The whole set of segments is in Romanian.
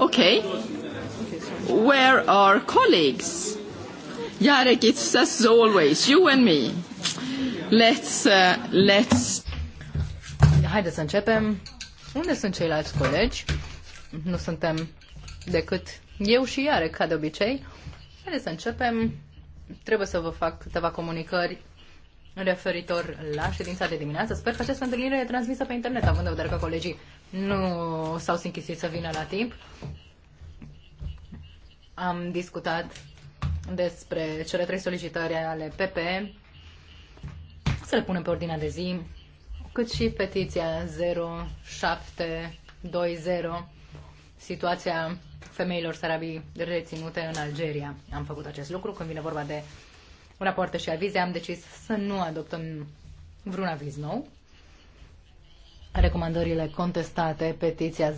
Okay. Where are colleagues? Jarek, it's as always, you and me. Let's, uh, let's... Haideți să începem. Unde sunt ceilalți colegi? Nu suntem decât eu și Iarec, ca de obicei. Haideți să începem. Trebuie să vă fac câteva comunicări referitor la ședința de dimineață. Sper că această întâlnire e transmisă pe internet, având în vedere că colegii nu s-au sinchisit să vină la timp. Am discutat despre cele trei solicitări ale PP, să le punem pe ordinea de zi, cât și petiția 0720, situația femeilor sarabii reținute în Algeria. Am făcut acest lucru când vine vorba de rapoarte și avize, am decis să nu adoptăm vreun aviz nou. Recomandările contestate, petiția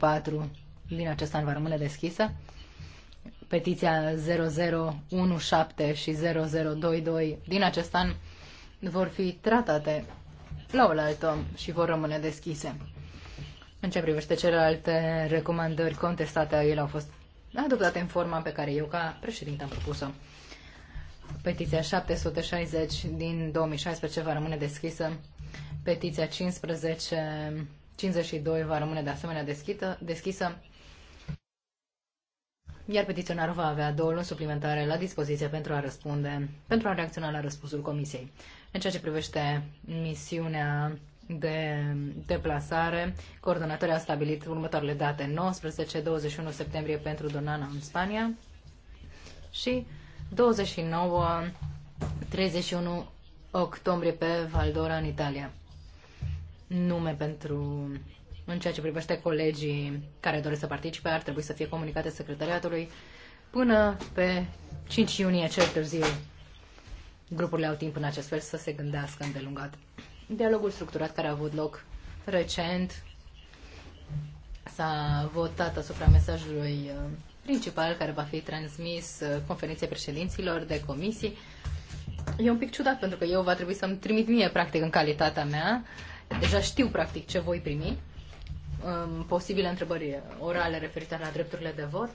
004 din acest an va rămâne deschisă. Petiția 0017 și 0022 din acest an vor fi tratate la oaltă și vor rămâne deschise. În ce privește celelalte recomandări contestate, ele au fost adoptate în forma pe care eu, ca președinte, am propus-o. Petiția 760 din 2016 va rămâne deschisă. Petiția 15 52 va rămâne de asemenea deschită, deschisă. Iar petiționarul va avea două luni suplimentare la dispoziție pentru a răspunde, pentru a reacționa la răspunsul comisiei. În ceea ce privește misiunea de deplasare, coordonatorii a stabilit următoarele date 19-21 septembrie pentru Donana în Spania și 29-31 octombrie pe Valdora în Italia. Nume pentru în ceea ce privește colegii care doresc să participe ar trebui să fie comunicate secretariatului până pe 5 iunie cel târziu. Grupurile au timp în acest fel să se gândească îndelungat. Dialogul structurat care a avut loc recent s-a votat asupra mesajului uh, principal care va fi transmis uh, conferinței președinților de comisii. E un pic ciudat pentru că eu va trebui să-mi trimit mie, practic, în calitatea mea. Deja știu, practic, ce voi primi. Um, posibile întrebări orale referitoare la drepturile de vot.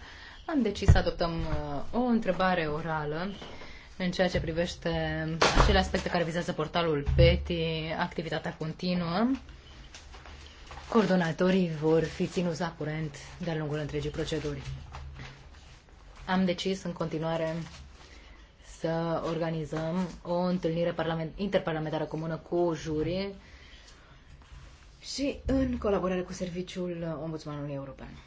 Am decis să adoptăm uh, o întrebare orală în ceea ce privește acele aspecte care vizează portalul PETI, activitatea continuă. Coordonatorii vor fi ținuți la curent de-a lungul întregii proceduri am decis în continuare să organizăm o întâlnire parlament- interparlamentară comună cu juri și în colaborare cu Serviciul Ombudsmanului European.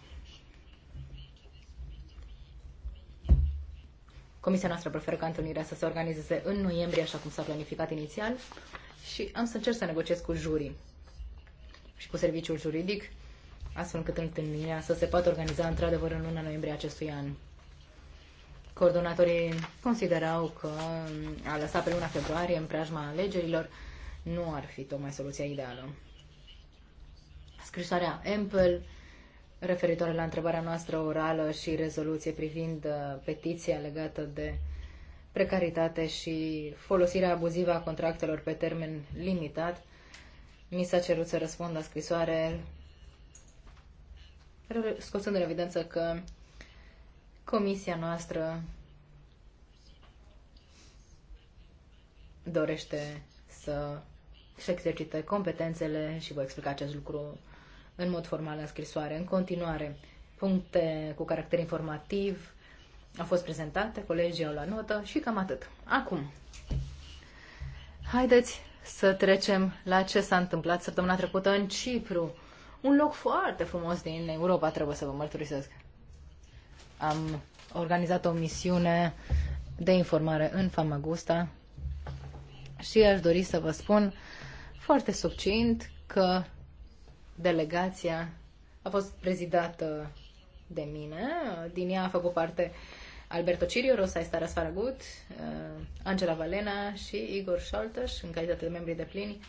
Comisia noastră preferă ca întâlnirea să se organizeze în noiembrie, așa cum s-a planificat inițial, și am să încerc să negociez cu juri și cu serviciul juridic, astfel încât întâlnirea să se poată organiza într-adevăr în luna noiembrie acestui an. Coordonatorii considerau că a lăsat pe luna februarie în preajma alegerilor nu ar fi tocmai soluția ideală. Scrisoarea Ample referitoare la întrebarea noastră orală și rezoluție privind uh, petiția legată de precaritate și folosirea abuzivă a contractelor pe termen limitat, mi s-a cerut să răspund la scrisoare, scoțând în evidență că Comisia noastră dorește să își exercite competențele și vă explica acest lucru în mod formal în scrisoare. În continuare, puncte cu caracter informativ au fost prezentate, colegii au luat notă și cam atât. Acum, haideți să trecem la ce s-a întâmplat săptămâna trecută în Cipru. Un loc foarte frumos din Europa, trebuie să vă mărturisesc. Am organizat o misiune de informare în Famagusta și aș dori să vă spun foarte succint că delegația a fost prezidată de mine. Din ea a făcut parte Alberto Cirio, Rosa Estara Faragut, uh, Angela Valena și Igor Șoltăș, în calitate de membri de plini,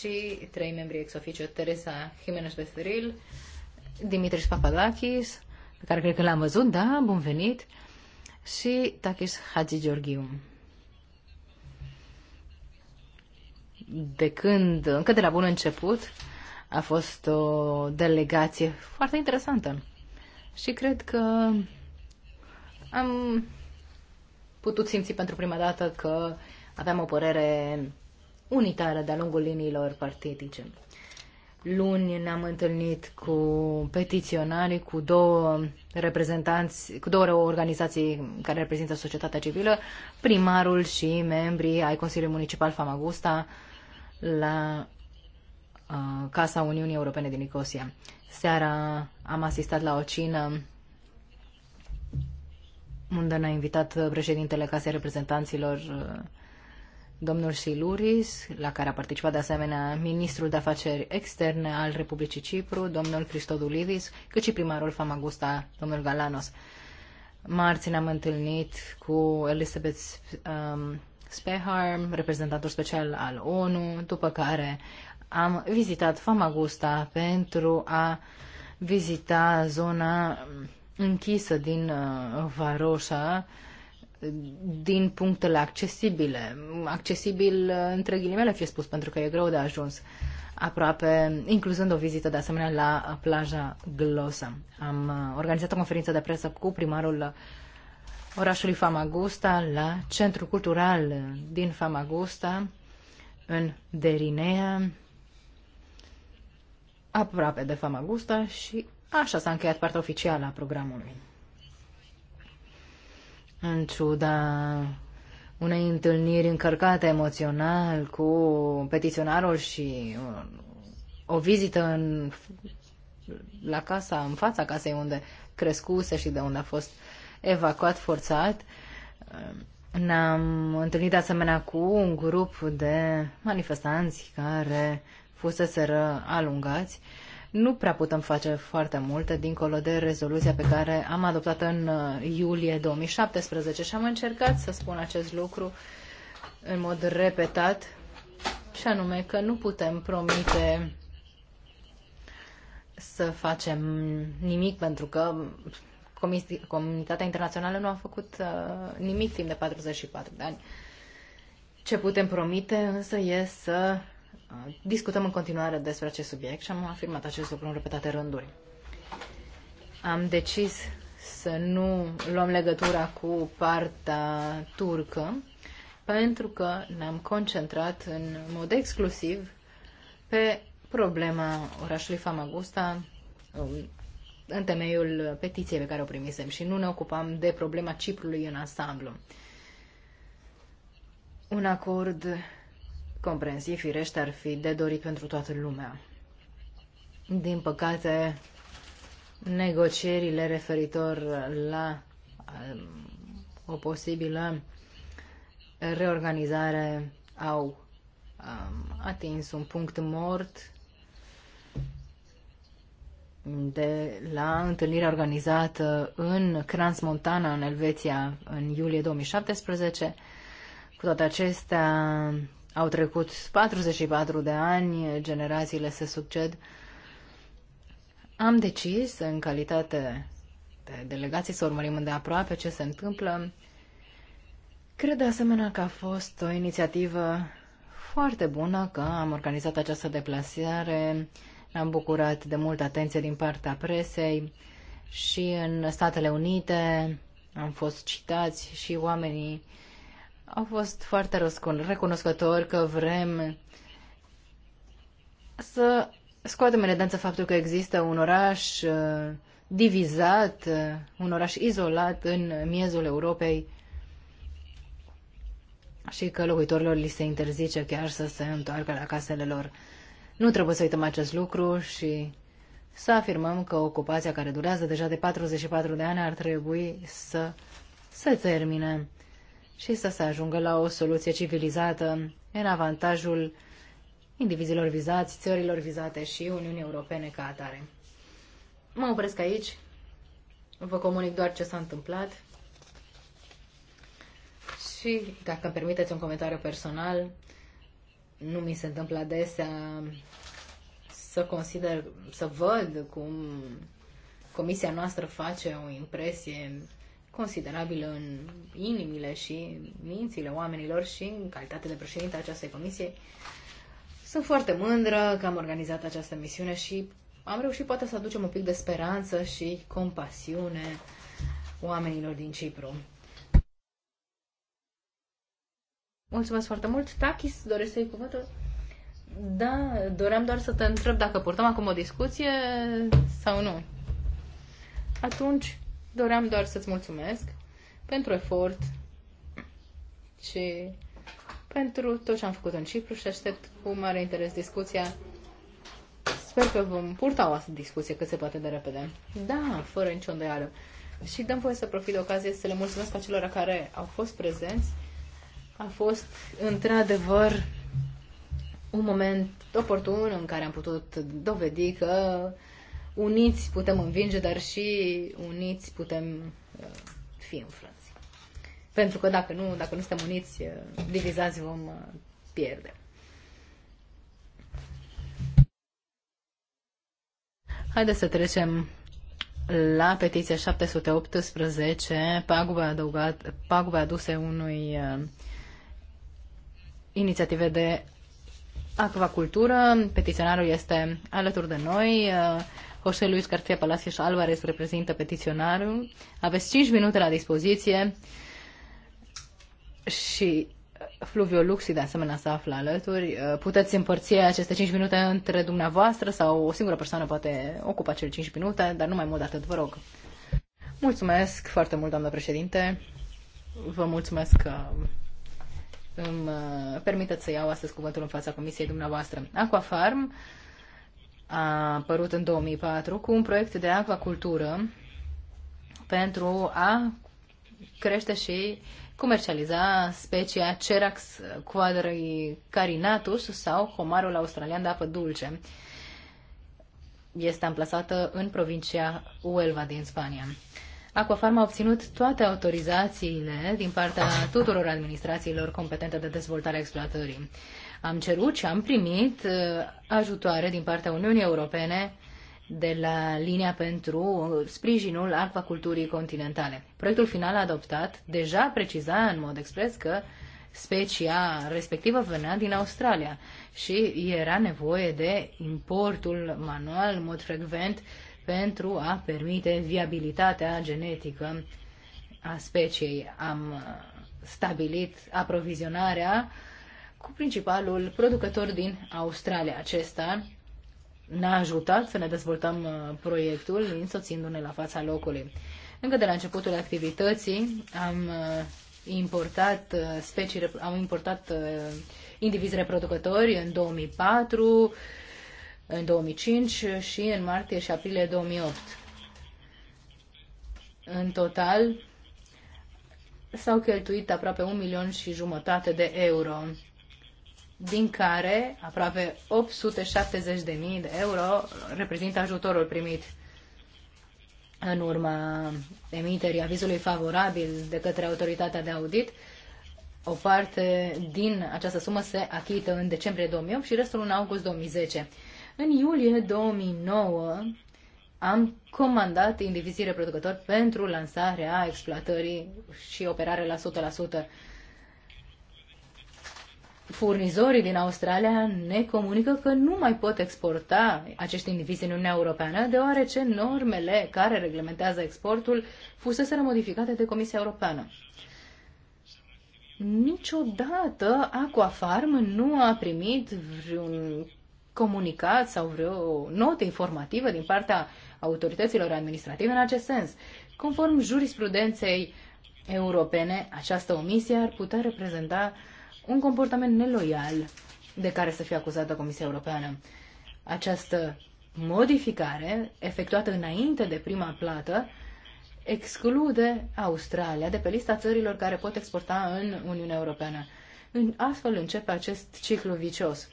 și trei membri ex officio, Teresa Jimenez Becerril, Dimitris Papadakis pe care cred că l-am văzut, da, bun venit, și Takis Hagi Georgiu. De când, încă de la bun început, a fost o delegație foarte interesantă. Și cred că am putut simți pentru prima dată că aveam o părere unitară de-a lungul liniilor partidice. Luni ne-am întâlnit cu petiționari, cu două reprezentanți, cu două organizații care reprezintă societatea civilă, primarul și membrii ai Consiliului Municipal Famagusta la uh, Casa Uniunii Europene din Nicosia. Seara am asistat la o cină unde ne-a invitat președintele Casei Reprezentanților uh, domnul Siluris, la care a participat de asemenea ministrul de afaceri externe al Republicii Cipru, domnul Cristodulidis, cât și primarul Famagusta, domnul Galanos. Marți ne-am întâlnit cu Elizabeth um, Spehar, reprezentantul special al ONU, după care am vizitat Famagusta pentru a vizita zona închisă din uh, Varoșa, din punctele accesibile, accesibil între ghilimele fie spus, pentru că e greu de ajuns aproape, incluzând o vizită de asemenea la plaja Glosa. Am uh, organizat o conferință de presă cu primarul orașului Famagusta la Centrul Cultural din Famagusta, în Derinea, aproape de Famagusta și așa s-a încheiat partea oficială a programului în ciuda unei întâlniri încărcate emoțional cu petiționarul și uh, o vizită în, la casa, în fața casei unde crescuse și de unde a fost evacuat forțat. Uh, ne-am întâlnit de asemenea cu un grup de manifestanți care fuseseră alungați nu prea putem face foarte multe dincolo de rezoluția pe care am adoptat în uh, iulie 2017 și am încercat să spun acest lucru în mod repetat și anume că nu putem promite să facem nimic pentru că comunitatea internațională nu a făcut uh, nimic timp de 44 de ani. Ce putem promite însă e să discutăm în continuare despre acest subiect și am afirmat acest lucru în repetate rânduri. Am decis să nu luăm legătura cu partea turcă, pentru că ne-am concentrat în mod exclusiv pe problema orașului Famagusta, um, în temeiul petiției pe care o primisem și nu ne ocupam de problema Ciprului în ansamblu. Un acord comprensiv, firește ar fi de dorit pentru toată lumea. Din păcate, negocierile referitor la um, o posibilă reorganizare au um, atins un punct mort de la întâlnirea organizată în Crans Montana, în Elveția, în iulie 2017. Cu toate acestea, au trecut 44 de ani, generațiile se succed. Am decis, în calitate de delegații, să urmărim îndeaproape ce se întâmplă. Cred de asemenea că a fost o inițiativă foarte bună că am organizat această deplasare. Ne-am bucurat de multă atenție din partea presei și în Statele Unite am fost citați și oamenii uh, au fost foarte recunoscători că vrem să scoatem în evidență faptul că există un oraș uh, divizat, uh, un oraș izolat în miezul Europei și că locuitorilor li se interzice chiar să se întoarcă la casele lor. Nu trebuie să uităm acest lucru și să afirmăm că ocupația care durează deja de 44 de ani ar trebui să se termine și să se ajungă la o soluție civilizată în avantajul indivizilor vizați, țărilor vizate și Uniunii Europene ca atare. Mă opresc aici, vă comunic doar ce s-a întâmplat și, dacă îmi permiteți un comentariu personal, nu mi se întâmplă adesea să consider, să văd cum comisia noastră face o impresie considerabilă în inimile și mințile oamenilor și în calitate de președinte a acestei comisie. Sunt foarte mândră că am organizat această misiune și am reușit poate să aducem un pic de speranță și compasiune oamenilor din Cipru. Mulțumesc foarte mult. Takis, dorești să-i cuvântul? Da, doream doar să te întreb dacă purtăm acum o discuție sau nu. Atunci, Doream doar să-ți mulțumesc pentru efort și pentru tot ce am făcut în Cipru și aștept cu mare interes discuția. Sper că vom purta o discuție cât se poate de repede. Da, fără nicio îndoială. Și dăm voie să profit de ocazie să le mulțumesc acelor care au fost prezenți. A fost, într-adevăr, un moment oportun în care am putut dovedi că uniți putem învinge, dar și uniți putem uh, fi înfrânți. Pentru că dacă nu, dacă nu suntem uniți, uh, divizați vom uh, pierde. Haideți să trecem la petiția 718, pagube, adăugat, pagube aduse unui uh, inițiative de acvacultură. Petiționarul este alături de noi. Uh, José Luis García Palacios Álvarez reprezintă petiționarul. Aveți 5 minute la dispoziție și uh, Fluvio Luxi de asemenea se află alături. Uh, puteți împărți aceste 5 minute între dumneavoastră sau o singură persoană poate ocupa cele 5 minute, dar nu mai mult de atât, vă rog. Mulțumesc foarte mult, doamnă președinte. Vă mulțumesc că um, îmi uh, permiteți să iau astăzi cuvântul în fața comisiei dumneavoastră. Aquafarm a apărut în 2004 cu un proiect de acvacultură pentru a crește și comercializa specia Cerax carinatus sau comarul australian de apă dulce. Este amplasată în provincia Huelva din Spania. Aquafarm a obținut toate autorizațiile din partea tuturor administrațiilor competente de dezvoltare a exploatării. Am cerut și am primit uh, ajutoare din partea Uniunii Europene de la linia pentru sprijinul acvaculturii continentale. Proiectul final adoptat deja preciza în mod expres că specia respectivă venea din Australia și era nevoie de importul manual în mod frecvent pentru a permite viabilitatea genetică a speciei. Am stabilit aprovizionarea cu principalul producător din Australia. Acesta ne-a ajutat să ne dezvoltăm uh, proiectul, însoțindu-ne la fața locului. Încă de la începutul activității am uh, importat uh, specii, am importat indivizi reproducători în 2004, în 2005 și în martie și aprilie 2008. În total s-au cheltuit aproape un milion și jumătate de euro din care aproape 870.000 de euro reprezintă ajutorul primit în urma emiterii avizului favorabil de către autoritatea de audit. O parte din această sumă se achită în decembrie 2008 și restul în august 2010. În iulie 2009 am comandat indivizii reproducători pentru lansarea exploatării și operare la furnizorii din Australia ne comunică că nu mai pot exporta acești indivizi în Uniunea Europeană, deoarece normele care reglementează exportul fuseseră modificate de Comisia Europeană. Niciodată Aquafarm nu a primit vreun comunicat sau vreo notă informativă din partea autorităților administrative în acest sens. Conform jurisprudenței europene, această omisie ar putea reprezenta uh, un comportament neloial de care să fie acuzată Comisia Europeană. Această modificare, efectuată înainte de prima plată, exclude Australia de pe lista țărilor care pot exporta în Uniunea Europeană. În astfel începe acest ciclu vicios.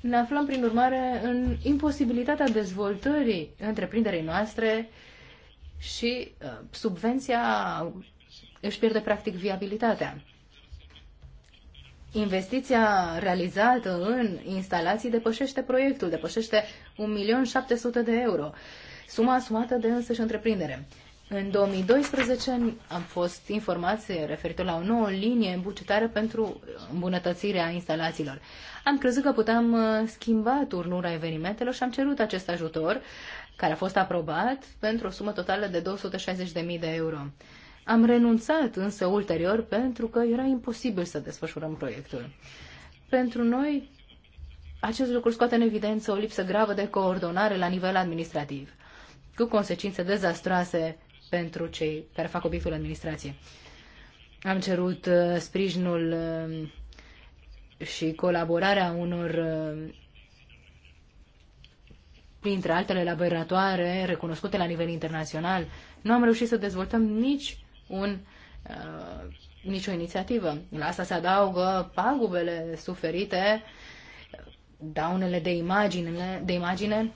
Ne aflăm, prin urmare, în imposibilitatea dezvoltării întreprinderii noastre și uh, subvenția își pierde practic viabilitatea investiția realizată în instalații depășește proiectul, depășește 1.700.000 de euro, suma asumată de însăși întreprindere. În 2012 am fost informați referitor la o nouă linie bugetară pentru îmbunătățirea instalațiilor. Am crezut că puteam uh, schimba turnura evenimentelor și am cerut acest ajutor, care a fost aprobat pentru o sumă totală de 260.000 de euro. Am renunțat însă ulterior pentru că era imposibil să desfășurăm proiectul. Pentru noi, acest lucru scoate în evidență o lipsă gravă de coordonare la nivel administrativ, cu consecințe dezastroase pentru cei care fac obiectul administrației. Am cerut uh, sprijinul uh, și colaborarea unor, uh, printre altele, laboratoare recunoscute la nivel internațional. Nu am reușit să dezvoltăm nici un, uh, nicio inițiativă. La asta se adaugă pagubele suferite, daunele de imagine, de imagine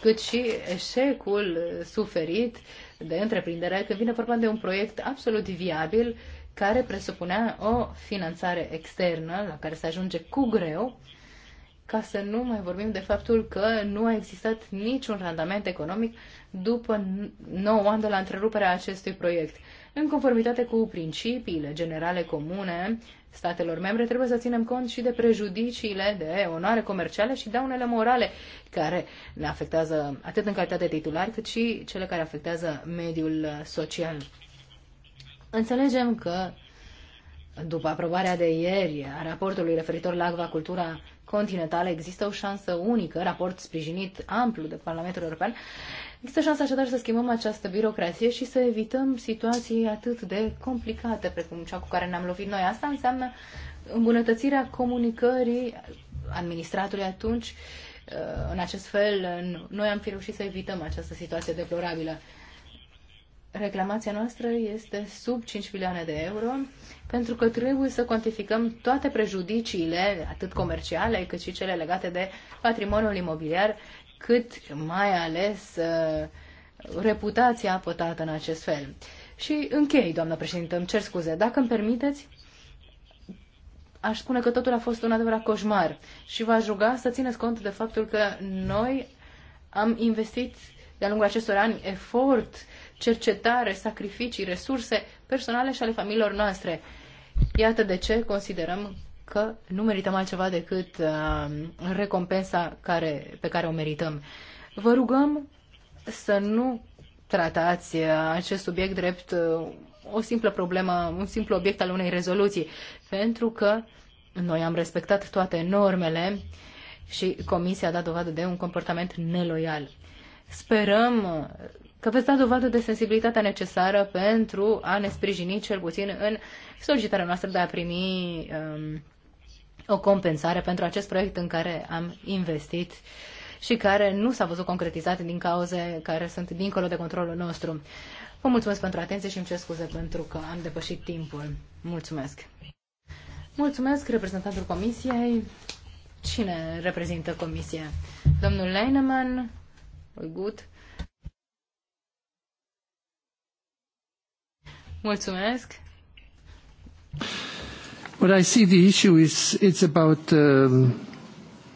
cât și eșecul suferit de întreprindere când vine vorba de un proiect absolut viabil care presupunea o finanțare externă la care se ajunge cu greu, ca să nu mai vorbim de faptul că nu a existat niciun randament economic după 9 ani de la întreruperea acestui proiect. În conformitate cu principiile generale comune statelor membre, trebuie să ținem cont și de prejudiciile de onoare comerciale și daunele morale care ne afectează atât în calitate de titular, cât și cele care afectează mediul social. Înțelegem că după aprobarea de ieri a raportului referitor la acvacultura continentală, există o șansă unică, raport sprijinit amplu de Parlamentul European, Există șansa așadar să schimbăm această birocrație și să evităm situații atât de complicate precum cea cu care ne-am lovit noi. Asta înseamnă îmbunătățirea comunicării administratului atunci. Uh, în acest fel, noi am fi reușit să evităm această situație deplorabilă. Reclamația noastră este sub 5 milioane de euro pentru că trebuie să cuantificăm toate prejudiciile, atât comerciale cât și cele legate de patrimoniul imobiliar, cât mai ales uh, reputația apătată în acest fel. Și închei, doamnă președintă, îmi cer scuze. Dacă îmi permiteți, aș spune că totul a fost un adevărat coșmar și v-aș ruga să țineți cont de faptul că noi am investit de-a lungul acestor ani efort, cercetare, sacrificii, resurse personale și ale familiilor noastre. Iată de ce considerăm că nu merităm altceva decât uh, recompensa care, pe care o merităm. Vă rugăm să nu tratați acest subiect drept uh, o simplă problemă, un simplu obiect al unei rezoluții, pentru că noi am respectat toate normele și Comisia a dat dovadă de un comportament neloial. Sperăm că veți da dovadă de sensibilitatea necesară pentru a ne sprijini cel puțin în solicitarea noastră de a primi um, o compensare pentru acest proiect în care am investit și care nu s-a văzut concretizat din cauze care sunt dincolo de controlul nostru. Vă mulțumesc pentru atenție și îmi cer scuze pentru că am depășit timpul. Mulțumesc! Mulțumesc reprezentantul comisiei. Cine reprezintă comisia? Domnul Leinemann, Uigut. Mulțumesc! what I see the issue is it's about um,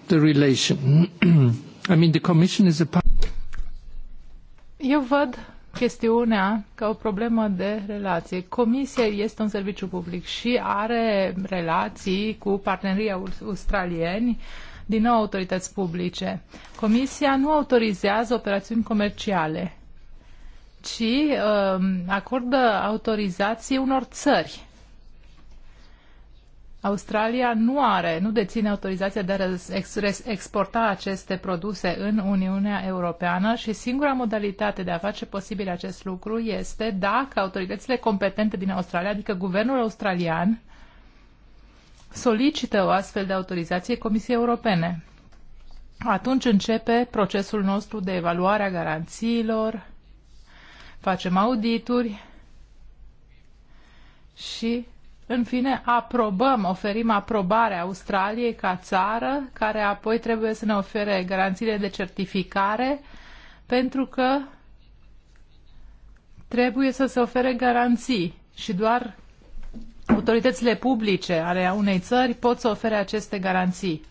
the relation. I mean, the Commission is a part. Eu văd chestiunea ca o problemă de relație. Comisia este un serviciu public și are relații cu partenerii australieni din nou autorități publice. Comisia nu autorizează operațiuni comerciale, ci uh, acordă autorizații unor țări Australia nu are, nu deține autorizația de a exporta aceste produse în Uniunea Europeană și singura modalitate de a face posibil acest lucru este dacă autoritățile competente din Australia, adică guvernul australian, solicită o astfel de autorizație Comisiei Europene. Atunci începe procesul nostru de evaluare a garanțiilor, facem audituri și în fine, aprobăm, oferim aprobare Australiei ca țară, care apoi trebuie să ne ofere garanțiile de certificare, pentru că trebuie să se ofere garanții și doar autoritățile publice ale unei țări pot să ofere aceste garanții.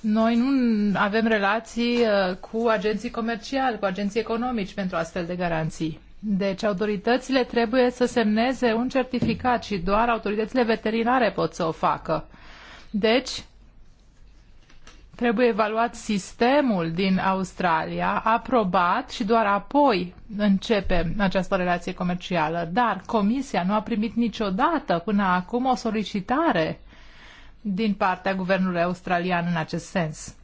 Noi nu avem relații uh, cu agenții comerciali, cu agenții economici pentru astfel de garanții. Deci autoritățile trebuie să semneze un certificat și doar autoritățile veterinare pot să o facă. Deci, trebuie evaluat sistemul din Australia, aprobat și doar apoi începe această relație comercială. Dar Comisia nu a primit niciodată până acum o solicitare din partea guvernului australian în acest sens.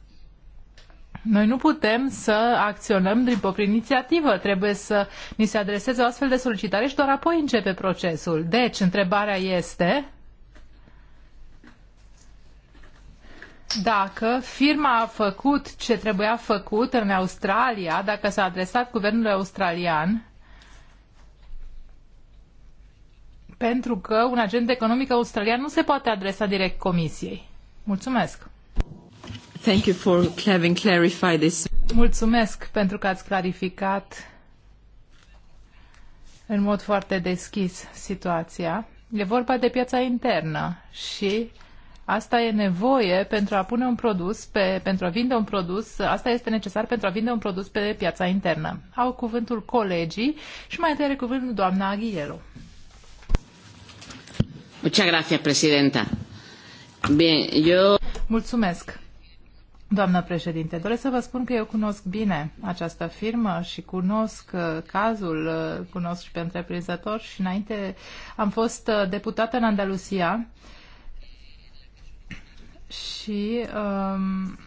Noi nu putem să acționăm din proprie inițiativă. Trebuie să ni se adreseze o astfel de solicitare și doar apoi începe procesul. Deci, întrebarea este dacă firma a făcut ce trebuia făcut în Australia, dacă s-a adresat guvernului australian, pentru că un agent economic australian nu se poate adresa direct comisiei. Mulțumesc! Thank you for having clarified this. Mulțumesc pentru că ați clarificat în mod foarte deschis situația. E vorba de piața internă și asta e nevoie pentru a pune un produs pe, pentru a vinde un produs, asta este necesar pentru a vinde un produs pe piața internă. Au cuvântul colegii și mai întâi cuvântul doamna Aghielu. Muchas gracias, presidenta. Mulțumesc. Doamnă președinte, doresc să vă spun că eu cunosc bine această firmă și cunosc uh, cazul, uh, cunosc și pe întreprinzător și înainte am fost uh, deputată în Andalusia și um,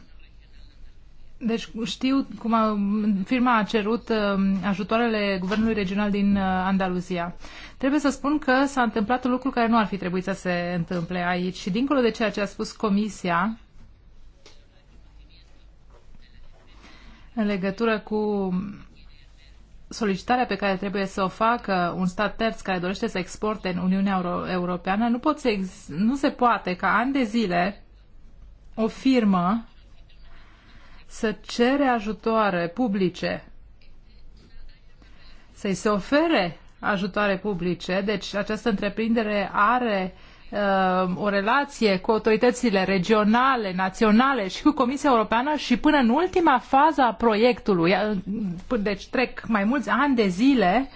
deci știu cum a, firma a cerut um, ajutoarele guvernului regional din Andaluzia. Trebuie să spun că s-a întâmplat un lucru care nu ar fi trebuit să se întâmple aici și dincolo de ceea ce a spus comisia, în legătură cu solicitarea pe care trebuie să o facă un stat terț care dorește să exporte în Uniunea Euro- Europeană, nu, pot să nu se poate ca ani de zile o firmă să cere ajutoare publice, să-i se ofere ajutoare publice, deci această întreprindere are uh, Uh, o relație cu autoritățile regionale, naționale și cu Comisia Europeană și până în ultima fază a proiectului, uh, deci trec mai mulți ani de zile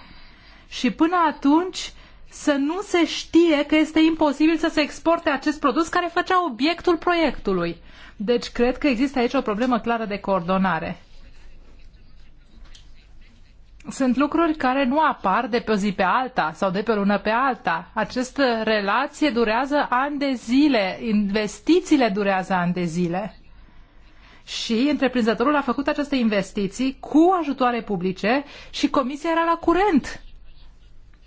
și până atunci să nu se știe că este imposibil să se exporte acest produs care făcea obiectul proiectului. Deci cred că există aici o problemă clară de coordonare sunt lucruri care nu apar de pe o zi pe alta sau de pe o lună pe alta. Această relație durează ani de zile, investițiile durează ani de zile. Și întreprinzătorul a făcut aceste investiții cu ajutoare publice și comisia era la curent.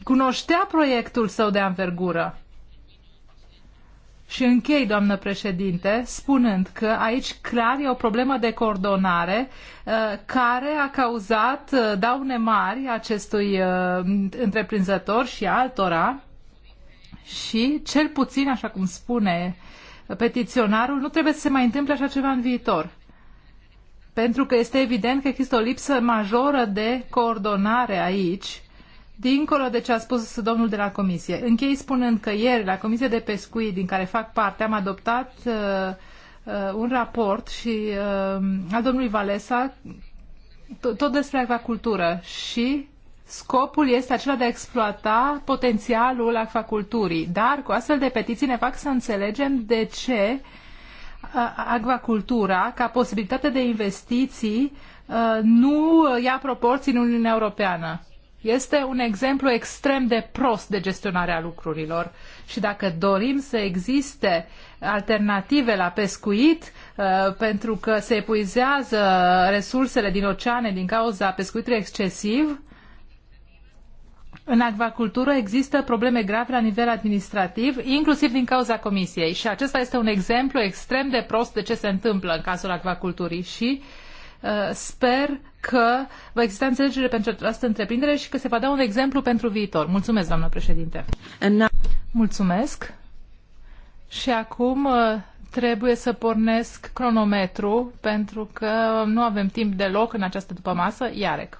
Cunoștea proiectul său de anvergură. Și închei, doamnă președinte, spunând că aici clar e o problemă de coordonare uh, care a cauzat uh, daune mari acestui uh, întreprinzător și altora și cel puțin, așa cum spune petiționarul, nu trebuie să se mai întâmple așa ceva în viitor. Pentru că este evident că există o lipsă majoră de coordonare aici dincolo de ce a spus domnul de la comisie. Închei spunând că ieri la Comisia de Pescuit, din care fac parte, am adoptat uh, uh, un raport și uh, al domnului Valesa tot, tot despre acvacultură și scopul este acela de a exploata potențialul acvaculturii. Dar cu astfel de petiții ne fac să înțelegem de ce uh, acvacultura, ca posibilitate de investiții, uh, nu ia proporții în Uniunea Europeană. Este un exemplu extrem de prost de gestionare a lucrurilor și dacă dorim să existe alternative la pescuit, uh, pentru că se epuizează resursele din oceane din cauza pescuitului excesiv, în acvacultură există probleme grave la nivel administrativ, inclusiv din cauza comisiei. Și acesta este un exemplu extrem de prost de ce se întâmplă în cazul acvaculturii și uh, Uh, sper că va exista înțelegere pentru această întreprindere și că se va da un exemplu pentru viitor. Mulțumesc, doamnă președinte. Mulțumesc. Și acum uh, trebuie să pornesc cronometru pentru că nu avem timp deloc în această dupămasă. Iarec.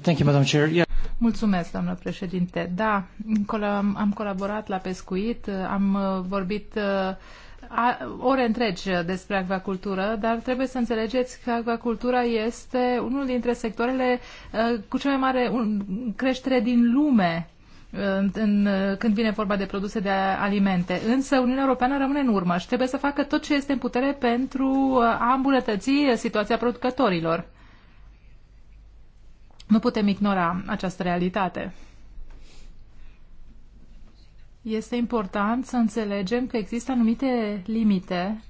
Thank you, Madam Chair. Yeah. Mulțumesc, doamnă președinte. Da, am colaborat la pescuit, am uh, vorbit ore întregi despre acvacultură, dar trebuie să înțelegeți că acvacultura este unul dintre sectoarele uh, cu cea mai mare creștere din lume uh, în, în, uh, când vine vorba de produse de alimente. Însă Uniunea Europeană rămâne în urmă și trebuie să facă tot ce este în putere pentru a îmbunătăți situația producătorilor. Nu putem ignora această realitate. Este important să înțelegem că există anumite limite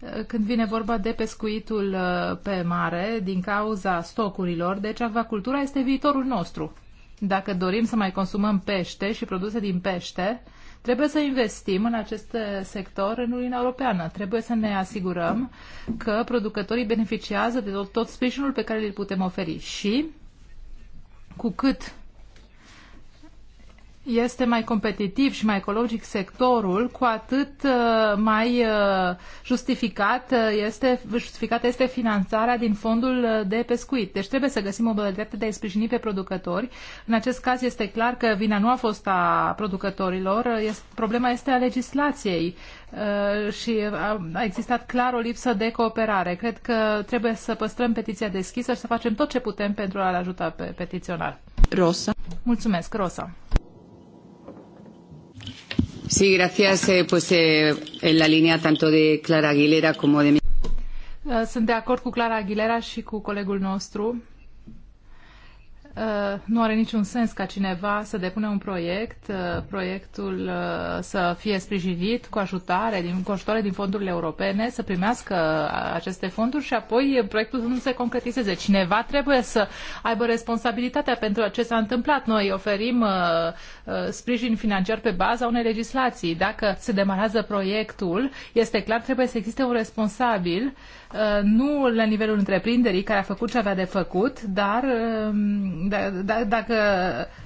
uh, când vine vorba de pescuitul uh, pe mare din cauza stocurilor, deci acvacultura este viitorul nostru. Dacă dorim să mai consumăm pește și produse din pește, trebuie să investim în acest uh, sector în Uniunea Europeană. Trebuie să ne asigurăm că producătorii beneficiază de tot, tot sprijinul pe care îl putem oferi și cu cât este mai competitiv și mai ecologic sectorul, cu atât uh, mai uh, justificat uh, este, justificată este finanțarea din fondul de pescuit. Deci trebuie să găsim o modalitate de a-i sprijini pe producători. În acest caz este clar că vina nu a fost a producătorilor, problema este a legislației și a existat clar o lipsă de cooperare. Cred că trebuie să păstrăm petiția deschisă și să facem tot ce putem pentru a-l ajuta pe petiționar. Rosa. Mulțumesc, Rosa. Sí, gracias. Eh, pues eh, en la línea tanto de Clara Aguilera como de eh, Sunt de acord cu Clara Aguilera și cu colegul nostru Uh, nu are niciun sens ca cineva să depună un proiect, uh, proiectul uh, să fie sprijinit cu ajutare, din, cu ajutoare din fondurile europene, să primească aceste fonduri și apoi proiectul nu se concretizeze. Cineva trebuie să aibă responsabilitatea pentru ce s-a întâmplat. Noi oferim sprijin financiar pe baza unei legislații. Dacă se demarează proiectul, este clar, trebuie să existe un responsabil uh, Uh, nu la nivelul întreprinderii care a făcut ce avea de făcut, dar um, da, da, dacă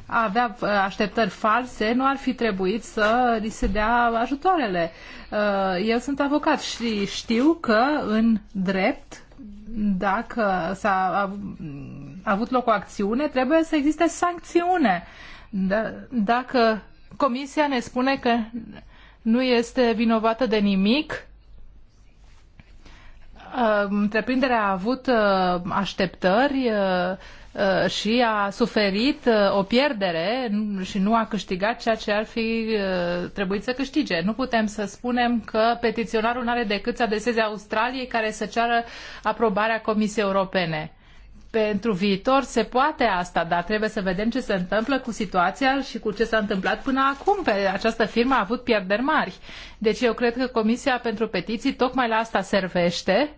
avea uh, așteptări false, nu ar fi trebuit să li se dea ajutoarele. Uh, eu sunt avocat și știu că în drept, dacă s-a avut loc o acțiune, trebuie să existe sancțiune. Da, dacă comisia ne spune că nu este vinovată de nimic, Uh, întreprinderea a avut uh, așteptări uh, și a suferit o pierdere și nu a câștigat ceea ce ar fi trebuit să câștige. Nu putem să spunem că petiționarul nu are decât să adeseze Australiei care să ceară aprobarea Comisiei Europene pentru viitor se poate asta, dar trebuie să vedem ce se întâmplă cu situația și cu ce s-a întâmplat până acum. Pe această firmă a avut pierderi mari. Deci eu cred că Comisia pentru Petiții tocmai la asta servește.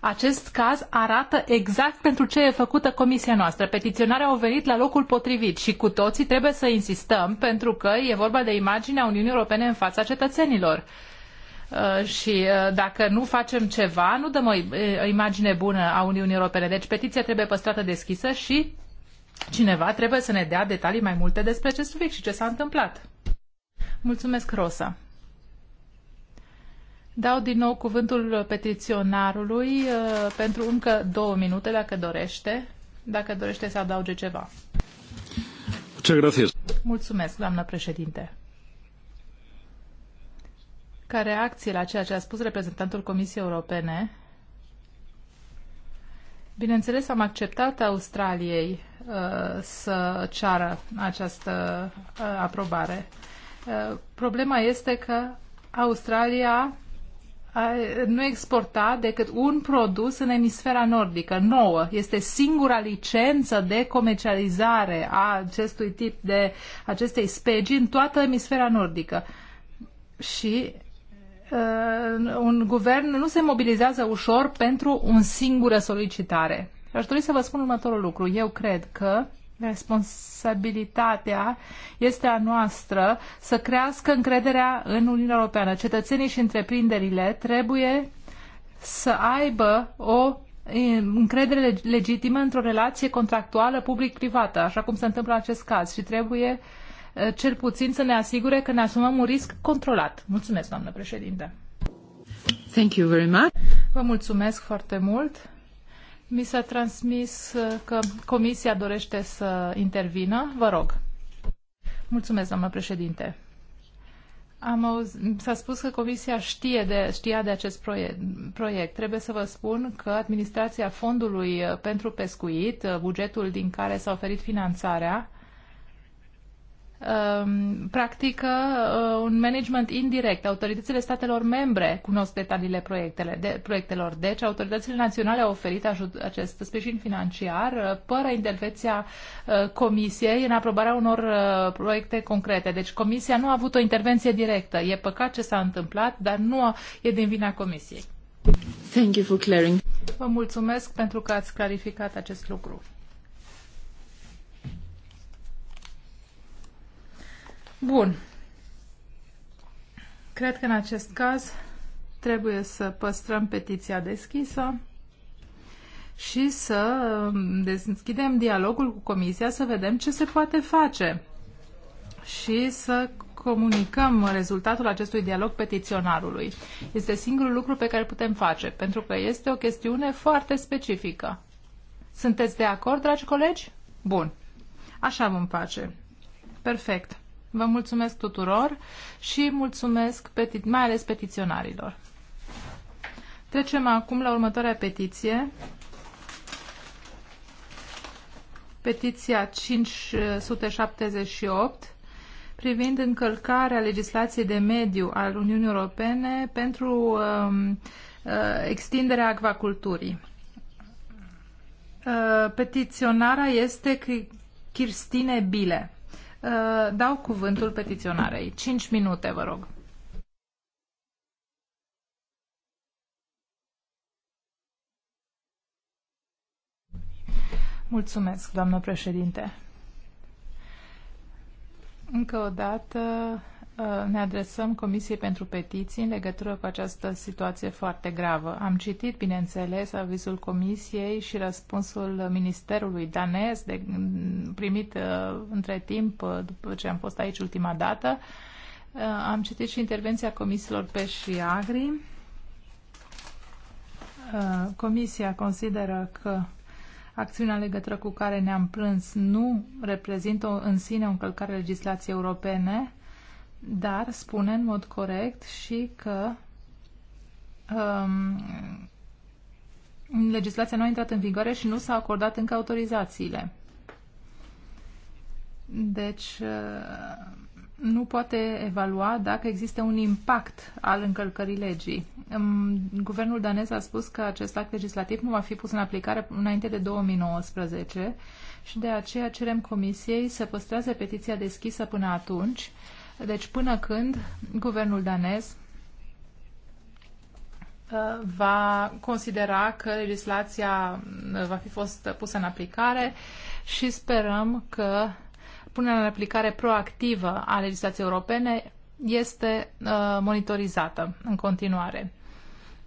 Acest caz arată exact pentru ce e făcută comisia noastră. Petiționarea au venit la locul potrivit și cu toții trebuie să insistăm pentru că e vorba de imaginea Uniunii Europene în fața cetățenilor. Uh, și uh, dacă nu facem ceva, nu dăm uh, o imagine bună a Uniunii Europene. Deci petiția trebuie păstrată deschisă și cineva trebuie să ne dea detalii mai multe despre acest subiect și ce s-a întâmplat. Mulțumesc, Rosa. Dau din nou cuvântul petiționarului pentru încă două minute, dacă dorește, dacă dorește să adauge ceva. Mulțumesc, doamnă președinte. Ca reacție la ceea ce a spus reprezentantul Comisiei Europene, bineînțeles am acceptat Australiei uh, să ceară această uh, aprobare. Uh, problema este că Australia nu exporta decât un produs în emisfera nordică, nouă. Este singura licență de comercializare a acestui tip de acestei specii în toată emisfera nordică. Și Uh, un guvern nu se mobilizează ușor pentru o singură solicitare. Aș dori să vă spun următorul lucru. Eu cred că responsabilitatea este a noastră să crească încrederea în Uniunea Europeană. Cetățenii și întreprinderile trebuie să aibă o încredere legitimă într-o relație contractuală public-privată, așa cum se întâmplă în acest caz și trebuie uh, Eh, cel puțin să ne asigure că ne asumăm un risc controlat. Mulțumesc, doamnă președinte. Thank you very much. Vă mulțumesc foarte mult. Mi s-a transmis eh, că comisia dorește să intervină. Vă rog. Mulțumesc, doamnă președinte. Am auzit, s-a spus că Comisia știe de, știa de acest proiect, proiect. Trebuie să vă spun că administrația Fondului eh, pentru Pescuit, bugetul din care s-a oferit finanțarea, Um, practică uh, un management indirect. Autoritățile statelor membre cunosc detaliile proiectele, de, proiectelor, deci autoritățile naționale au oferit ajut, acest sprijin financiar uh, fără intervenția uh, Comisiei în aprobarea unor uh, proiecte concrete. Deci Comisia nu a avut o intervenție directă. E păcat ce s-a întâmplat, dar nu e din vina Comisiei. Thank you for clearing. Vă mulțumesc pentru că ați clarificat acest lucru. Bun. Cred că în acest caz trebuie să păstrăm petiția deschisă și să deschidem dialogul cu Comisia să vedem ce se poate face și să comunicăm rezultatul acestui dialog petiționarului. Este singurul lucru pe care putem face, pentru că este o chestiune foarte specifică. Sunteți de acord, dragi colegi? Bun. Așa vom face. Perfect. Vă mulțumesc tuturor și mulțumesc mai ales petiționarilor. Trecem acum la următoarea petiție. Petiția 578 privind încălcarea legislației de mediu al Uniunii Europene pentru um, uh, extinderea acvaculturii. Uh, petiționara este Kirstine Bile. Uh, dau cuvântul petiționarei. 5 minute, vă rog. Mulțumesc, doamnă președinte. Încă o dată Uh, ne adresăm Comisiei pentru Petiții în legătură cu această situație foarte gravă. Am citit, bineînțeles, avizul Comisiei și răspunsul Ministerului danez de, mm, primit uh, între timp uh, după ce am fost aici ultima dată. Am citit și intervenția Comisiilor PES și Agri. Comisia consideră că acțiunea legătură cu care ne-am plâns nu reprezintă în sine o încălcare legislației europene, dar spune în mod corect și că um, legislația nu a intrat în vigoare și nu s a acordat încă autorizațiile. Deci uh, nu poate evalua dacă există un impact al încălcării legii. Um, guvernul danez a spus că acest act legislativ nu va fi pus în aplicare înainte de 2019 și de aceea cerem Comisiei să păstreze petiția deschisă până atunci deci până când guvernul danez uh, va considera că legislația uh, va fi fost pusă în aplicare și sperăm că punerea în aplicare proactivă a legislației europene este uh, monitorizată în continuare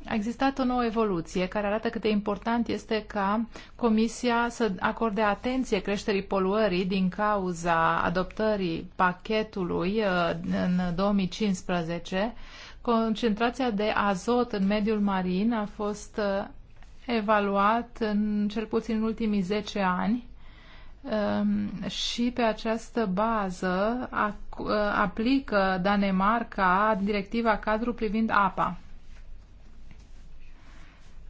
a existat o nouă evoluție care arată cât de important este ca Comisia să acorde atenție creșterii poluării din cauza adoptării pachetului uh, în 2015. Concentrația de azot în mediul marin a fost uh, evaluat în cel puțin în ultimii 10 ani um, și pe această bază uh, aplică Danemarca directiva cadru privind apa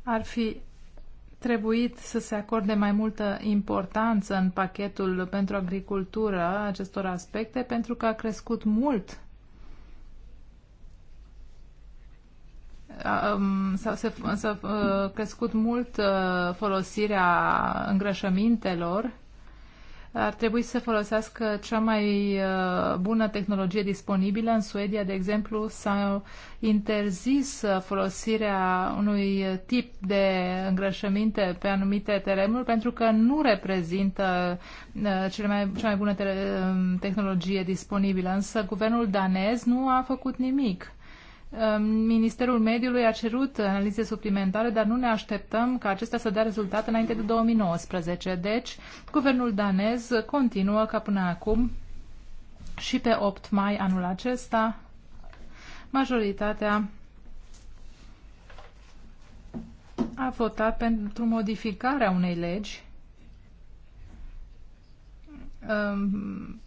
ar fi trebuit să se acorde mai multă importanță în pachetul pentru agricultură acestor aspecte, pentru că a crescut mult um, s-a, uh, crescut mult uh, folosirea îngrășămintelor ar trebui să folosească cea mai uh, bună tehnologie disponibilă. În Suedia, de exemplu, s-a interzis uh, folosirea unui tip de îngrășăminte pe anumite terenuri pentru că nu reprezintă uh, cele mai, cea mai bună tehnologie disponibilă. Însă guvernul danez nu a făcut nimic. Ehm, Ministerul Mediului a cerut analize suplimentare, dar nu ne așteptăm ca acestea să dea rezultate înainte de 2019. Deci, guvernul danez continuă ca până acum și pe 8 mai anul acesta majoritatea a votat pentru modificarea unei legi ehm,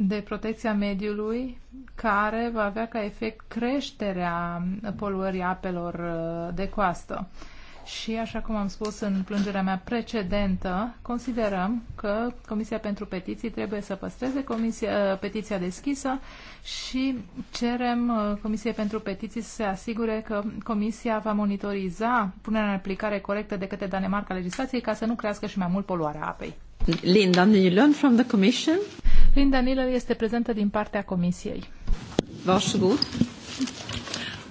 de protecția mediului care va avea ca efect creșterea poluării apelor uh, de coastă. Și așa cum am spus în plângerea mea precedentă, considerăm că Comisia pentru Petiții trebuie să păstreze comisia, uh, petiția deschisă și cerem uh, Comisiei pentru Petiții să se asigure că Comisia va monitoriza punerea în aplicare corectă de către Danemarca legislației ca să nu crească și mai mult poluarea apei. Linda Nylund from the Commission. Linda Niller este prezentă din partea Comisiei. Varsågod.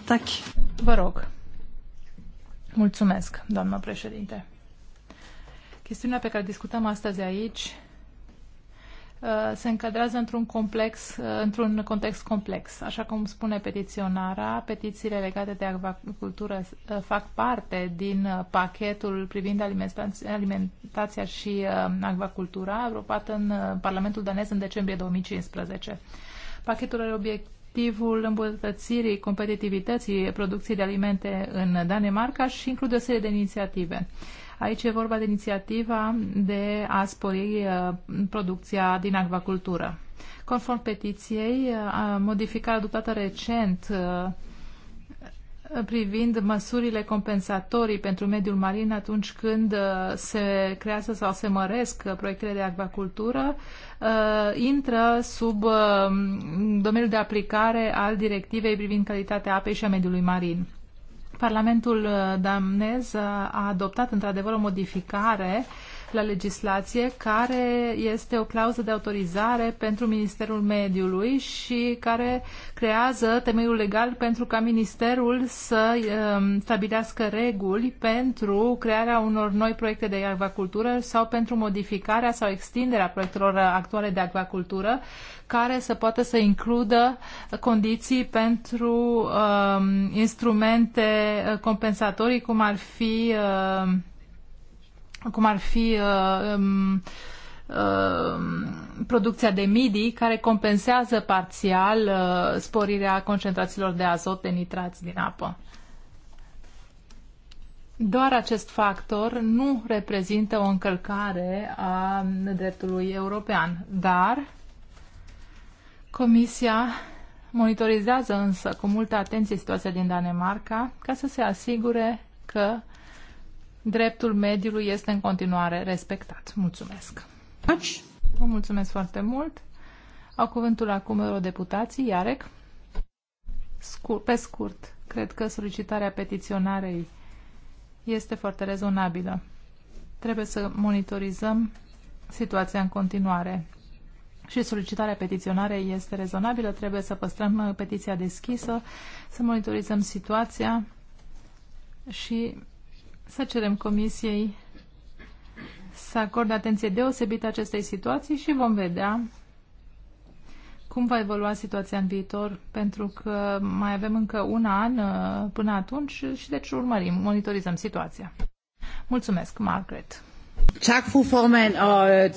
Tack. Vă rog. Mulțumesc, doamnă președinte. Chestiunea pe care discutăm astăzi aici Uh, se încadrează într-un complex, uh, într-un context complex. Așa cum spune petiționara, petițiile legate de agricultură uh, fac parte din pachetul privind alimentația, și agricultura aprobat în Parlamentul danez în decembrie 2015. Pachetul are obiect obiectivul îmbunătățirii competitivității producției de alimente în Danemarca și include o serie de inițiative. Aici e vorba de inițiativa de a spori uh, producția din acvacultură. Conform petiției, uh, modificarea adoptată recent uh, privind măsurile compensatorii pentru mediul marin atunci când uh, se creează sau se măresc uh, proiectele de acvacultură, uh, intră sub domeniul de aplicare al directivei privind calitatea apei și a mediului marin. Parlamentul damnez a adoptat într-adevăr o modificare uh, la legislație care este o clauză de autorizare pentru Ministerul Mediului și care creează temeiul legal pentru ca Ministerul să um, stabilească reguli pentru crearea unor noi proiecte de acvacultură sau pentru modificarea sau extinderea proiectelor actuale de acvacultură care să poată să includă condiții pentru um, instrumente compensatorii, cum ar fi um, cum ar fi uh, um, uh, producția de midi care compensează parțial uh, sporirea concentrațiilor de azot, de nitrați din apă. Doar acest factor nu reprezintă o încălcare a dreptului european, dar Comisia monitorizează însă cu multă atenție situația din Danemarca ca să se asigure că uh, dreptul mediului este în continuare respectat. Mulțumesc! Vă mulțumesc foarte mult! Au cuvântul acum eurodeputații, Iarec. Scur, pe scurt, cred că solicitarea petiționarei este foarte rezonabilă. Trebuie să monitorizăm situația în continuare. Și solicitarea petiționarei este rezonabilă, trebuie să păstrăm uh, petiția deschisă, să monitorizăm situația și să cerem Comisiei să acorde atenție deosebită acestei situații și vom vedea cum va evolua situația în viitor, pentru că mai avem încă un an uh, până atunci și deci urmărim, monitorizăm situația. Mulțumesc, Margaret. Øh,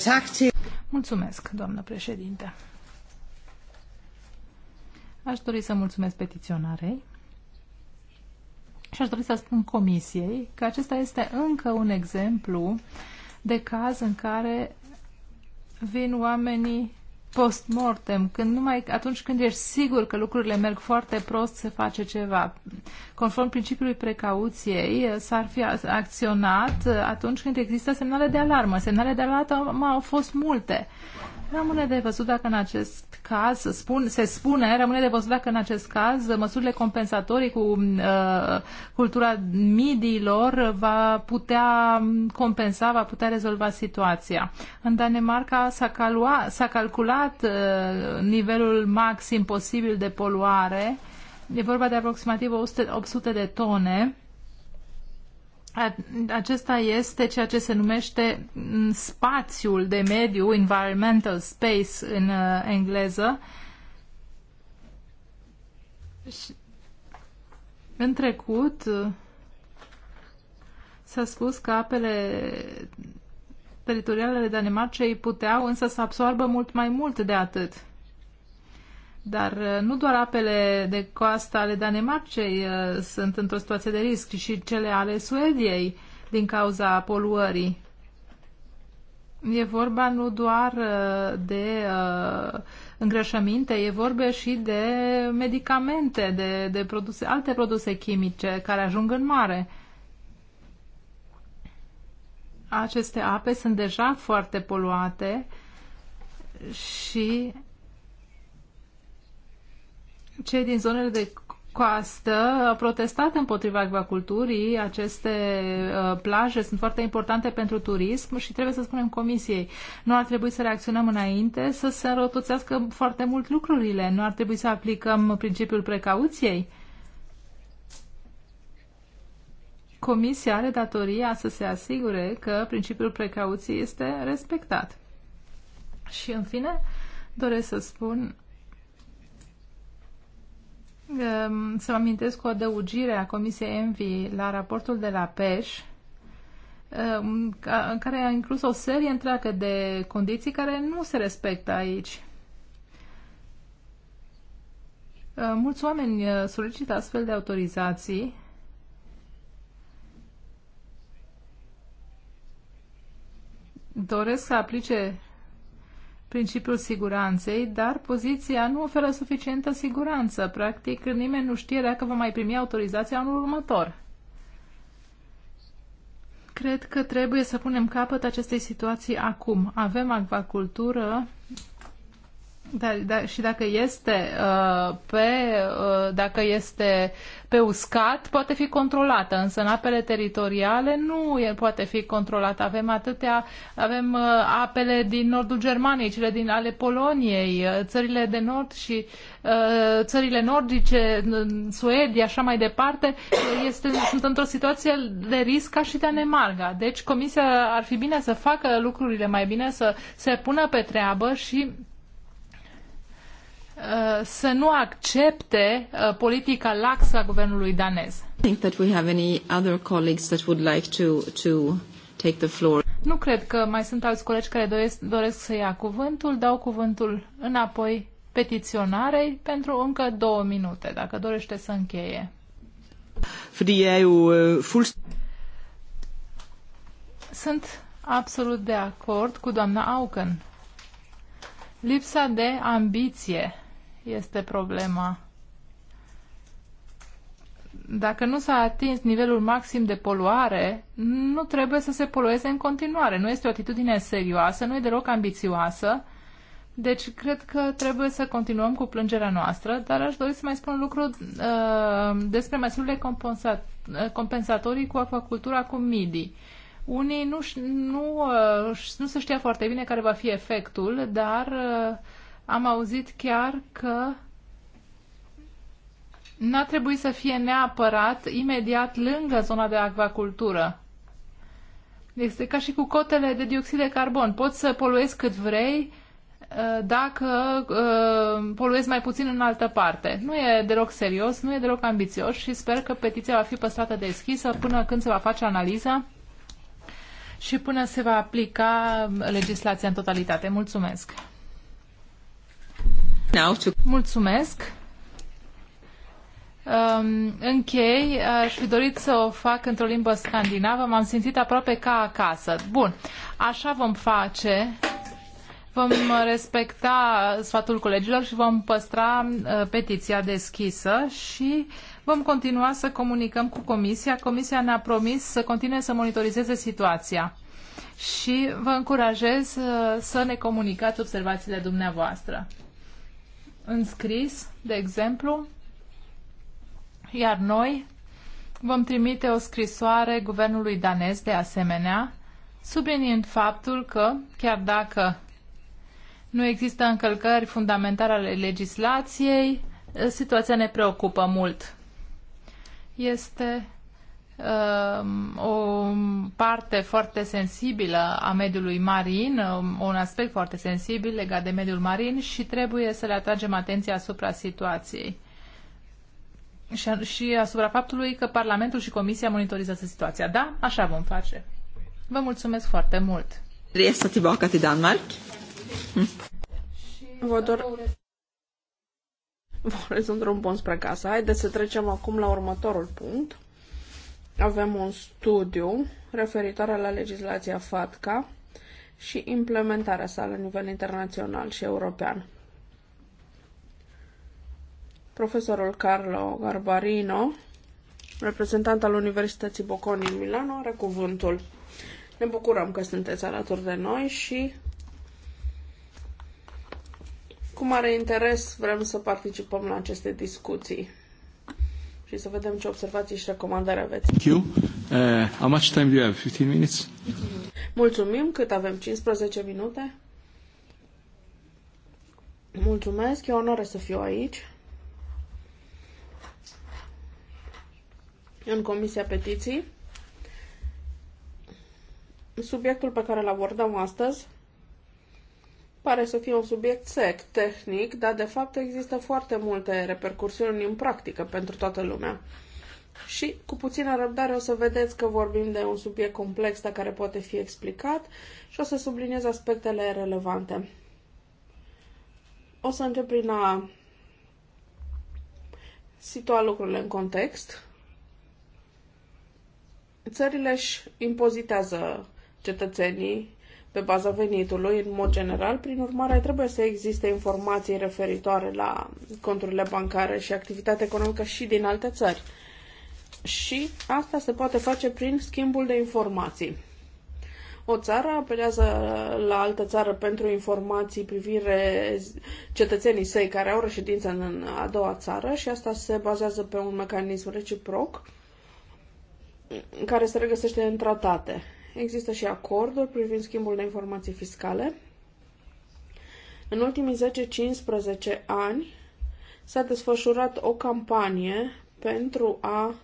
mulțumesc, doamnă președinte. Aș dori să mulțumesc petiționarei și aș dori să spun comisiei că acesta este încă un exemplu de caz în care vin oamenii post-mortem, când numai atunci când ești sigur că lucrurile merg foarte prost, se face ceva. Conform principiului precauției, s-ar fi acționat atunci când există semnale de alarmă. Semnale de alarmă au fost multe. Rămâne de văzut dacă în acest caz, spun, se spune, rămâne de văzut dacă în acest caz măsurile compensatorii cu uh, cultura midiilor va putea compensa, va putea rezolva situația. În Danemarca s-a, s-a calculat uh, nivelul maxim posibil de poluare. E vorba de aproximativ 800 de tone. Uh, acesta este ceea ce se numește mm, spațiul de mediu, environmental space în uh, engleză. Și în trecut uh, s-a spus că apele teritoriale ale Danemarcei puteau însă să absoarbă mult mai mult de atât. Dar uh, nu doar apele de coastă ale Danemarcei uh, sunt într-o situație de risc, ci cele ale Suediei din cauza poluării. E vorba nu doar uh, de îngrășăminte, e vorba și de medicamente, de, de produse, alte produse chimice care ajung în mare. Aceste ape sunt deja foarte poluate și cei din zonele de coastă au protestat împotriva acvaculturii. Aceste uh, plaje sunt foarte importante pentru turism și trebuie să spunem comisiei, nu ar trebui să reacționăm înainte, să se înrotuțească foarte mult lucrurile. Nu ar trebui să aplicăm principiul precauției. Comisia are datoria să se asigure că principiul precauției este respectat. Și în fine, doresc să spun să amintesc o adăugire a Comisiei Envi la raportul de la PESH, în care a inclus o serie întreagă de condiții care nu se respectă aici. Mulți oameni uh, solicită astfel de autorizații doresc să aplice principiul siguranței, dar poziția nu oferă suficientă siguranță. Practic, nimeni nu știe dacă va mai primi autorizația anul următor. Cred că trebuie să punem capăt acestei situații acum. Avem acvacultură da, da, și dacă este uh, pe uh, dacă este pe uscat, poate fi controlată, însă în apele teritoriale nu e, poate fi controlată. Avem atâtea, avem uh, apele din nordul Germaniei, cele din ale Poloniei, uh, țările de nord și uh, țările nordice, Suedia, așa mai departe, uh, este, sunt într-o situație de risc ca și Danemarca. Deci Comisia ar fi bine să facă lucrurile mai bine, să se pună pe treabă și Uh, să nu accepte uh, politica laxă a guvernului danez. Nu cred că mai sunt alți colegi care doresc, doresc să ia cuvântul. Dau cuvântul înapoi petiționarei pentru încă două minute, dacă dorește să încheie. Er øh, sunt absolut de acord cu doamna Auken. Lipsa de ambiție este problema. Dacă nu s-a atins nivelul maxim de poluare, nu trebuie să se polueze în continuare. Nu este o atitudine serioasă, nu e deloc ambițioasă. Deci, cred că trebuie să continuăm cu plângerea noastră, dar aș dori să mai spun un lucru uh, despre măsurile compensa compensatorii cu acvacultura cu MIDI. Unii nu, nu, uh, nu se știa foarte bine care va fi efectul, dar uh, am auzit chiar că n-a trebuit să fie neapărat imediat lângă zona de acvacultură. Este ca și cu cotele de dioxid de carbon. Poți să poluezi cât vrei uh, dacă uh, poluezi mai puțin în altă parte. Nu e deloc serios, nu e deloc ambițios și sper că petiția va fi păstrată deschisă până când se va face analiza și până se va aplica legislația în totalitate. Mulțumesc! Mulțumesc. Um, închei, aș fi dorit să o fac într-o limbă scandinavă, m-am simțit aproape ca acasă. Bun, așa vom face, vom respecta sfatul colegilor și vom păstra uh, petiția deschisă și vom continua să comunicăm cu Comisia. Comisia ne-a promis să continue să monitorizeze situația și vă încurajez uh, să ne comunicați observațiile dumneavoastră înscris, de exemplu, iar noi vom trimite o scrisoare guvernului danez de asemenea, subliniind faptul că, chiar dacă nu există încălcări fundamentale ale legislației, situația ne preocupă mult. Este Ehm, o parte foarte sensibilă a mediului marin, ehm, un aspect foarte sensibil legat de mediul marin și trebuie să le atragem atenția asupra situației și asupra faptului că Parlamentul și Comisia monitorizează situația. Da? Așa vom face. Vă mulțumesc foarte mult! Resa tillbaka till Danmark. Mm. Vă dor... un drum bun spre casă. Haideți să trecem acum la următorul punct avem un studiu referitor la legislația FATCA și implementarea sa la nivel internațional și european. Profesorul Carlo Garbarino, reprezentant al Universității Bocconi în Milano, are cuvântul. Ne bucurăm că sunteți alături de noi și cu mare interes vrem să participăm la aceste discuții și să vedem ce observații și recomandări aveți. Thank you. Uh, how much time do you have? 15 minutes? Mulțumim. Cât avem? 15 minute? Mulțumesc. E o onoare să fiu aici. În Comisia Petiții. Subiectul pe care îl abordăm astăzi Pare să fie un subiect sec, tehnic, dar de fapt există foarte multe repercursiuni în practică pentru toată lumea. Și cu puțină răbdare o să vedeți că vorbim de un subiect complex, dar care poate fi explicat și o să subliniez aspectele relevante. O să încep prin a situa lucrurile în context. Țările își impozitează cetățenii pe baza venitului, în mod general. Prin urmare, trebuie să existe informații referitoare la conturile bancare și activitatea economică și din alte țări. Și asta se poate face prin schimbul de informații. O țară apelează la altă țară pentru informații privire cetățenii săi care au reședință în a doua țară și asta se bazează pe un mecanism reciproc care se regăsește în tratate. Există și acorduri privind schimbul de informații fiscale. În ultimii 10-15 ani s-a desfășurat o campanie pentru a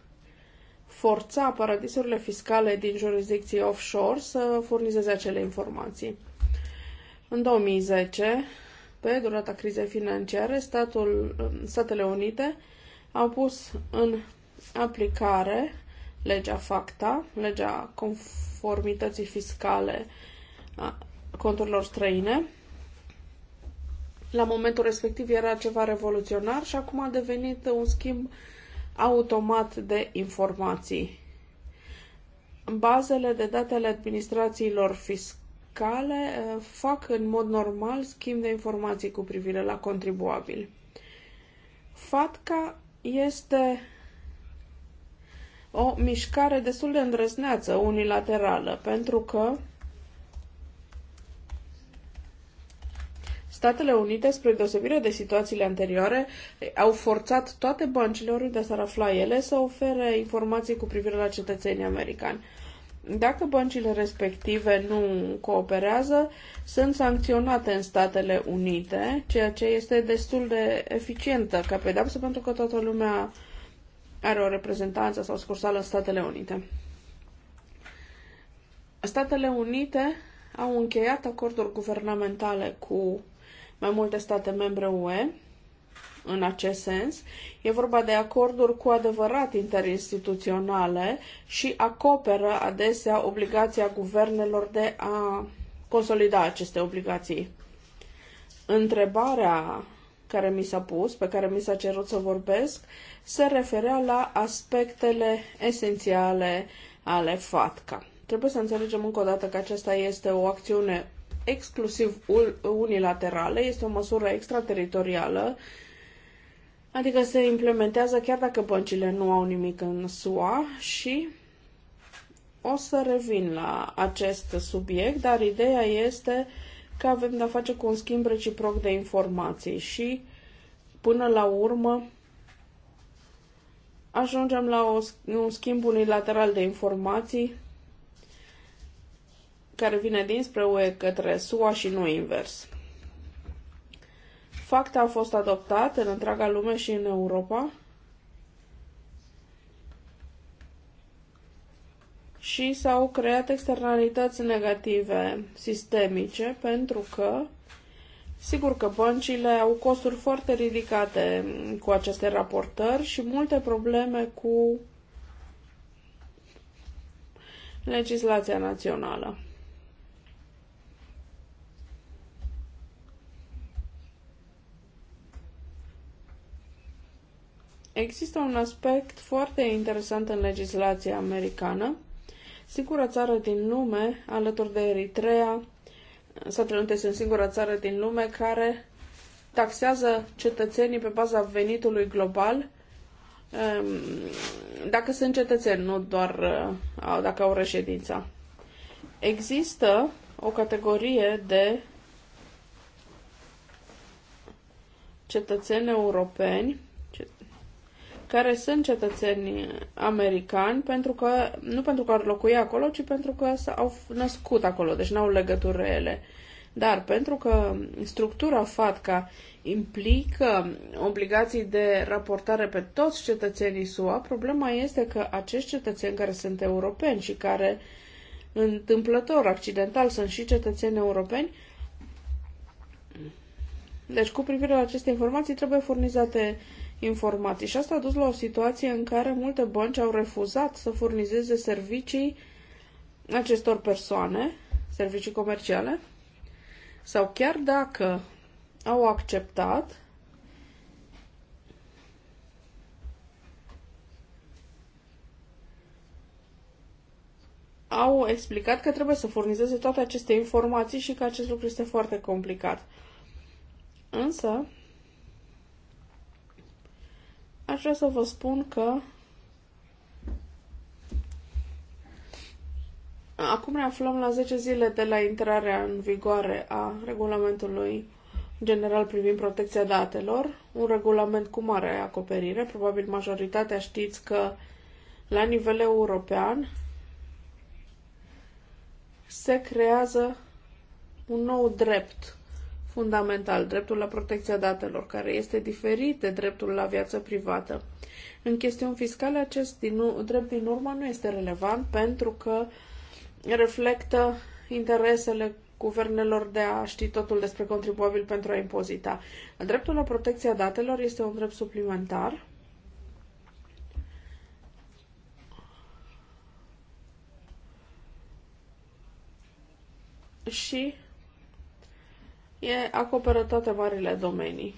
forța paradisurile fiscale din jurisdicții offshore să furnizeze acele informații. În 2010, pe durata crizei financiare, statul, Statele Unite au pus în aplicare legea FACTA, legea conformității fiscale a conturilor străine. La momentul respectiv era ceva revoluționar și acum a devenit un schimb automat de informații. Bazele de datele administrațiilor fiscale eh, fac în mod normal schimb de informații cu privire la contribuabil. FATCA este o mișcare destul de îndrăzneață, unilaterală, pentru că Statele Unite, spre deosebire de situațiile anterioare, au forțat toate băncile, oriunde s-ar afla ele, să ofere informații cu privire la cetățenii americani. Dacă băncile respective nu cooperează, sunt sancționate în Statele Unite, ceea ce este destul de eficientă ca pedapsă pentru că toată lumea are o reprezentanță sau scursală în Statele Unite. Statele Unite au încheiat acorduri guvernamentale cu mai multe state membre UE în acest sens. E vorba de acorduri cu adevărat interinstituționale și acoperă adesea obligația guvernelor de a consolida aceste obligații. Întrebarea care mi s-a pus, pe care mi s-a cerut să vorbesc, se referea la aspectele esențiale ale FATCA. Trebuie să înțelegem încă o dată că aceasta este o acțiune exclusiv unilaterală, este o măsură extrateritorială, adică se implementează chiar dacă băncile nu au nimic în SUA și o să revin la acest subiect, dar ideea este că avem de-a face cu un schimb reciproc de informații și până la urmă ajungem la o, un schimb unilateral de informații care vine dinspre UE către SUA și nu invers. Facta a fost adoptat în întreaga lume și în Europa și s-au creat externalități negative sistemice pentru că Sigur că băncile au costuri foarte ridicate cu aceste raportări și multe probleme cu legislația națională. Există un aspect foarte interesant în legislația americană. Singura țară din lume, alături de Eritrea, Statele Unite este singura țară din lume care taxează cetățenii pe baza venitului global ehm, dacă sunt cetățeni, nu doar eh, dacă au reședința. Există o categorie de cetățeni europeni care sunt cetățeni americani, pentru că, nu pentru că ar locui acolo, ci pentru că s-au născut acolo, deci n-au legături reele. Dar pentru că structura FATCA implică obligații de raportare pe toți cetățenii SUA, problema este că acești cetățeni care sunt europeni și care întâmplător, accidental, sunt și cetățeni europeni, deci, cu privire la aceste informații, trebuie furnizate informații și asta a dus la o situație în care multe bănci au refuzat să furnizeze servicii acestor persoane, servicii comerciale, sau chiar dacă au acceptat, au explicat că trebuie să furnizeze toate aceste informații și că acest lucru este foarte complicat. Însă, aș vrea să vă spun că acum ne aflăm la 10 zile de la intrarea în vigoare a regulamentului general privind protecția datelor, un regulament cu mare acoperire. Probabil majoritatea știți că la nivel european se creează un nou drept fundamental, dreptul la protecția datelor, care este diferit de dreptul la viață privată. În chestiuni fiscale, acest din, drept din urmă nu este relevant pentru că reflectă interesele guvernelor de a ști totul despre contribuabil pentru a impozita. Dreptul la protecția datelor este un drept suplimentar și e, acoperă toate marile domenii.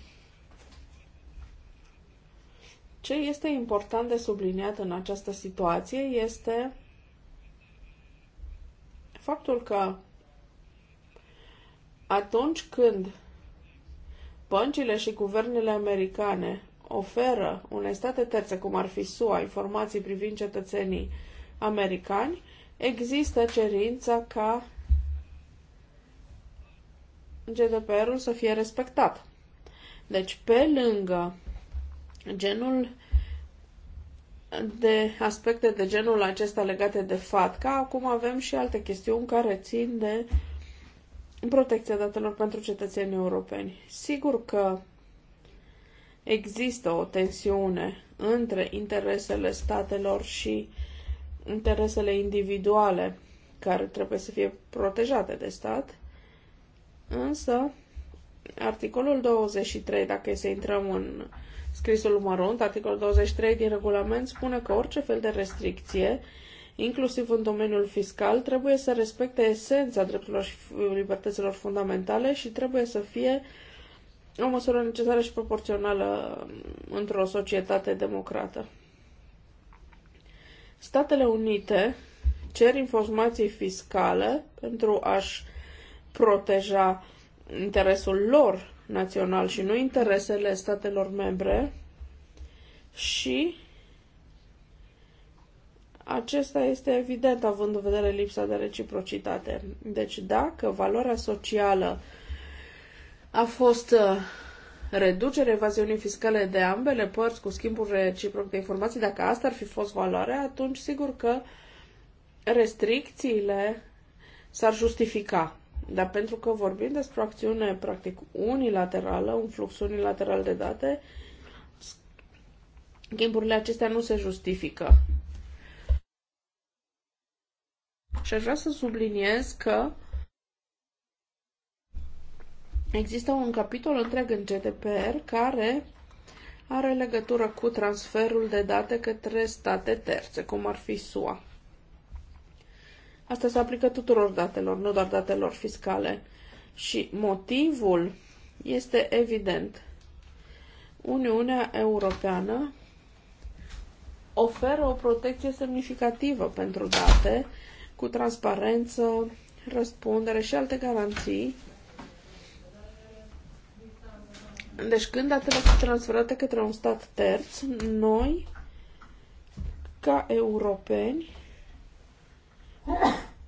Ce este important de subliniat în această situație este faptul că atunci când băncile și guvernele americane oferă unei state terțe, cum ar fi SUA, informații privind cetățenii americani, există cerința ca GDPR-ul să fie respectat. Deci, pe lângă genul de aspecte de genul acesta legate de FATCA, acum avem și alte chestiuni care țin de protecția datelor pentru cetățenii europeni. Sigur că există o tensiune între interesele statelor și interesele individuale care trebuie să fie protejate de stat, Însă, articolul 23, dacă e să intrăm în scrisul mărunt, articolul 23 din regulament spune că orice fel de restricție, inclusiv în domeniul fiscal, trebuie să respecte esența drepturilor și libertăților fundamentale și trebuie să fie o măsură necesară și proporțională mm, într-o societate democrată. Statele Unite cer informații fiscale pentru a-și proteja interesul lor național și nu interesele statelor membre și acesta este evident având în vedere lipsa de reciprocitate. Deci dacă valoarea socială a fost uh, reducerea evaziunii fiscale de ambele părți cu schimburi reciproc de informații, dacă asta ar fi fost valoarea, atunci sigur că restricțiile s-ar justifica. Dar pentru că vorbim despre o acțiune practic unilaterală, un flux unilateral de date, schimburile acestea nu se justifică. Și aș vrea să subliniez că există un capitol întreg în GDPR care are legătură cu transferul de date către state terțe, cum ar fi SUA. Asta se aplică tuturor datelor, nu doar datelor fiscale. Și motivul este evident. Uniunea Europeană oferă o protecție semnificativă pentru date, cu transparență, răspundere și alte garanții. Deci când datele sunt transferate către un stat terț, noi, ca europeni,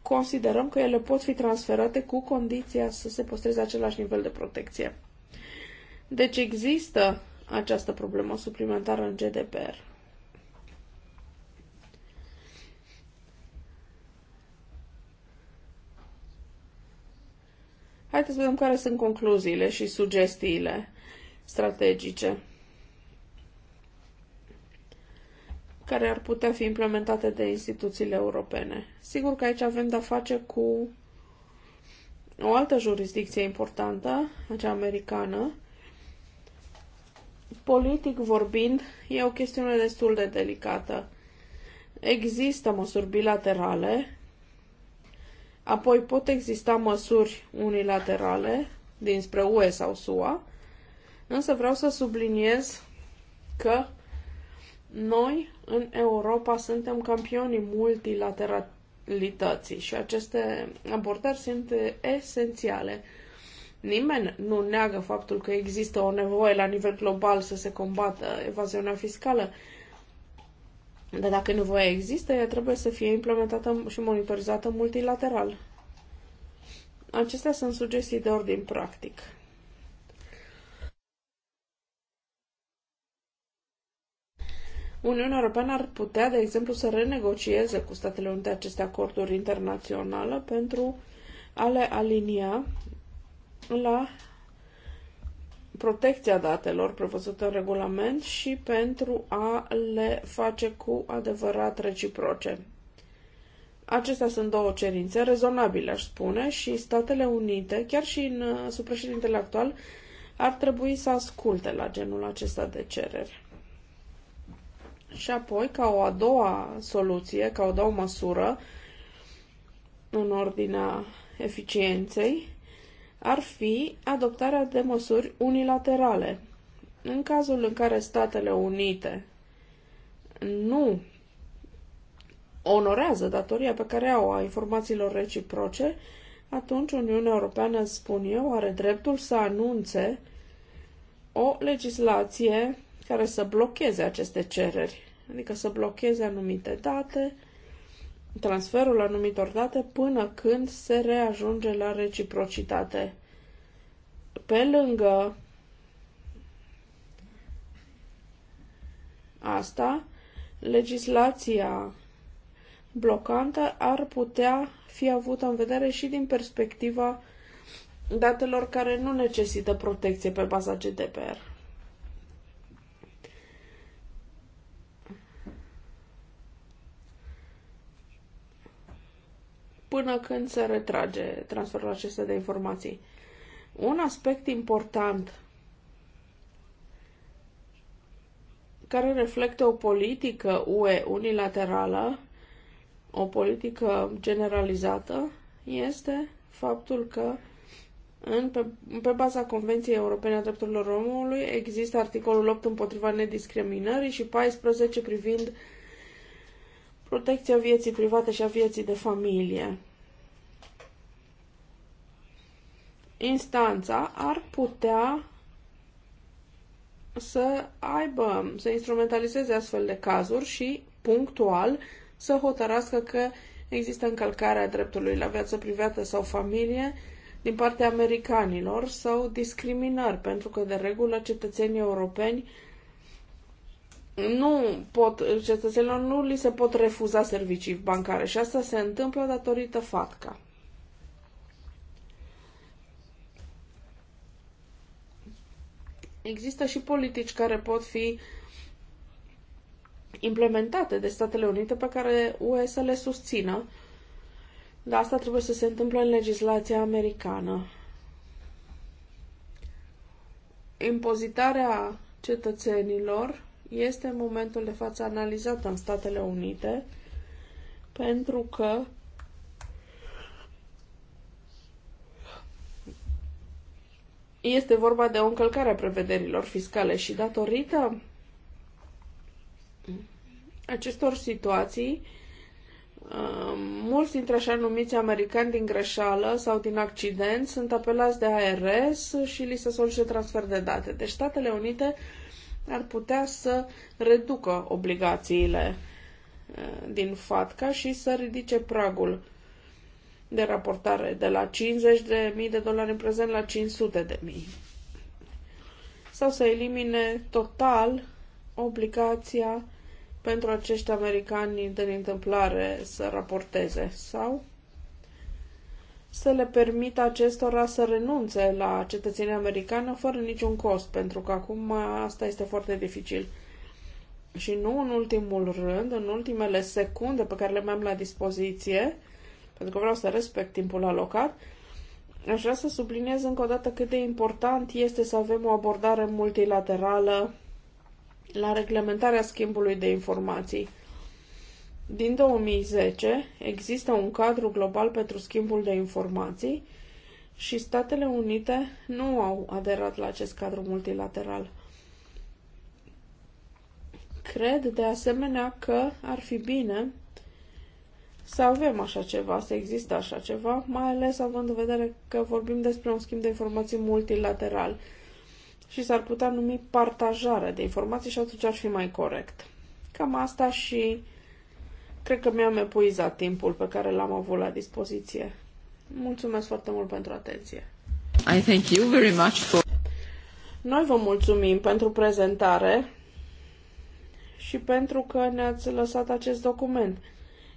considerăm că ele pot fi transferate cu condiția să se păstreze același nivel de protecție. Deci există această problemă suplimentară în GDPR. Haideți să vedem care sunt concluziile și sugestiile strategice. care ar putea fi implementate de instituțiile europene. Sigur că aici avem de-a face cu o altă jurisdicție importantă, acea americană. Politic vorbind, e o chestiune destul de delicată. Există măsuri bilaterale, apoi pot exista măsuri unilaterale dinspre UE sau SUA, însă vreau să subliniez că noi, în Europa, suntem campionii multilateralității și aceste abordări sunt esențiale. Nimeni nu neagă faptul că există o nevoie la nivel global să se combată evaziunea fiscală, dar dacă nevoia există, ea trebuie să fie implementată și monitorizată multilateral. Acestea sunt sugestii de ordin practic. Uniunea Europeană ar putea, de exemplu, să renegocieze cu Statele Unite aceste acorduri internaționale pentru a le alinia la protecția datelor prevăzută în regulament și pentru a le face cu adevărat reciproce. Acestea sunt două cerințe rezonabile, aș spune, și Statele Unite, chiar și în, sub președintele actual, ar trebui să asculte la genul acesta de cereri. Și apoi, ca o a doua soluție, ca o a doua măsură, în ordinea eficienței, ar fi adoptarea de măsuri unilaterale. În cazul în care Statele Unite nu onorează datoria pe care au a informațiilor reciproce, atunci Uniunea Europeană, spun eu, are dreptul să anunțe o legislație care să blocheze aceste cereri, adică să blocheze anumite date, transferul anumitor date până când se reajunge la reciprocitate. Pe lângă asta, legislația blocantă ar putea fi avută în vedere și din perspectiva datelor care nu necesită protecție pe baza GDPR. până când se retrage transferul acesta de informații. Un aspect important care reflectă o politică UE unilaterală, o politică generalizată, este faptul că în, pe, pe baza Convenției Europene a Drepturilor Omului există articolul 8 împotriva nediscriminării și 14 privind uh, protecția vieții private și a vieții de familie. Instanța ar putea să aibă, să instrumentalizeze astfel de cazuri și, punctual, să hotărască că există încălcarea dreptului la viață privată sau familie din partea americanilor sau discriminări, pentru că, de regulă, cetățenii europeni nu pot, cetățenilor nu li se pot refuza servicii bancare și asta se întâmplă datorită FATCA. Există și politici care pot fi implementate de Statele Unite pe care UE să le susțină, dar asta trebuie să se întâmple în legislația americană. Impozitarea cetățenilor este în momentul de față analizată în Statele Unite pentru că este vorba de o încălcare a prevederilor fiscale și datorită acestor situații, um, mulți dintre așa numiți americani din greșeală sau din accident sunt apelați de ARS și li se solicită transfer de date. Deci Statele Unite ar putea să reducă obligațiile din FATCA și să ridice pragul de raportare de la 50 de mii de dolari în prezent la 500 de mii sau să elimine total obligația pentru acești americani de întâmplare să raporteze sau să le permită acestora să renunțe la cetățenia americană fără niciun cost, pentru că acum asta este foarte dificil. Și nu în ultimul rând, în ultimele secunde pe care le mai am la dispoziție, pentru că vreau să respect timpul alocat, aș vrea să subliniez încă o dată cât de important este să avem o abordare multilaterală la reglementarea schimbului de informații. Din 2010 există un cadru global pentru schimbul de informații și Statele Unite nu au aderat la acest cadru multilateral. Cred de asemenea că ar fi bine să avem așa ceva, să există așa ceva, mai ales având în vedere că vorbim despre un schimb de informații multilateral și s-ar putea numi partajarea de informații și atunci ar fi mai corect. Cam asta și Cred că mi-am epuizat timpul pe care l-am avut la dispoziție. Mulțumesc foarte mult pentru atenție. I thank you very much for... Noi vă mulțumim pentru prezentare și pentru că ne-ați lăsat acest document.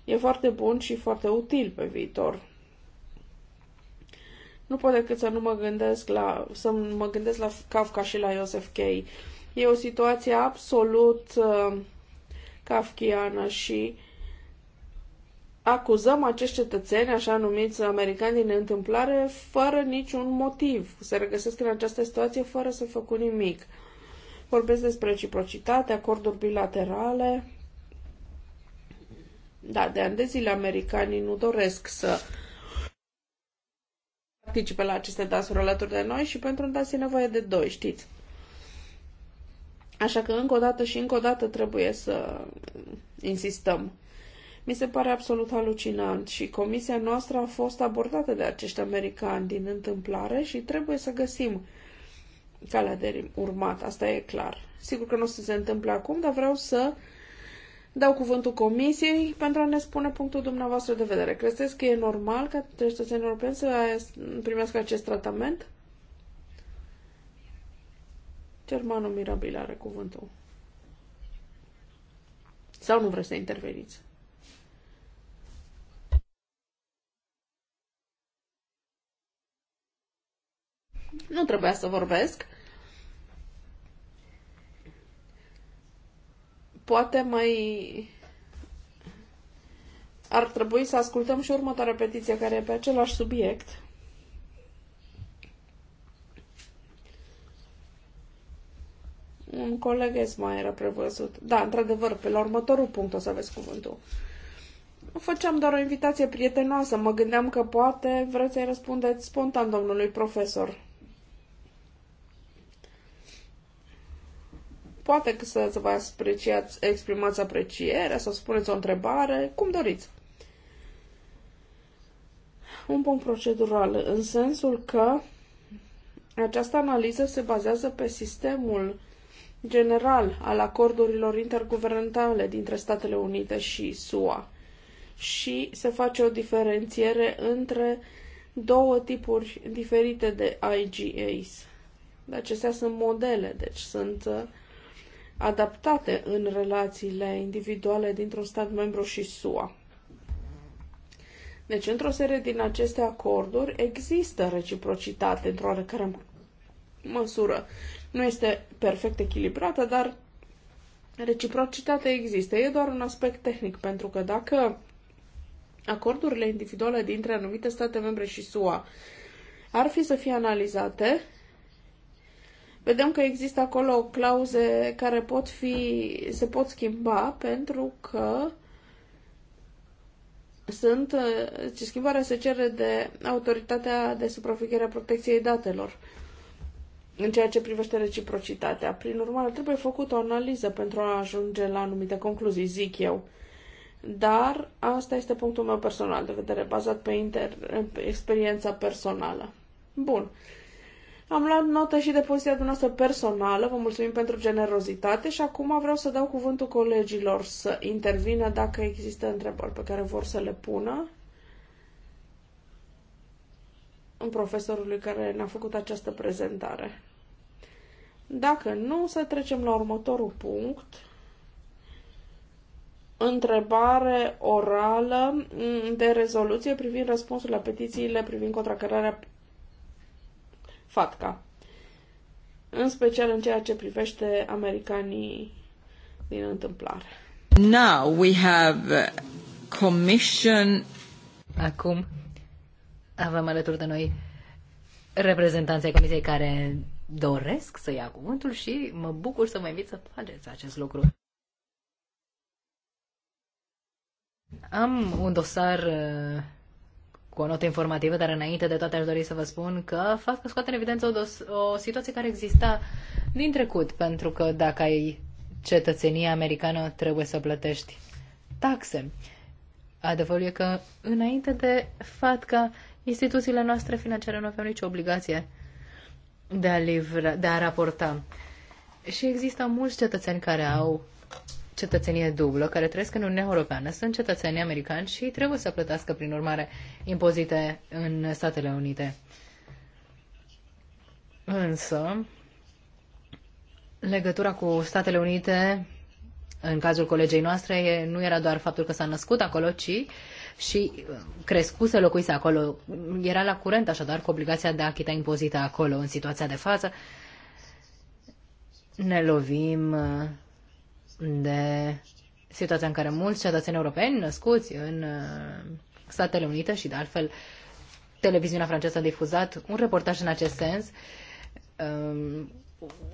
E foarte bun și foarte util pe viitor. Nu pot decât să nu mă gândesc la, să mă gândesc la Kafka și la Iosef K. E o situație absolut uh, kafkiană și uh, acuzăm acești cetățeni, așa numiți americani din întâmplare, fără niciun motiv. Se regăsesc în această situație fără să facă nimic. Vorbesc despre reciprocitate, acorduri bilaterale. Da, de ani de zile americanii nu doresc să participe la aceste dansuri alături de noi și pentru un dans e nevoie de doi, știți. Așa că încă o dată și încă o dată trebuie să insistăm. Mi se pare absolut alucinant și comisia noastră a fost abordată de acești americani din întâmplare și trebuie să găsim calea de urmat, asta e clar. Sigur că nu o să se întâmple acum, dar vreau să dau cuvântul comisiei pentru a ne spune punctul dumneavoastră de vedere. Credeți că e normal ca cetățenii europeni să primească acest tratament? Germanul Mirabil are cuvântul. Sau nu vreți să interveniți? Nu trebuia să vorbesc. Poate mai ar trebui să ascultăm și următoarea petiție care e pe același subiect. Un coleg mai era prevăzut. Da, într-adevăr, pe la următorul punct o să aveți cuvântul. Făceam doar o invitație prietenoasă. Mă gândeam că poate vreți să-i răspundeți spontan domnului profesor. Poate că să, să vă apreciați, exprimați aprecierea sau spuneți o întrebare, cum doriți. Un punct procedural, în sensul că această analiză se bazează pe sistemul general al acordurilor interguvernamentale dintre Statele Unite și SUA și se face o diferențiere între două tipuri diferite de IGAs. Acestea sunt modele, deci sunt uh, adaptate în relațiile individuale dintr-un stat membru și SUA. Deci, într-o serie din aceste acorduri există reciprocitate într-o oarecare măsură. Nu este perfect echilibrată, dar reciprocitatea există. E doar un aspect tehnic, pentru că dacă acordurile individuale dintre anumite state membre și SUA ar fi să fie analizate, vedem că există acolo clauze care pot fi, se pot schimba pentru că sunt, ce deci schimbarea se cere de autoritatea de supraveghere a protecției datelor în ceea ce privește reciprocitatea. Prin urmare, trebuie făcut o analiză pentru a ajunge la anumite concluzii, zic eu. Dar asta este punctul meu personal de vedere, bazat pe, inter... pe experiența personală. Bun. Am luat notă și de poziția dumneavoastră personală, vă mulțumim pentru generozitate și acum vreau să dau cuvântul colegilor să intervină dacă există întrebări pe care vor să le pună. În profesorului care ne-a făcut această prezentare. Dacă nu, să trecem la următorul punct. Întrebare orală de rezoluție privind răspunsul la petițiile privind contracararea FATCA. În special în ceea ce privește americanii din întâmplare. Now we have uh, commission. Acum avem alături de noi reprezentanții comisiei care doresc să ia cuvântul și mă bucur să mă invit să faceți acest lucru. Am un dosar uh, cu o notă informativă, dar înainte de toate aș dori să vă spun că fac că scoate în evidență o, dos- o situație care exista din trecut, pentru că dacă ai cetățenia americană, trebuie să plătești taxe. Adevărul e că înainte de FATCA, instituțiile noastre financiare nu aveau nicio obligație de a, livra, de a raporta. Și există mulți cetățeni care au cetățenie dublă care trăiesc în Uniunea Europeană sunt cetățeni americani și trebuie să plătească, prin urmare, impozite în Statele Unite. Însă, legătura cu Statele Unite, în cazul colegei noastre, nu era doar faptul că s-a născut acolo, ci și uh, crescuse, locuise acolo. Era la curent, așadar, cu obligația de a achita impozite acolo, în situația de față. Ne lovim uh, de situația în care mulți cetățeni europeni născuți în uh, Statele Unite și de altfel televiziunea franceză a difuzat un reportaj în acest sens. Um,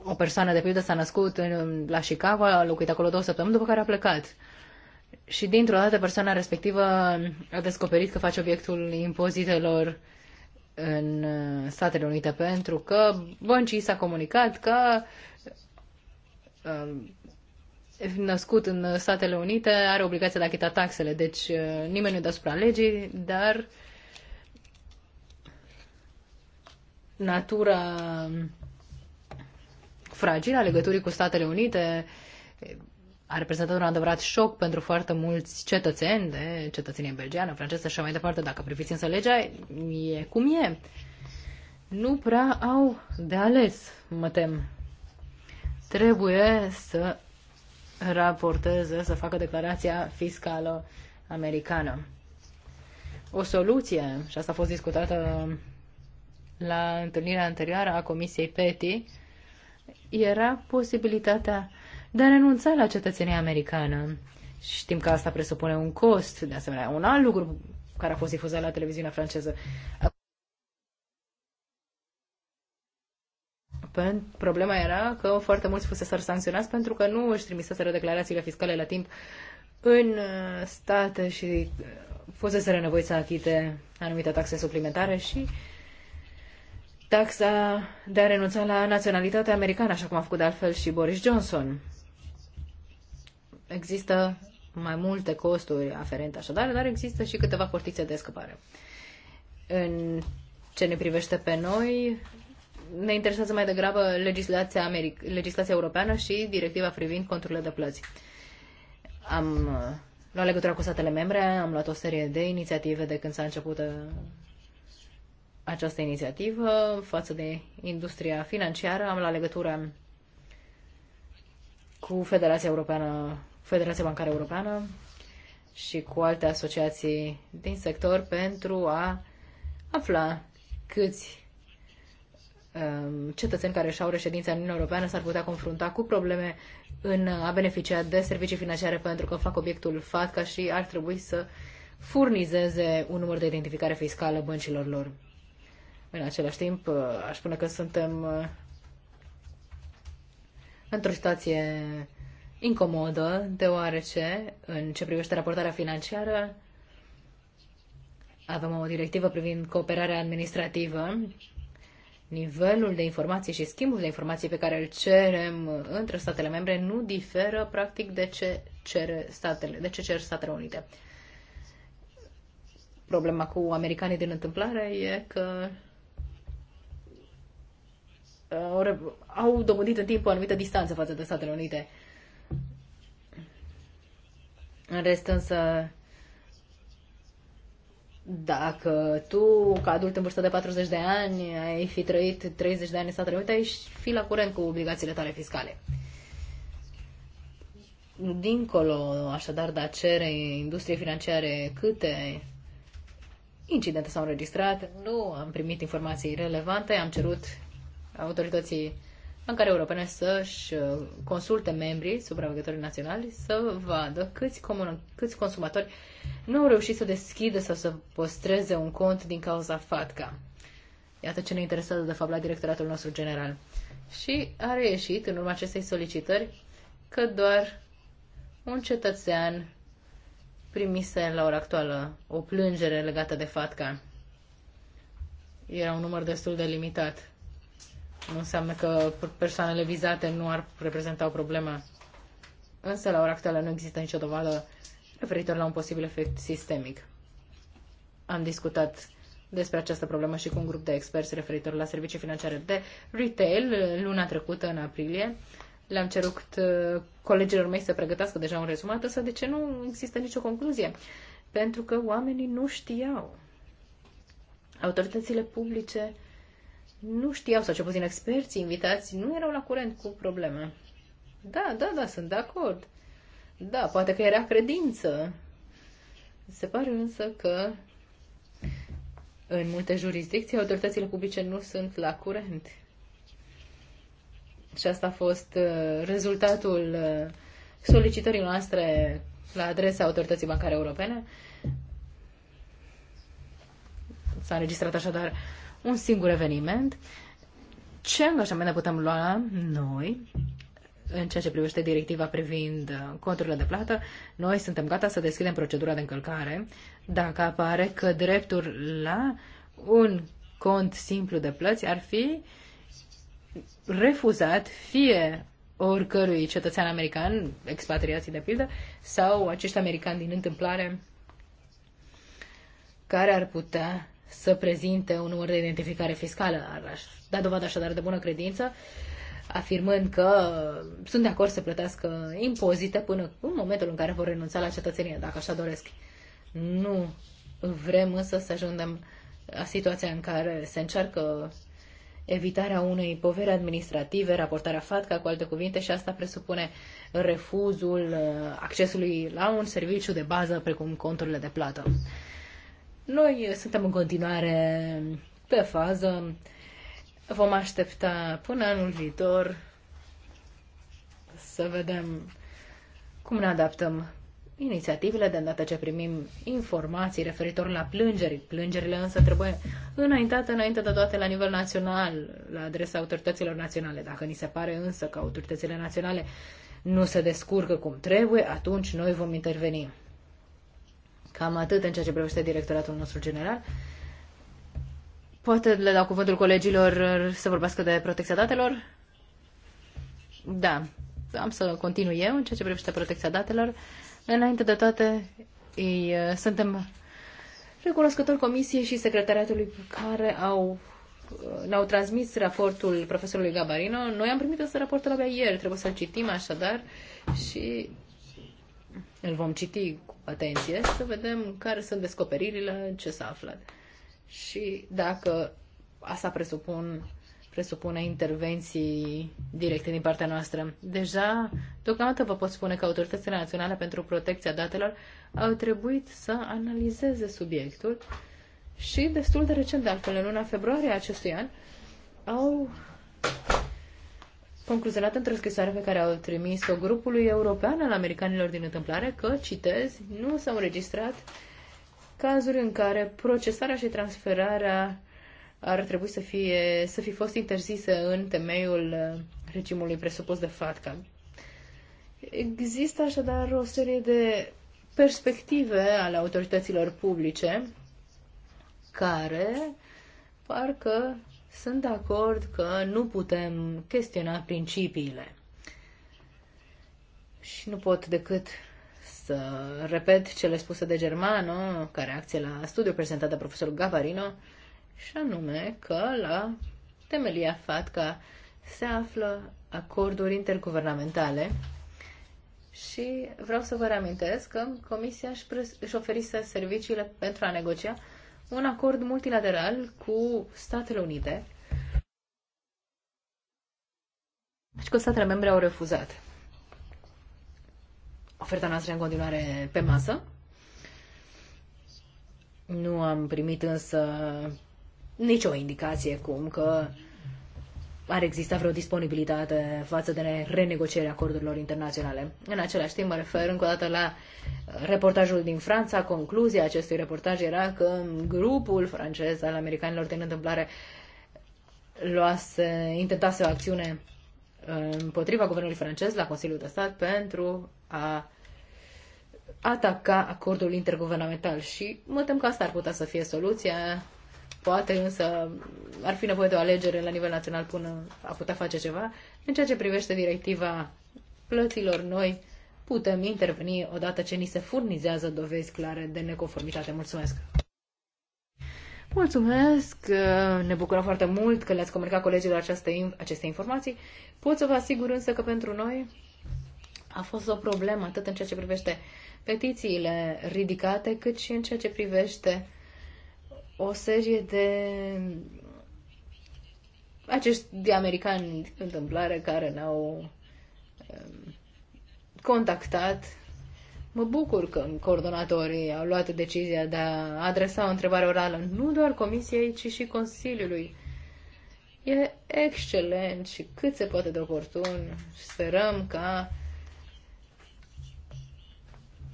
o persoană de pildă s-a născut în, la Chicago, a locuit acolo două săptămâni, după care a plecat. Și dintr-o dată persoana respectivă a descoperit că face obiectul impozitelor în uh, Statele Unite pentru că băncii s-a comunicat că um, născut în Statele Unite are obligația de a achita taxele, deci uh, nimeni nu-i deasupra legii, dar natura um, fragilă a legăturii cu Statele Unite a reprezentat un adevărat șoc pentru foarte mulți cetățeni, de cetățenie belgeană, franceză și mai departe, dacă priviți însă legea, e cum e. Nu prea au de ales, mă tem. Trebuie să raporteze, să facă declarația fiscală americană. O soluție, și asta a fost discutată la întâlnirea anterioară a Comisiei PETI, era posibilitatea de a renunța la cetățenia americană. Știm că asta presupune un cost, de asemenea, un alt lucru care a fost difuzat la televiziunea franceză. problema era că foarte mulți fuseseră sancționați pentru că nu își trimiseseră declarațiile fiscale la timp în uh, state și uh, fusese nevoiți să achite anumite taxe suplimentare și taxa de a renunța la naționalitatea americană, așa cum a făcut de altfel și Boris Johnson. Există mai multe costuri aferente așadar, dar există și câteva portițe de scăpare. În ce ne privește pe noi, ne interesează mai degrabă legislația, americ- legislația europeană și directiva privind conturile de plăți. Am uh, luat legătura cu statele membre, am luat o serie de inițiative de când s-a început uh, această inițiativă față de industria financiară. Am la legătura cu Federația Europeană, Federația Bancară Europeană și cu alte asociații din sector pentru a afla câți Um, cetățeni care și-au reședința în Uniunea Europeană s-ar putea confrunta cu probleme în a beneficia de servicii financiare pentru că fac obiectul FATCA și ar trebui să furnizeze un număr de identificare fiscală băncilor lor. În același timp, uh, aș spune că suntem uh, într-o situație incomodă, deoarece, în ce privește raportarea financiară, avem o directivă privind cooperarea administrativă nivelul de informații și schimbul de informații pe care îl cerem între statele membre nu diferă practic de ce cer statele, de ce cer Statele Unite. Problema cu americanii din întâmplare e că uh, au dobândit în timp o anumită distanță față de Statele Unite. În rest însă dacă tu, ca adult în vârstă de 40 de ani, ai fi trăit 30 de ani în Statele Unite, ai fi la curent cu obligațiile tale fiscale. Dincolo, așadar, de a cere industriei financiare câte incidente s-au înregistrat, nu am primit informații relevante, am cerut autorității care europene să-și uh, consulte membrii, supravegătorii naționali, să vadă câți, comun- câți consumatori nu au reușit să deschidă sau să păstreze un cont din cauza FATCA. Iată ce ne interesează, de fapt, la directoratul nostru general. Și a reieșit, în urma acestei solicitări, că doar un cetățean primise la ora actuală o plângere legată de FATCA. Era un număr destul de limitat. Nu înseamnă că persoanele vizate nu ar reprezenta o problemă. Însă, la ora actuală, nu există nicio dovadă referitor la un posibil efect sistemic. Am discutat despre această problemă și cu un grup de experți referitor la servicii financiare de retail uh, luna trecută, în aprilie. Le-am cerut uh, colegilor mei să pregătească deja un rezumat, însă de ce nu există nicio concluzie? Pentru că oamenii nu știau. Autoritățile publice nu știau, sau ce puțin experții invitați, nu erau la curent cu problema. Da, da, da, sunt de acord. Da, poate că era credință. Se pare însă că în multe jurisdicții autoritățile publice nu sunt la curent. Și asta a fost uh, rezultatul uh, solicitării noastre la adresa autorității bancare europene s-a înregistrat așadar un singur eveniment. Ce angajament ne putem lua noi în ceea ce privește directiva privind uh, conturile de plată? Noi suntem gata să deschidem procedura de încălcare dacă apare că dreptul la un cont simplu de plăți ar fi refuzat fie oricărui cetățean american, expatriații de pildă, sau acești americani din întâmplare care ar putea să prezinte un număr de identificare fiscală. Ar da dovadă așadar de bună credință, afirmând că sunt de acord să plătească impozite până în momentul în care vor renunța la cetățenie, dacă așa doresc. Nu vrem însă să ajungem la situația în care se încearcă evitarea unei poveri administrative, raportarea FATCA, cu alte cuvinte, și asta presupune refuzul uh, accesului la un serviciu de bază precum conturile de plată. Noi suntem în continuare pe fază. Vom aștepta până anul viitor să vedem cum ne adaptăm inițiativele de îndată ce primim informații referitor la plângeri. Plângerile însă trebuie înaintate înainte de toate la nivel național, la adresa autorităților naționale. Dacă ni se pare însă că autoritățile naționale nu se descurcă cum trebuie, atunci noi vom interveni. Cam atât în ceea ce privește directoratul nostru general. Poate le dau cuvântul colegilor uh, să vorbească de protecția datelor? Da, am să continui eu în ceea ce privește protecția datelor. Înainte de toate, îi, uh, suntem recunoscători Comisiei și Secretariatului care au uh, ne-au transmis raportul profesorului Gabarino. Noi am primit acest raportul abia ieri, trebuie să-l citim așadar și îl vom citi atenție, să vedem care sunt descoperirile, ce s-a aflat. Și dacă asta presupun, presupune intervenții directe din partea noastră. Deja, deocamdată vă pot spune că autoritățile naționale pentru protecția datelor au trebuit să analizeze subiectul și destul de recent, de altfel în luna februarie acestui an, au concluzionat într-o scrisoare pe care au trimis-o grupului european al americanilor din întâmplare că, citez, nu s-au înregistrat cazuri în care procesarea și transferarea ar trebui să, fie, să fi fost interzise în temeiul uh, regimului presupus de FATCA. Există așadar o serie de perspective ale autorităților publice care parcă sunt de acord că nu putem chestiona principiile. Și nu pot decât să repet cele spuse de Germano, ca reacție la studiu prezentat de profesorul Gavarino, și anume că la temelia FATCA se află acorduri interguvernamentale și vreau să vă reamintesc că Comisia își, își oferise serviciile pentru a negocia un acord multilateral cu Statele Unite și că statele membre au refuzat. Oferta noastră în continuare pe masă. Nu am primit însă nicio indicație cum că ar exista vreo disponibilitate față de renegocierea acordurilor internaționale. În același timp, mă refer încă o dată la reportajul din Franța. Concluzia acestui reportaj era că grupul francez al americanilor din întâmplare luase, intentase o acțiune uh, împotriva guvernului francez la Consiliul de Stat pentru a ataca acordul interguvernamental și mă tem că asta ar putea să fie soluția Poate însă ar fi nevoie de o alegere la nivel național până a putea face ceva. În ceea ce privește directiva plăților noi, putem interveni odată ce ni se furnizează dovezi clare de neconformitate. Mulțumesc! Mulțumesc! Ne bucurăm foarte mult că le-ați comunicat colegilor aceste, aceste informații. Pot să vă asigur însă că pentru noi a fost o problemă atât în ceea ce privește petițiile ridicate, cât și în ceea ce privește o serie de acești americani întâmplare care ne-au um, contactat. Mă bucur că coordonatorii au luat decizia de a adresa o întrebare orală nu doar Comisiei, ci și Consiliului. E excelent și cât se poate de oportun. Sperăm ca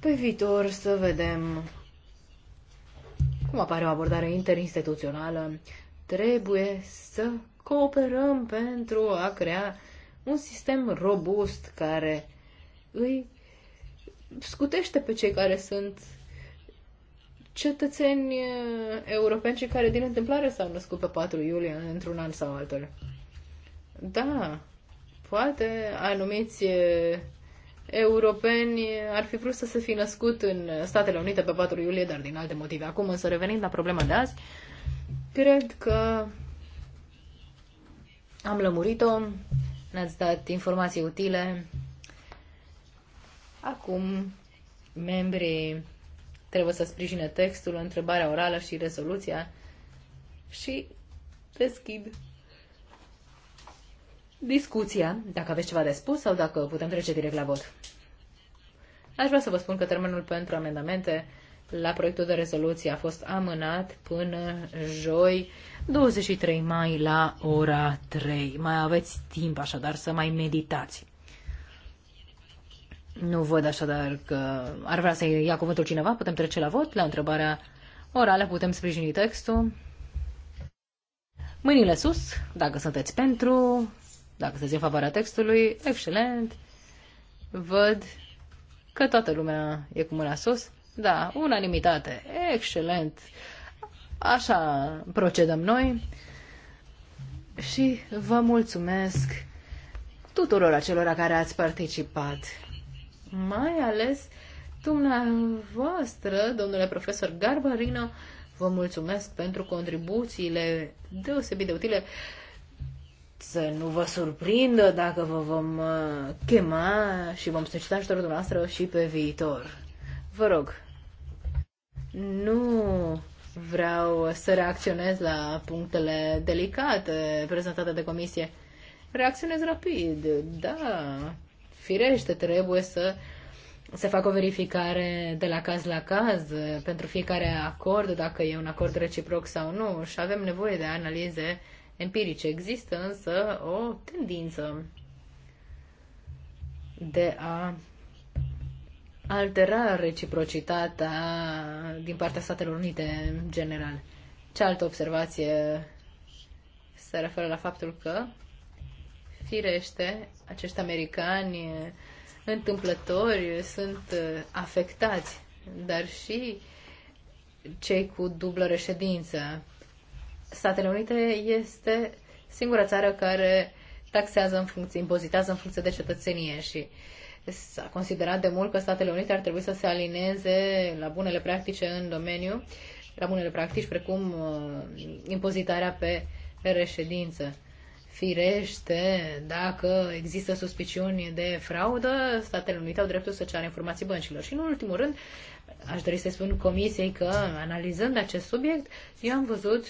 pe viitor să vedem cum apare o abordare interinstituțională, trebuie să cooperăm pentru a crea un sistem robust care îi scutește pe cei care sunt cetățeni eh, europeni și care din întâmplare s-au născut pe 4 iulie într-un an sau altul. Da, poate anumiți eh, europeni ar fi vrut să se fi născut în Statele Unite pe 4 iulie, dar din alte motive. Acum, însă, revenind la problema de azi, cred că am lămurit-o, ne-ați dat informații utile. Acum, membrii trebuie să sprijine textul, întrebarea orală și rezoluția și deschid discuția, dacă aveți ceva de spus sau dacă putem trece direct la vot. Aș vrea să vă spun că termenul pentru amendamente la proiectul de rezoluție a fost amânat până joi 23 mai la ora 3. Mai aveți timp așadar să mai meditați. Nu văd așadar că ar vrea să ia cuvântul cineva, putem trece la vot, la întrebarea orală, putem sprijini textul. Mâinile sus, dacă sunteți pentru, dacă sunteți în favoarea textului, excelent. Văd că toată lumea e cu mâna sus. Da, unanimitate. Excelent. Așa procedăm noi. Și vă mulțumesc tuturor acelora care ați participat. Mai ales dumneavoastră, domnule profesor Garbarino, vă mulțumesc pentru contribuțiile deosebit de utile să nu vă surprindă dacă vă vom uh, chema și vom solicita ajutorul dumneavoastră și pe viitor. Vă rog, nu vreau să reacționez la punctele delicate prezentate de comisie. Reacționez rapid, da, firește, trebuie să se facă o verificare de la caz la caz pentru fiecare acord, dacă e un acord reciproc sau nu și avem nevoie de analize empirice. Există însă o tendință de a altera reciprocitatea din partea Statelor Unite în general. Cealaltă observație se referă la faptul că, firește, acești americani întâmplători sunt afectați, dar și cei cu dublă reședință, Statele Unite este singura țară care taxează în funcție, impozitează în funcție de cetățenie și s-a considerat de mult că Statele Unite ar trebui să se alineze la bunele practice în domeniu, la bunele practici precum uh, impozitarea pe reședință. Firește, dacă există suspiciuni de fraudă, Statele Unite au dreptul să ceară informații băncilor. Și în ultimul rând, aș dori să spun comisiei că, analizând acest subiect, eu am văzut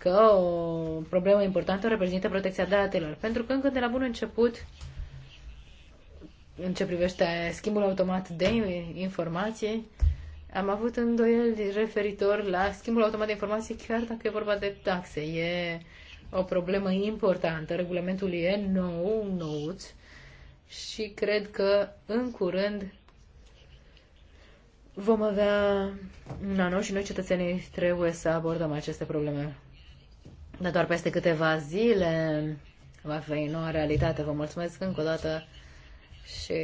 că o problemă importantă reprezintă protecția datelor. Pentru că încă de la bun început, în ce privește schimbul automat de informații, am avut îndoieli referitor la schimbul automat de informații, chiar dacă e vorba de taxe. E o problemă importantă. Regulamentul e nou, nouț și cred că în curând vom avea un an și noi cetățenii trebuie să abordăm aceste probleme dar doar peste câteva zile va fi noua realitate. Vă mulțumesc încă o dată și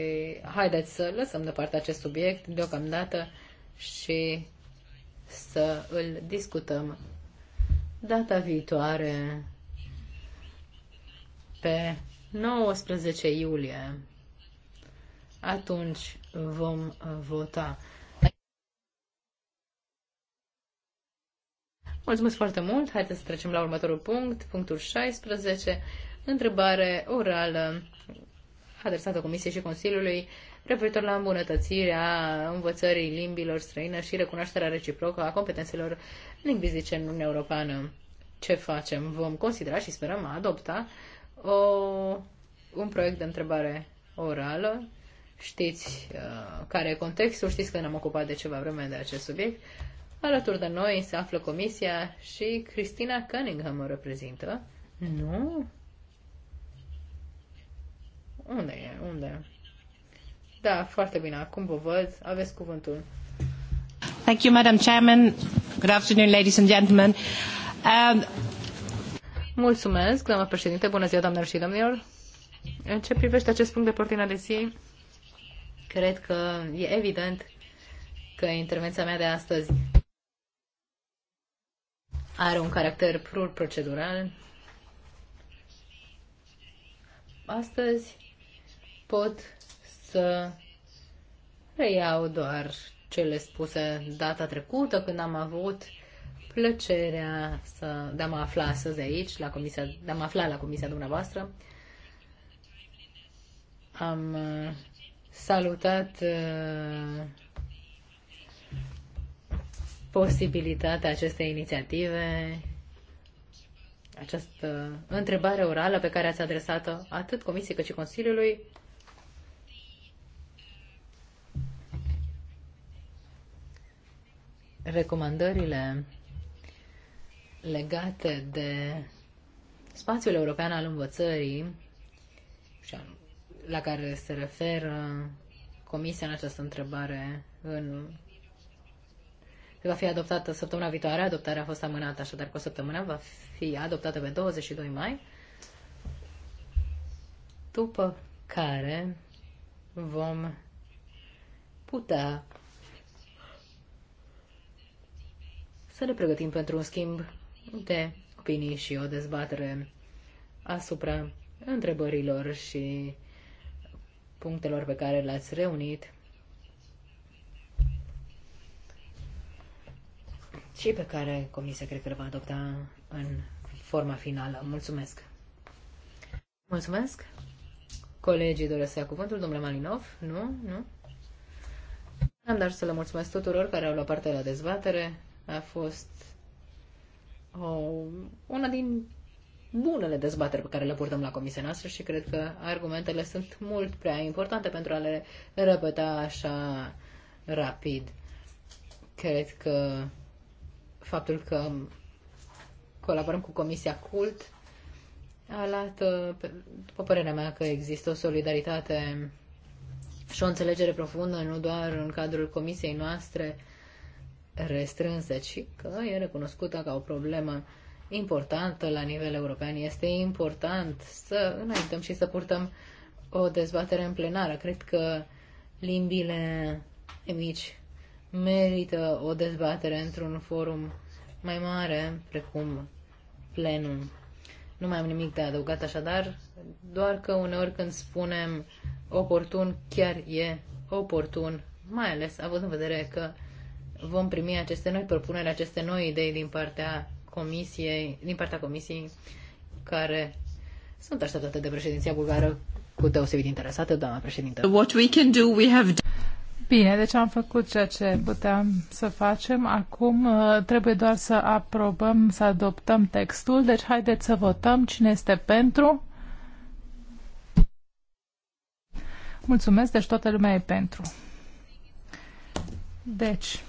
haideți să lăsăm deoparte acest subiect deocamdată și să îl discutăm data viitoare pe 19 iulie. Atunci vom vota. Mulțumesc foarte mult. Haideți să trecem la următorul punct, punctul 16, întrebare orală adresată Comisiei și Consiliului referitor la îmbunătățirea învățării limbilor străine și recunoașterea reciprocă a competențelor lingvistice în Uniunea Europeană. Ce facem? Vom considera și sperăm a adopta o, un proiect de întrebare orală. Știți uh, care e contextul, știți că ne-am ocupat de ceva vreme de acest subiect. Alături de noi se află comisia și Cristina Cunningham o reprezintă. Nu? Unde e? Unde? Da, foarte bine. Acum vă văd. Aveți cuvântul. Thank you, Madam Chairman. Good afternoon, ladies and gentlemen. Um... Mulțumesc, doamna președinte. Bună ziua, doamnelor și domnilor. În ce privește acest punct de portină de zi, cred că e evident că intervenția mea de astăzi are un caracter pur procedural. Astăzi pot să reiau doar cele spuse data trecută când am avut plăcerea să, de a mă afla astăzi aici, la comisia, de a mă afla la comisia dumneavoastră. Am uh, salutat uh, posibilitatea acestei inițiative, această întrebare orală pe care ați adresat-o atât Comisiei cât și Consiliului. Recomandările legate de spațiul european al învățării la care se referă Comisia în această întrebare în va fi adoptată săptămâna viitoare. Adoptarea a fost amânată, așadar cu o săptămână va fi adoptată pe 22 mai. După care vom putea să ne pregătim pentru un schimb de opinii și o dezbatere asupra întrebărilor și punctelor pe care le-ați reunit și pe care Comisia cred că le va adopta în forma finală. Mulțumesc! Mulțumesc! Colegii doresc să ia cuvântul, domnule Malinov? Nu? Nu? Am dar să le mulțumesc tuturor care au luat parte la dezbatere. A fost o, una din bunele dezbateri pe care le purtăm la comisia noastră și cred că argumentele sunt mult prea importante pentru a le repeta așa rapid. Cred că faptul că colaborăm cu Comisia CULT luat, uh, după părerea mea, că există o solidaritate și o înțelegere profundă, nu doar în cadrul Comisiei noastre restrânse, ci că e recunoscută ca o problemă importantă la nivel european. Este important să înaintăm și să purtăm o dezbatere în plenară. Cred că limbile mici merită o dezbatere într-un forum mai mare, precum plenum. Nu mai am nimic de adăugat așadar, doar că uneori când spunem oportun, chiar e oportun, mai ales având în vedere că vom primi aceste noi propuneri, aceste noi idei din partea comisiei, din partea comisiei care sunt așteptate de președinția bulgară cu deosebit interesată, doamna președintă. What we can do, we have Bine, deci am făcut ceea ce puteam să facem. Acum uh, trebuie doar să aprobăm, să adoptăm textul. Deci haideți să votăm cine este pentru. Mulțumesc, deci toată lumea e pentru. Deci,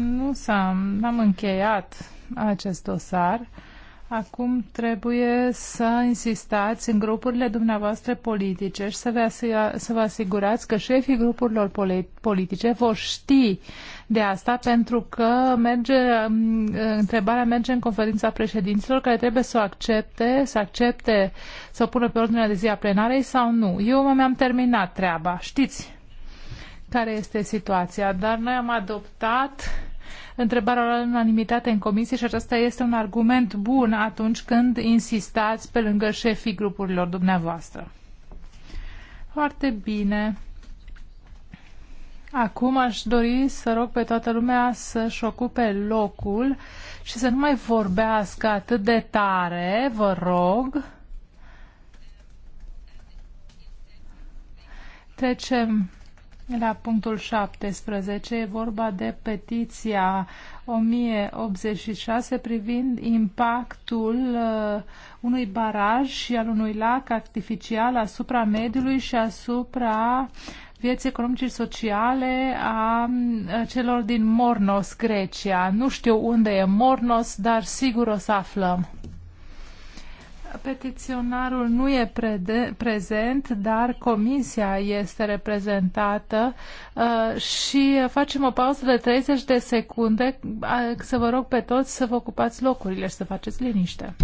nu s-am, am încheiat acest dosar. Acum trebuie să insistați în grupurile dumneavoastră politice și să vă, să vă asigurați că șefii grupurilor politice vor ști de asta pentru că merge, mm, întrebarea merge în conferința președinților care trebuie să o accepte, să accepte să o pună pe ordinea de zi a plenarei sau nu. Eu mi-am terminat treaba. Știți care este situația, dar noi am adoptat întrebarea la unanimitate în comisie și acesta este un argument bun atunci când insistați pe lângă șefii grupurilor dumneavoastră. Foarte bine. Acum aș dori să rog pe toată lumea să-și ocupe locul și să nu mai vorbească atât de tare, vă rog. Trecem la punctul 17 e vorba de petiția 1086 privind impactul uh, unui baraj și al unui lac artificial asupra mediului și asupra vieții economice și sociale a uh, celor din Mornos, Grecia. Nu știu unde e Mornos, dar sigur o să aflăm petiționarul nu e prede- prezent, dar comisia este reprezentată uh, și facem o pauză de 30 de secunde să vă rog pe toți să vă ocupați locurile și să faceți liniște.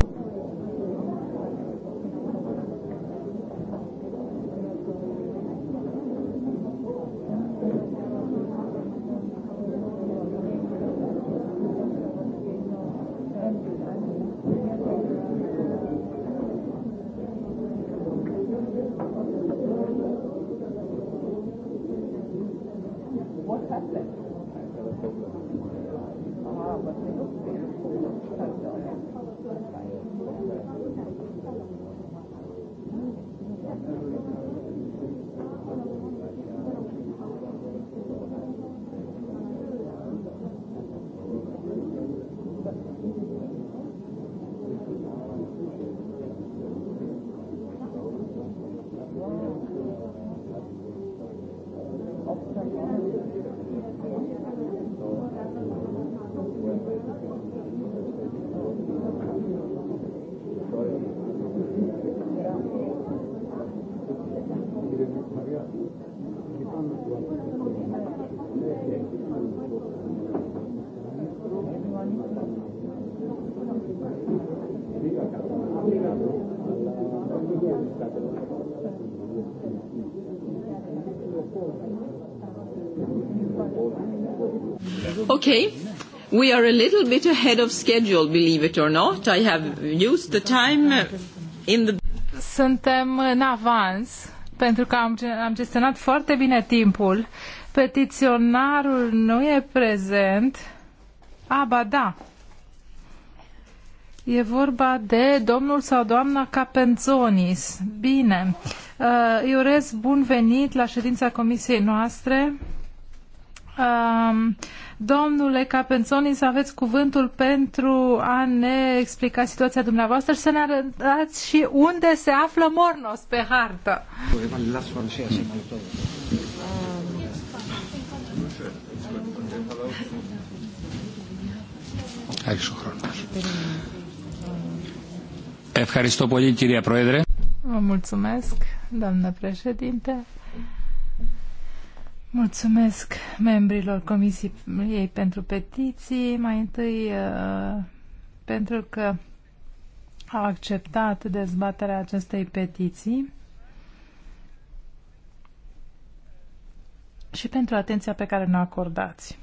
Okay. We are a little bit ahead of schedule, believe it or not. I have used the time in the... Suntem în avans pentru că am, am gestionat foarte bine timpul. Petiționarul nu e prezent. Aba, ba da. E vorba de domnul sau doamna Capenzonis. Bine. Eu uh, urez bun venit la ședința comisiei noastre. Um, domnule Capenzoni, să aveți cuvântul pentru a ne explica situația dumneavoastră și să ne arătați și unde se află Mornos pe hartă. Ευχαριστώ πολύ κυρία Πρόεδρε. Vă mulțumesc, doamnă președinte. Mulțumesc membrilor Comisiei pentru Petiții, mai întâi uh, pentru că au acceptat dezbaterea acestei petiții și pentru atenția pe care ne-o acordați.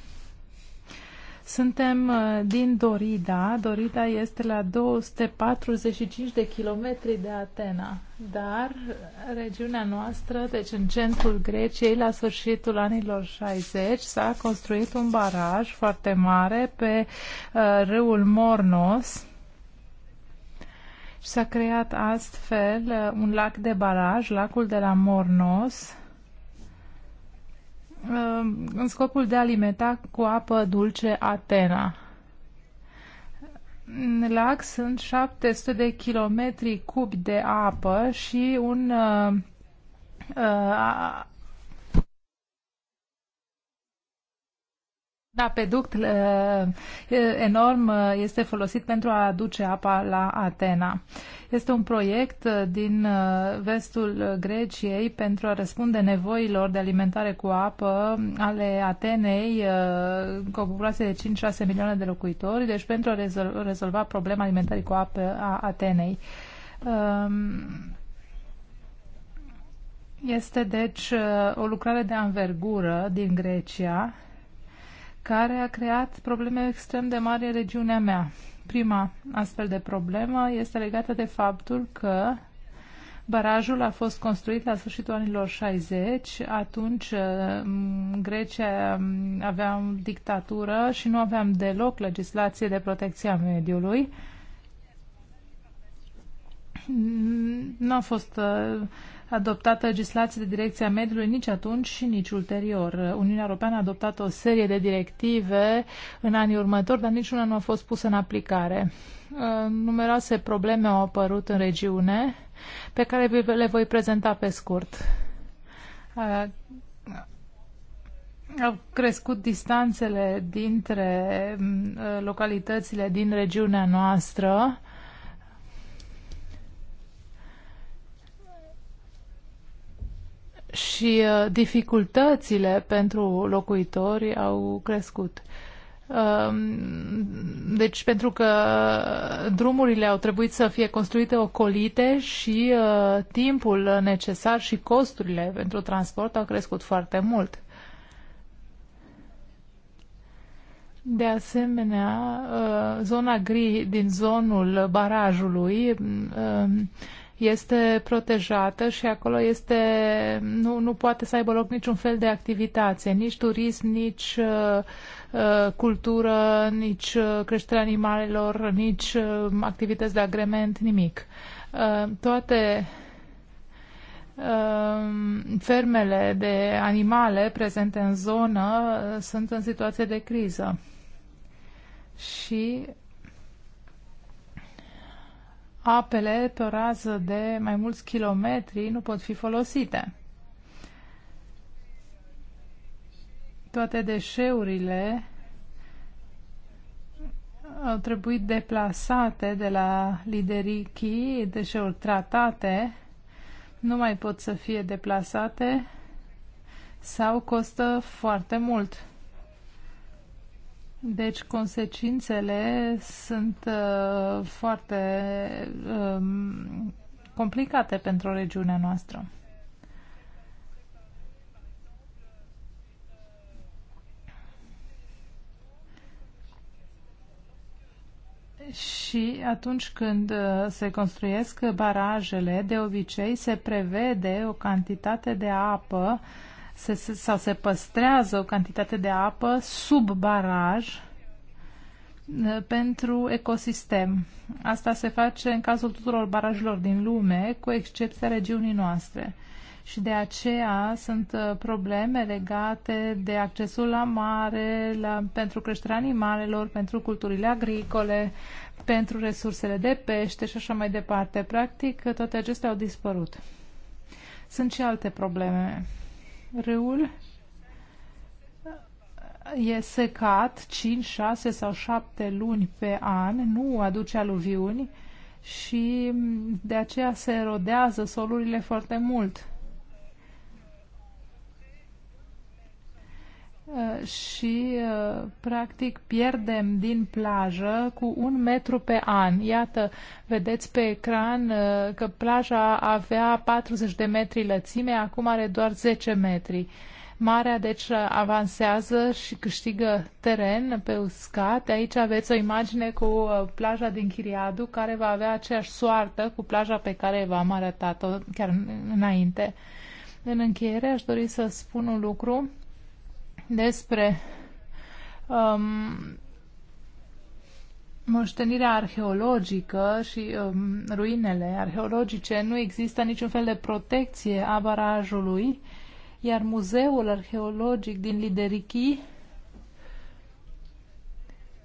Suntem uh, din Dorida. Dorida este la 245 de kilometri de Atena, dar regiunea noastră, deci în centrul Greciei, la sfârșitul anilor 60, s-a construit un baraj foarte mare pe uh, râul Mornos și s-a creat astfel uh, un lac de baraj, lacul de la Mornos, Um, în scopul de a alimenta cu apă dulce Atena. În lac sunt 700 de kilometri cubi de apă și un uh, uh, Da, peduct uh, enorm uh, este folosit pentru a aduce apa la Atena. Este un proiect uh, din vestul Greciei pentru a răspunde nevoilor de alimentare cu apă ale Atenei, cu o populație de 5-6 milioane de locuitori, deci pentru a rezolva problema alimentării cu apă a Atenei. Um, este deci o lucrare de anvergură din Grecia care a creat probleme extrem de mari în regiunea mea. Prima astfel de problemă este legată de faptul că barajul a fost construit la sfârșitul anilor 60. Atunci uh, Grecia um, avea o dictatură și nu aveam deloc legislație de protecție a mediului. Nu a fost uh, adoptat legislație de direcția mediului nici atunci și nici ulterior. Uniunea Europeană a adoptat o serie de directive în anii următori, dar niciuna nu a fost pusă în aplicare. Uh, numeroase probleme au apărut în regiune, pe care le voi prezenta pe scurt uh, au crescut distanțele dintre mm, localitățile din regiunea noastră și uh, dificultățile pentru locuitori au crescut. Um, deci pentru că drumurile au trebuit să fie construite ocolite și uh, timpul necesar și costurile pentru transport au crescut foarte mult. De asemenea, uh, zona gri din zonul barajului um, este protejată și acolo este, nu, nu poate să aibă loc niciun fel de activitate, nici turism, nici uh, uh cultură, nici uh, creșterea animalelor, nici uh, activități de agrement, nimic. Uh, toate uh, fermele de animale prezente în zonă sunt în situație de criză. Și apele pe o rază de mai mulți kilometri nu pot fi folosite. Toate deșeurile au trebuit deplasate de la Lideriki, deșeuri tratate, nu mai pot să fie deplasate sau costă foarte mult. Deci consecințele sunt uh, foarte uh, complicate pentru regiunea noastră. Și atunci când uh, se construiesc barajele, de obicei se prevede o cantitate de apă uh, se, sau se păstrează o cantitate de apă sub baraj uh, pentru ecosistem. Asta se face în cazul tuturor barajelor din lume, cu excepția regiunii noastre. Și de aceea sunt uh, probleme legate de accesul la mare, la, pentru creșterea animalelor, pentru culturile agricole, pentru resursele de pește și așa mai departe. Practic, toate acestea au dispărut. Sunt și alte probleme râul e secat 5, 6 sau 7 luni pe an, nu aduce aluviuni și mm, de aceea se erodează solurile foarte mult. Uh, și uh, practic pierdem din plajă cu un metru pe an. Iată, vedeți pe ecran uh, că plaja avea 40 de metri lățime, acum are doar 10 metri. Marea, deci, avansează și câștigă teren pe uscat. Aici aveți o imagine cu plaja din Chiriadu, care va avea aceeași soartă cu plaja pe care v-am arătat-o chiar înainte. În încheiere, aș dori să spun un lucru despre um, moștenirea arheologică și um, ruinele arheologice, nu există niciun fel de protecție a barajului, iar muzeul arheologic din Liderichi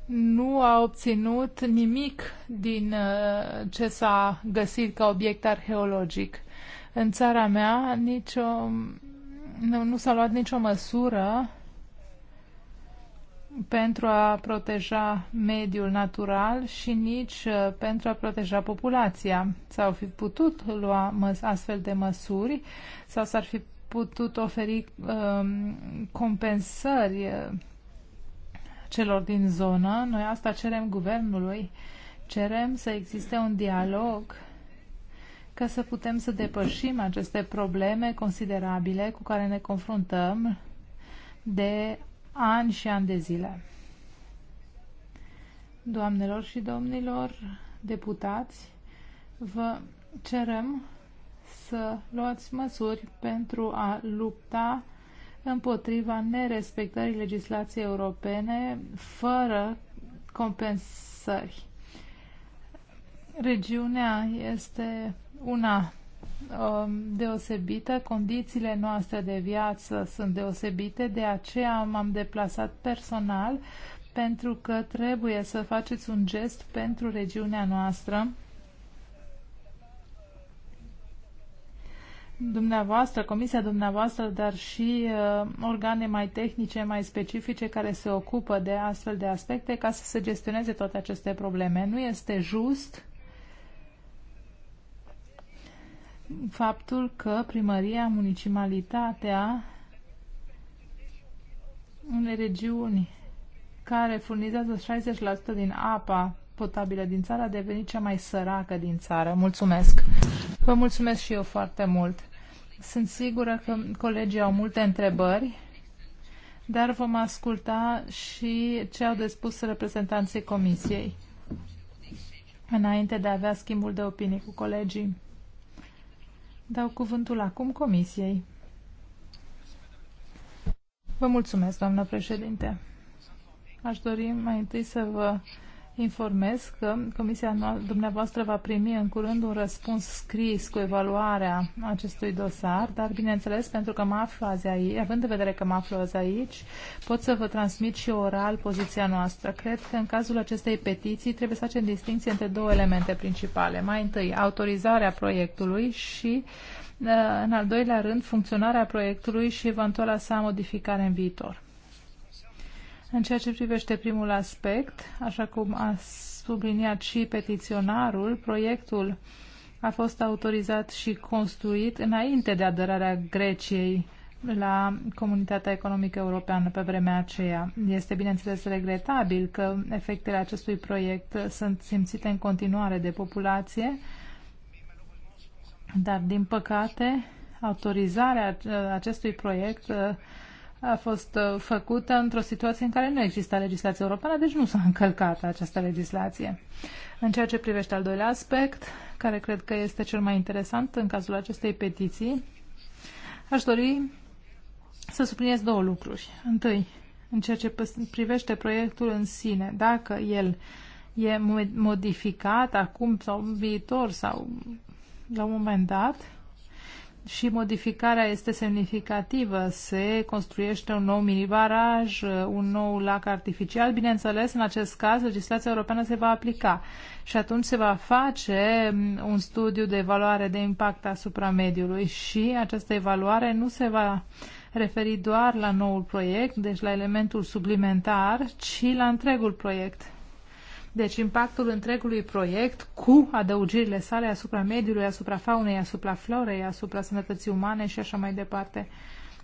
nu a obținut nimic din uh, ce s-a găsit ca obiect arheologic. În țara mea nicio, nu, nu s-a luat nicio măsură pentru a proteja mediul natural și nici uh, pentru a proteja populația. S-au fi putut lua astfel de măsuri sau s-ar fi putut oferi um, compensări uh, celor din zonă. Noi asta cerem guvernului. Cerem să existe un dialog ca să putem să depășim aceste probleme considerabile cu care ne confruntăm de ani și ani de zile. Doamnelor și domnilor deputați, vă cerem să luați măsuri pentru a lupta împotriva nerespectării legislației europene fără compensări. Regiunea este una Um, deosebită, condițiile noastre de viață sunt deosebite, de aceea m-am deplasat personal pentru că trebuie să faceți un gest pentru regiunea noastră. Dumneavoastră, comisia dumneavoastră, dar și uh, organe mai tehnice, mai specifice care se ocupă de astfel de aspecte ca să se gestioneze toate aceste probleme. Nu este just faptul că primăria, municipalitatea, unei regiuni care furnizează 60% din apa potabilă din țară a devenit cea mai săracă din țară. Mulțumesc! Vă mulțumesc și eu foarte mult! Sunt sigură că colegii au multe întrebări, dar vom asculta și ce au de spus reprezentanții Comisiei înainte de a avea schimbul de opinii cu colegii. Dau cuvântul acum Comisiei. Vă mulțumesc, doamnă președinte. Aș dori mai întâi să vă informez că comisia dumneavoastră va primi în curând un răspuns scris cu evaluarea acestui dosar, dar bineînțeles, pentru că mă aflu azi aici, având în vedere că mă aflu azi aici, pot să vă transmit și oral poziția noastră. Cred că în cazul acestei petiții trebuie să facem distinție între două elemente principale. Mai întâi, autorizarea proiectului și uh, în al doilea rând, funcționarea proiectului și eventuala sa modificare în viitor. În ceea ce privește primul aspect, așa cum a subliniat și petiționarul, proiectul a fost autorizat și construit înainte de aderarea Greciei la Comunitatea Economică Europeană pe vremea aceea. Este bineînțeles regretabil că efectele acestui proiect sunt simțite în continuare de populație, dar din păcate autorizarea uh, acestui proiect uh, a fost uh, făcută într-o situație în care nu exista legislație europeană, deci nu s-a încălcat această legislație. În ceea ce privește al doilea aspect, care cred că este cel mai interesant în cazul acestei petiții, aș dori să subliniez două lucruri. Întâi, în ceea ce privește proiectul în sine, dacă el e modificat acum sau în viitor sau la un moment dat, și modificarea este semnificativă. Se construiește un nou minibaraj, un nou lac artificial. Bineînțeles, în acest caz, legislația europeană se va aplica și atunci se va face mm, un studiu de evaluare de impact asupra mediului și această evaluare nu se va referi doar la noul proiect, deci la elementul suplimentar, ci la întregul proiect. Deci impactul întregului proiect cu adăugirile sale asupra mediului, asupra faunei, asupra florei, asupra sănătății umane și așa mai departe.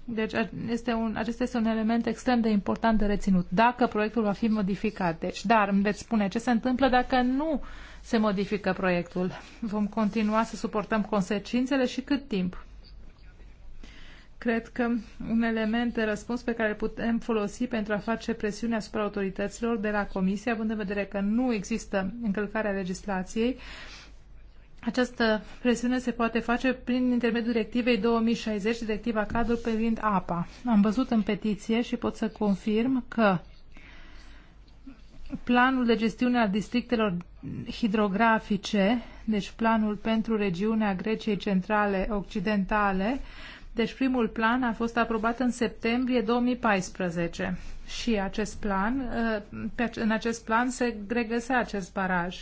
Deci este un, acesta este un element extrem de important de reținut. Dacă proiectul va fi modificat, deci, dar îmi veți spune ce se întâmplă dacă nu se modifică proiectul. Vom continua să suportăm consecințele și cât timp? Cred că un element de răspuns pe care îl putem folosi pentru a face presiune asupra autorităților de la Comisie, având în vedere că nu există încălcarea legislației, această presiune se poate face prin intermediul directivei 2060, directiva cadru privind apa. Am văzut în petiție și pot să confirm că planul de gestiune al districtelor hidrografice, deci planul pentru regiunea Greciei centrale occidentale, deci primul plan a fost aprobat în septembrie 2014 și acest plan, uh, în acest plan se regăsea acest baraj.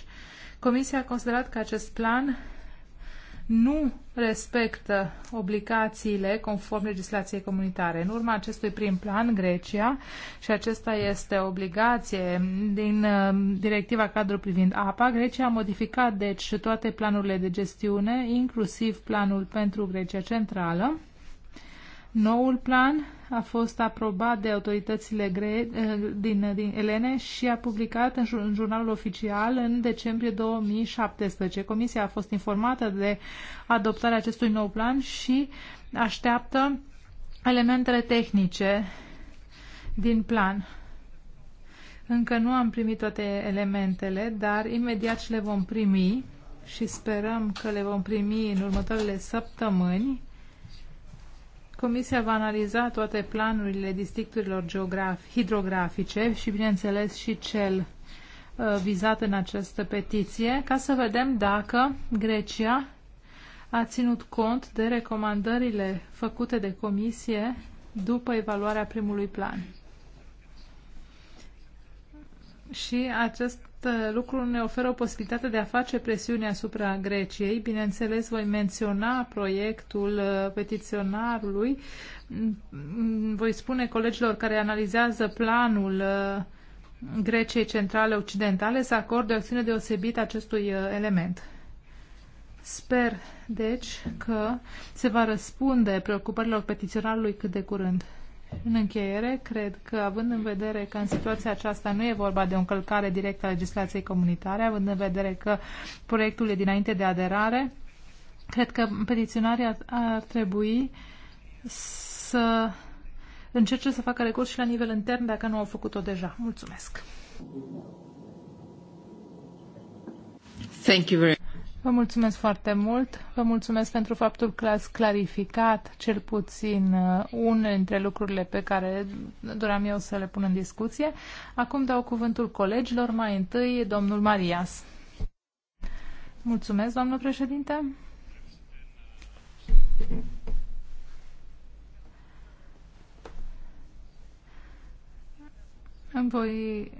Comisia a considerat că acest plan nu respectă obligațiile conform legislației comunitare. În urma acestui prim plan, Grecia, și acesta este obligație din uh, directiva cadru privind apa, Grecia a modificat deci toate planurile de gestiune, inclusiv planul pentru Grecia Centrală, Noul plan a fost aprobat de autoritățile gre- din, din Elene și a publicat în jurnalul oficial în decembrie 2017. Comisia a fost informată de adoptarea acestui nou plan și așteaptă elementele tehnice din plan. Încă nu am primit toate elementele, dar imediat și le vom primi și sperăm că le vom primi în următoarele săptămâni Comisia va analiza toate planurile districturilor hidrografice și, bineînțeles, și cel uh, vizat în această petiție, ca să vedem dacă Grecia a ținut cont de recomandările făcute de comisie după evaluarea primului plan și acest uh, lucru ne oferă o posibilitate de a face presiune asupra Greciei. Bineînțeles, voi menționa proiectul uh, petiționarului. Mm, voi spune colegilor care analizează planul uh, Greciei centrale occidentale să acorde o acțiune deosebită acestui element. Sper, deci, că se va răspunde preocupărilor petiționarului cât de curând. În încheiere, cred că, având în vedere că în situația aceasta nu e vorba de o încălcare directă a legislației comunitare, având în vedere că proiectul e dinainte de aderare, cred că petiționarii ar, ar trebui să încerce să facă recurs și la nivel intern dacă nu au făcut-o deja. Mulțumesc! Thank you very Vă mulțumesc foarte mult. Vă mulțumesc pentru faptul că ați clarificat cel puțin uh, unele dintre lucrurile pe care doream eu să le pun în discuție. Acum dau cuvântul colegilor. Mai întâi, domnul Marias. Mulțumesc, doamnă președinte. Îmi voi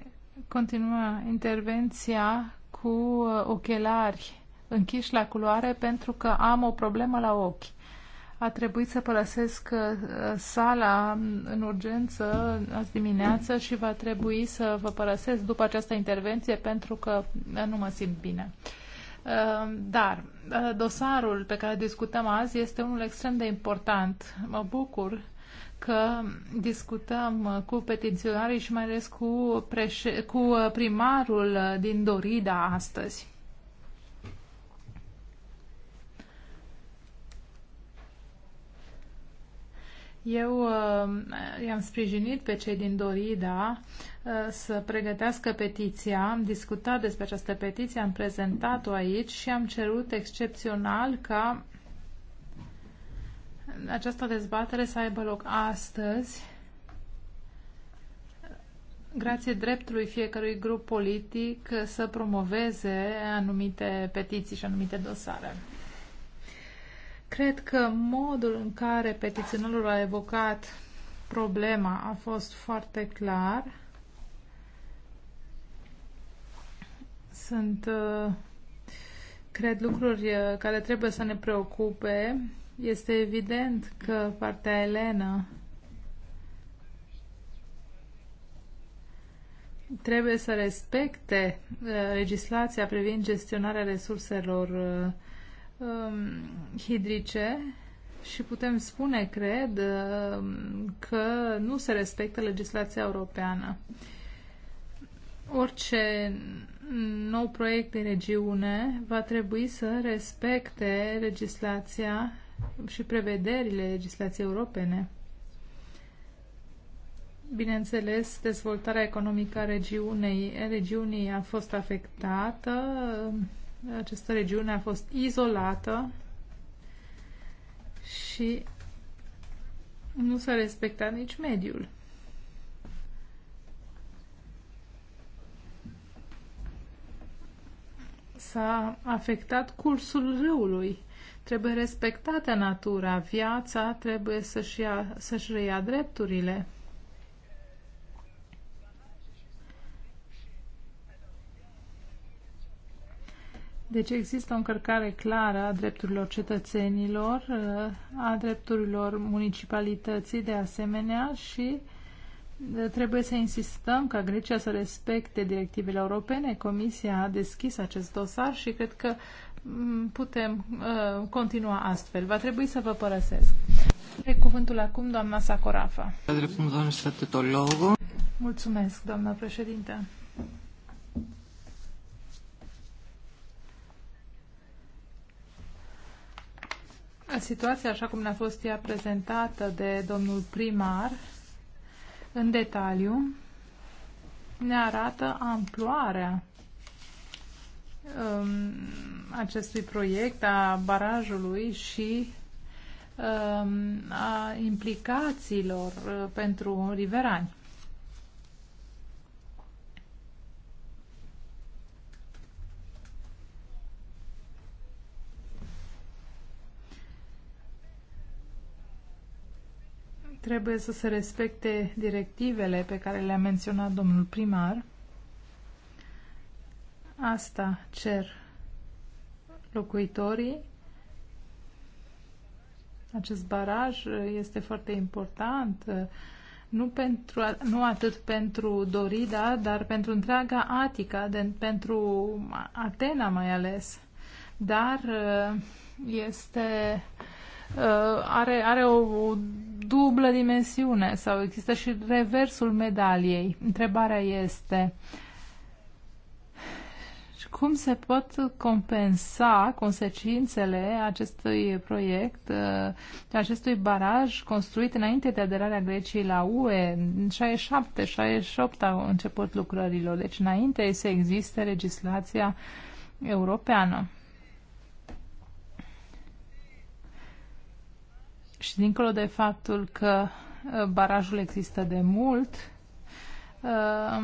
continua intervenția cu uh, ochelari închiși la culoare pentru că am o problemă la ochi. A trebuit să părăsesc uh, sala în urgență azi dimineață și va trebui să vă părăsesc după această intervenție pentru că nu mă simt bine. Uh, dar uh, dosarul pe care discutăm azi este unul extrem de important. Mă bucur că discutăm cu petiționarii și mai ales cu, preș- cu primarul din Dorida astăzi. Eu uh, i-am sprijinit pe cei din Dorida uh, să pregătească petiția, am discutat despre această petiție, am prezentat-o aici și am cerut excepțional ca această dezbatere să aibă loc astăzi, grație dreptului fiecărui grup politic să promoveze anumite petiții și anumite dosare. Cred că modul în care petiționarul a evocat problema a fost foarte clar. Sunt, uh, cred, lucruri uh, care trebuie să ne preocupe. Este evident că partea Elena trebuie să respecte uh, legislația privind gestionarea resurselor um, hidrice și putem spune, cred, um, că nu se respectă legislația europeană. Orice nou proiect de regiune va trebui să respecte legislația și prevederile legislației europene. Bineînțeles, dezvoltarea economică a regiunii, regiunii a fost afectată um, această regiune a fost izolată și nu s-a respectat nici mediul. S-a afectat cursul râului. Trebuie respectată natura, viața trebuie să-și, să, reia drepturile. Deci există o încărcare clară a drepturilor cetățenilor, a drepturilor municipalității de asemenea și trebuie să insistăm ca Grecia să respecte directivele europene. Comisia a deschis acest dosar și cred că putem uh, continua astfel. Va trebui să vă părăsesc. cuvântul acum doamna Sacorafa. Mulțumesc, doamna președintă. situația așa cum ne-a fost ea prezentată de domnul primar în detaliu ne arată amploarea um, acestui proiect a barajului și um, a implicațiilor uh, pentru riverani. trebuie să se respecte directivele pe care le-a menționat domnul primar. Asta cer locuitorii. Acest baraj este foarte important, nu, pentru, nu atât pentru Dorida, dar pentru întreaga Atica, de, pentru Atena mai ales. Dar este uh, Uh, are, are o, o dublă dimensiune sau există și reversul medaliei. Întrebarea este cum se pot compensa consecințele acestui proiect, uh, acestui baraj construit înainte de aderarea Greciei la UE? În 67-68 au început lucrărilor, deci înainte să existe legislația europeană. Și dincolo de faptul că uh, barajul există de mult, uh,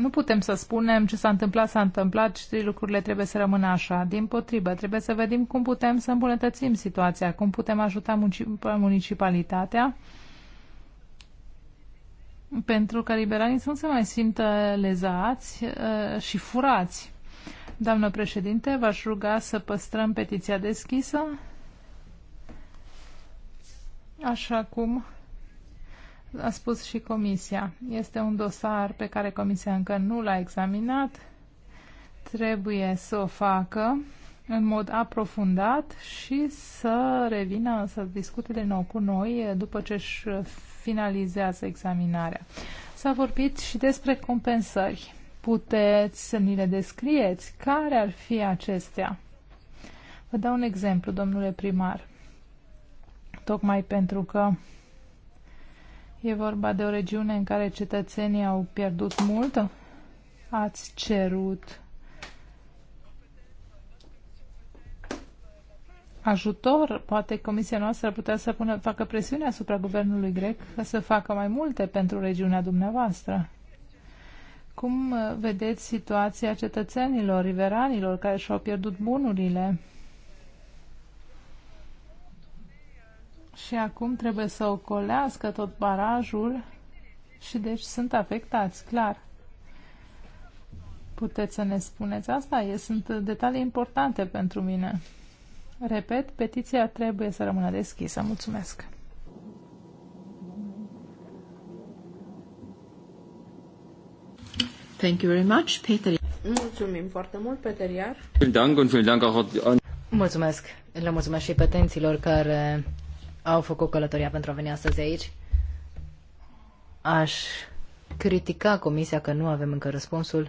nu putem să spunem ce s-a întâmplat, s-a întâmplat și lucrurile trebuie să rămână așa. Din potrivă, trebuie să vedem cum putem să îmbunătățim situația, cum putem ajuta municipalitatea pentru că liberalii să nu se mai simtă uh, lezați și furați. Doamnă președinte, v-aș ruga să păstrăm petiția deschisă Așa cum a spus și Comisia. Este un dosar pe care Comisia încă nu l-a examinat. Trebuie să o facă în mod aprofundat și să revină, să discute din nou cu noi după ce își finalizează examinarea. S-a vorbit și despre compensări. Puteți să ni le descrieți? Care ar fi acestea? Vă dau un exemplu, domnule primar tocmai pentru că e vorba de o regiune în care cetățenii au pierdut mult. Ați cerut ajutor, poate comisia noastră putea să pună, facă presiune asupra guvernului grec ca să facă mai multe pentru regiunea dumneavoastră. Cum vedeți situația cetățenilor, riveranilor care și-au pierdut bunurile? și acum trebuie să ocolească tot barajul și deci sunt afectați, clar. Puteți să ne spuneți asta? E, sunt detalii importante pentru mine. Repet, petiția trebuie să rămână deschisă. Mulțumesc! Thank you very much, Peter. Mulțumim foarte mult, Peter Iar. Mulțumesc. Le mulțumesc și petenților care au făcut călătoria pentru a veni astăzi aici. Aș critica comisia că nu avem încă răspunsul.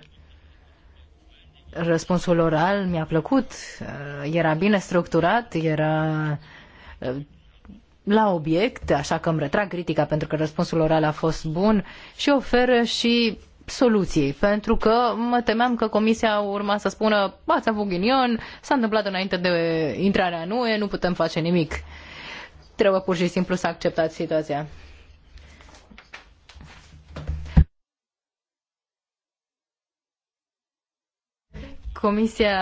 Răspunsul oral mi-a plăcut, uh, era bine structurat, era uh, la obiect, așa că îmi retrag critica pentru că răspunsul oral a fost bun și oferă și soluției, pentru că mă temeam că comisia urma să spună ați avut ghinion, s-a întâmplat înainte de intrarea în UE, nu putem face nimic. Trebuie pur și simplu să acceptați situația. Comisia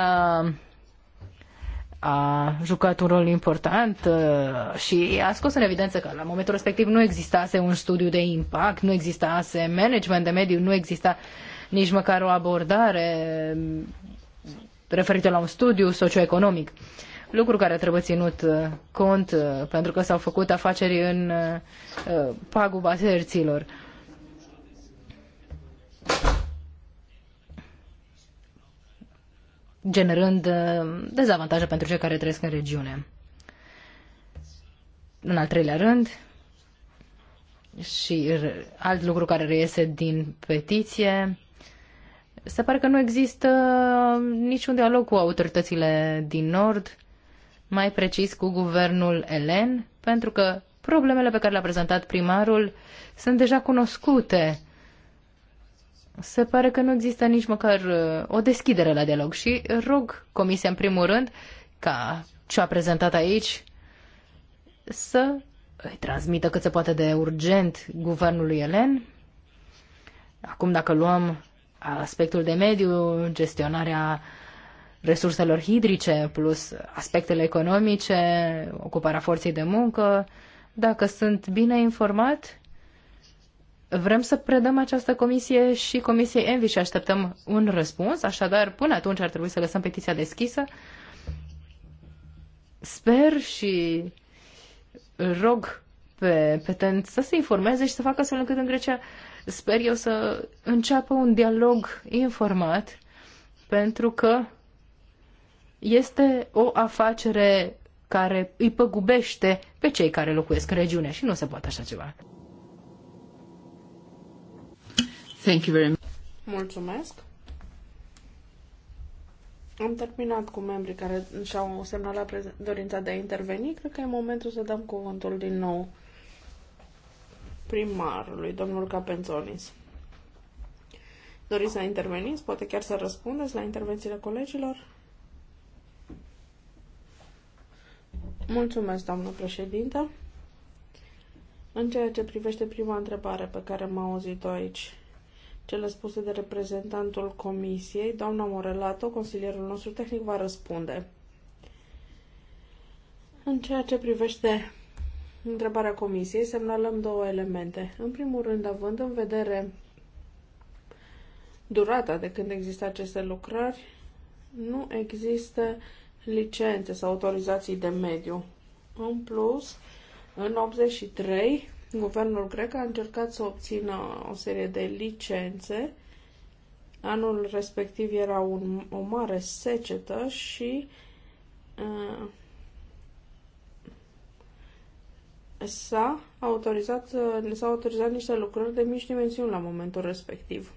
a jucat un rol important uh, și a scos în evidență că la momentul respectiv nu existase un studiu de impact, nu existase management de mediu, nu exista nici măcar o abordare referită la un studiu socioeconomic. economic lucru care trebuie ținut uh, cont uh, pentru că s-au făcut afaceri în uh, paguba terților. generând dezavantaje pentru cei care trăiesc în regiune. În al treilea rând, și alt lucru care reiese din petiție, se pare că nu există niciun dialog cu autoritățile din Nord mai precis cu guvernul elen, pentru că problemele pe care le-a prezentat primarul sunt deja cunoscute. Se pare că nu există nici măcar uh, o deschidere la dialog și rog Comisia, în primul rând, ca ce a prezentat aici, să îi transmită cât se poate de urgent guvernului elen. Acum, dacă luăm aspectul de mediu, gestionarea uh, resurselor hidrice plus aspectele economice, ocuparea forței de muncă. Dacă sunt bine informat, vrem să predăm această comisie și comisiei Envi și așteptăm un răspuns, așadar până atunci ar trebui să lăsăm petiția deschisă. Sper și rog pe petent să se informeze și să facă astfel încât în Grecia sper eu să înceapă un dialog informat pentru că este o afacere care îi păgubește pe cei care locuiesc în regiune și nu se poate așa ceva. Thank you very much. Mulțumesc. Am terminat cu membrii care și-au semnalat dorința de a interveni. Cred că e momentul să dăm cuvântul din nou primarului, domnul Capenzonis. Doriți să interveniți? Poate chiar să răspundeți la intervențiile colegilor? Mulțumesc, doamnă președintă. În ceea ce privește prima întrebare pe care am auzit-o aici, cele spuse de reprezentantul Comisiei, doamna Morelato, consilierul nostru tehnic, va răspunde. În ceea ce privește întrebarea Comisiei, semnalăm două elemente. În primul rând, având în vedere durata de când există aceste lucrări, nu există uh, licențe sau autorizații de mediu. În plus, în 83, guvernul grec a încercat să obțină o serie de licențe. Anul respectiv era un, o mare secetă și uh, s-a autorizat, s-au autorizat niște lucrări de mici dimensiuni la momentul respectiv.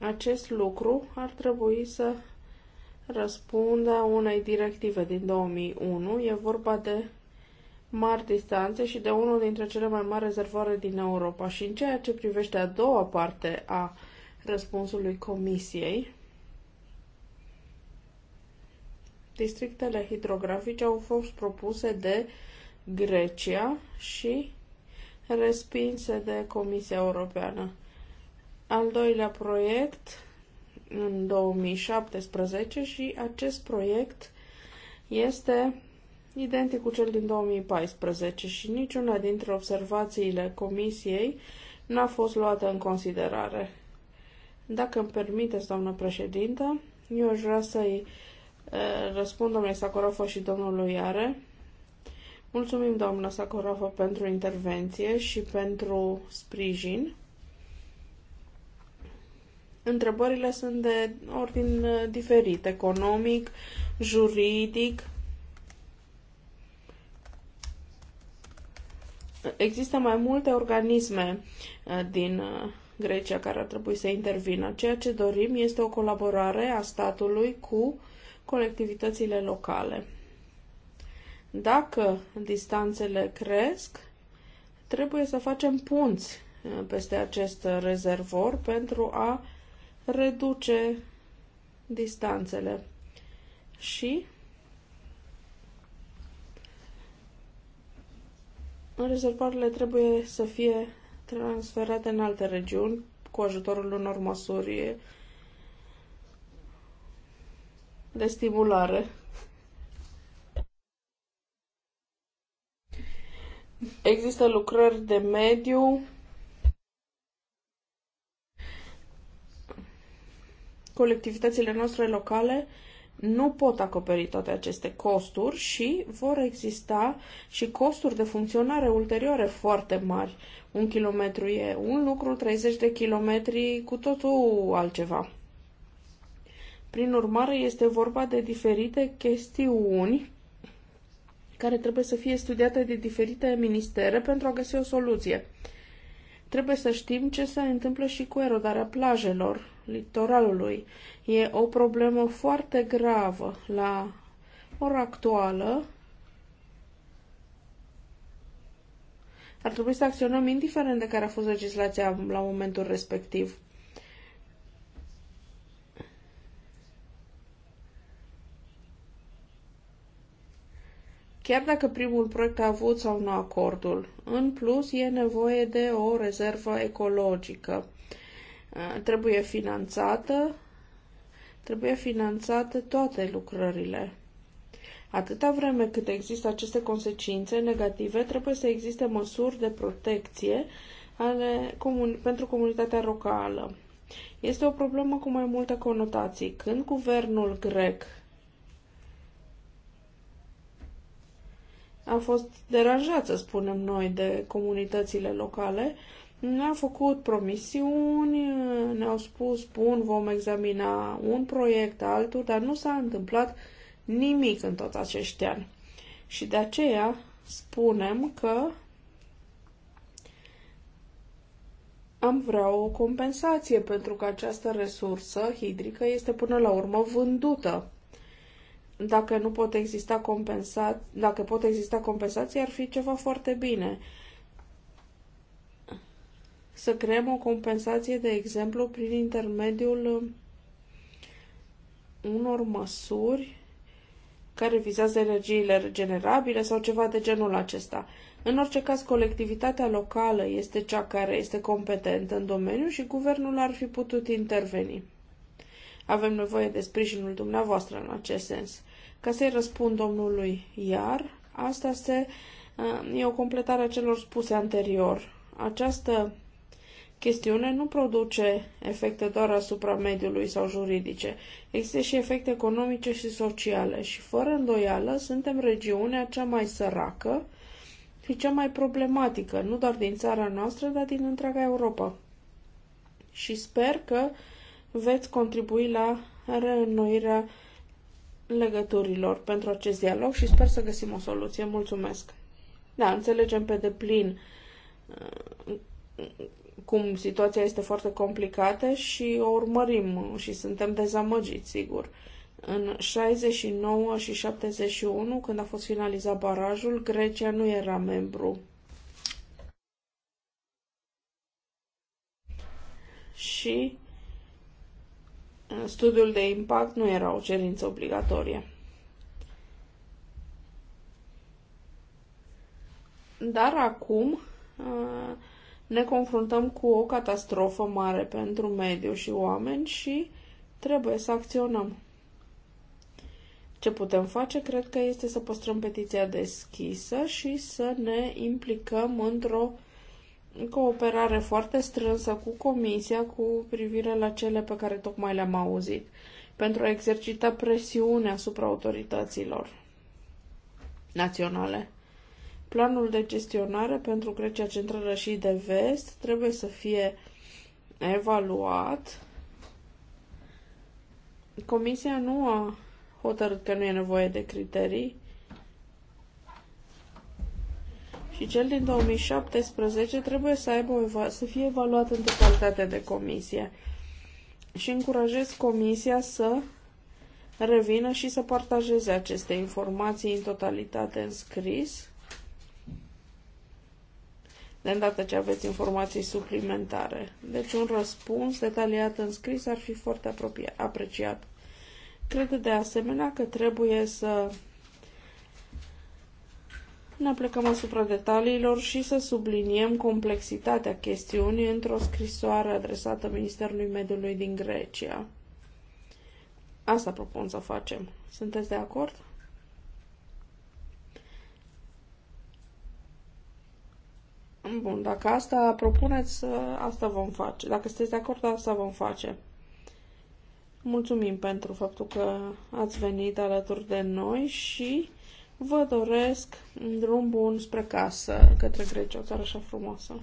Acest lucru ar trebui să răspunde a unei directive din 2001. E vorba de mari distanțe și de unul dintre cele mai mari rezervoare din Europa. Și în ceea ce privește a doua parte a răspunsului Comisiei, districtele hidrografice au fost propuse de Grecia și respinse de Comisia Europeană. Al doilea proiect în 2017 și acest proiect este identic cu cel din 2014 și niciuna dintre observațiile comisiei nu a fost luată în considerare. Dacă îmi permiteți, doamnă președintă, eu aș vrea să-i răspund domnului Sacorofă și domnului Iare. Mulțumim, doamnă Sacorofă, pentru intervenție și pentru sprijin. Întrebările sunt de ordin uh, diferit, economic, juridic. Există mai multe organisme uh, din uh, Grecia care ar trebui să intervină. Ceea ce dorim este o colaborare a statului cu colectivitățile locale. Dacă distanțele cresc, trebuie să facem punți peste acest rezervor pentru a reduce distanțele și rezervoarele trebuie să fie transferate în alte regiuni cu ajutorul unor măsuri de stimulare. Există lucrări de mediu colectivitățile noastre locale nu pot acoperi toate aceste costuri și vor exista și costuri de funcționare ulterioare foarte mari. Un kilometru e un lucru, 30 de kilometri cu totul altceva. Prin urmare, este vorba de diferite chestiuni care trebuie să fie studiate de diferite ministere pentru a găsi o soluție. Trebuie să știm ce se întâmplă și cu erodarea plajelor, litoralului. E o problemă foarte gravă la ora actuală. Ar trebui să acționăm indiferent de care a fost legislația la momentul respectiv. chiar dacă primul proiect a avut sau nu acordul. În plus, e nevoie de o rezervă ecologică. Eh, trebuie finanțată, trebuie finanțate toate lucrările. Atâta vreme cât există aceste consecințe negative, trebuie să existe măsuri de protecție ale comun- pentru comunitatea locală. Este o problemă cu mai multe conotații. Când guvernul grec a fost deranjat, să spunem noi, de comunitățile locale, ne-au făcut promisiuni, ne-au spus, bun, vom examina un proiect, altul, dar nu s-a întâmplat nimic în toți acești ani. Și de aceea spunem că am vrea o compensație pentru că această resursă hidrică este până la urmă vândută. Dacă nu pot exista compensa- dacă pot exista compensații, ar fi ceva foarte bine să creăm o compensație, de exemplu, prin intermediul um, unor măsuri care vizează energiile regenerabile sau ceva de genul acesta. În orice caz, colectivitatea locală este cea care este competentă în domeniu și guvernul ar fi putut interveni. Avem nevoie de sprijinul dumneavoastră în acest sens. Ca să-i răspund domnului Iar, asta se, uh, e o completare a celor spuse anterior. Această chestiune nu produce efecte doar asupra mediului sau juridice. Există și efecte economice și sociale și, fără îndoială, suntem regiunea cea mai săracă și cea mai problematică, nu doar din țara noastră, dar din întreaga Europa. Și sper că veți contribui la reînnoirea legăturilor pentru acest dialog și sper să găsim o soluție. Mulțumesc! Da, înțelegem pe deplin uh, cum situația este foarte complicată și o urmărim și suntem dezamăgiți, sigur. În 69 și 71, când a fost finalizat barajul, Grecia nu era membru. Și uh, studiul de impact nu era o cerință obligatorie. Dar acum, uh, ne confruntăm cu o catastrofă mare pentru mediu și oameni și trebuie să acționăm. Ce putem face, cred că, este să păstrăm petiția deschisă și să ne implicăm într-o cooperare foarte strânsă cu Comisia cu privire la cele pe care tocmai le-am auzit, pentru a exercita presiune asupra autorităților naționale. Planul de gestionare pentru Grecia Centrală și de Vest trebuie să fie evaluat. Comisia nu a hotărât că nu e nevoie de criterii. Și cel din 2017 trebuie să, aibă, să fie evaluat în totalitate de comisie. Și încurajez comisia să revină și să partajeze aceste informații în totalitate în scris de îndată ce aveți informații suplimentare. Deci un răspuns detaliat în scris ar fi foarte apreciat. Cred de asemenea că trebuie să ne plecăm asupra detaliilor și să subliniem complexitatea chestiunii într-o scrisoare adresată Ministerului Mediului din Grecia. Asta propun să facem. Sunteți de acord? Bun, dacă asta propuneți, asta vom face. Dacă sunteți de acord, asta vom face. Mulțumim pentru faptul că ați venit alături de noi și vă doresc drum bun spre casă, către Grecia, o țară așa frumoasă.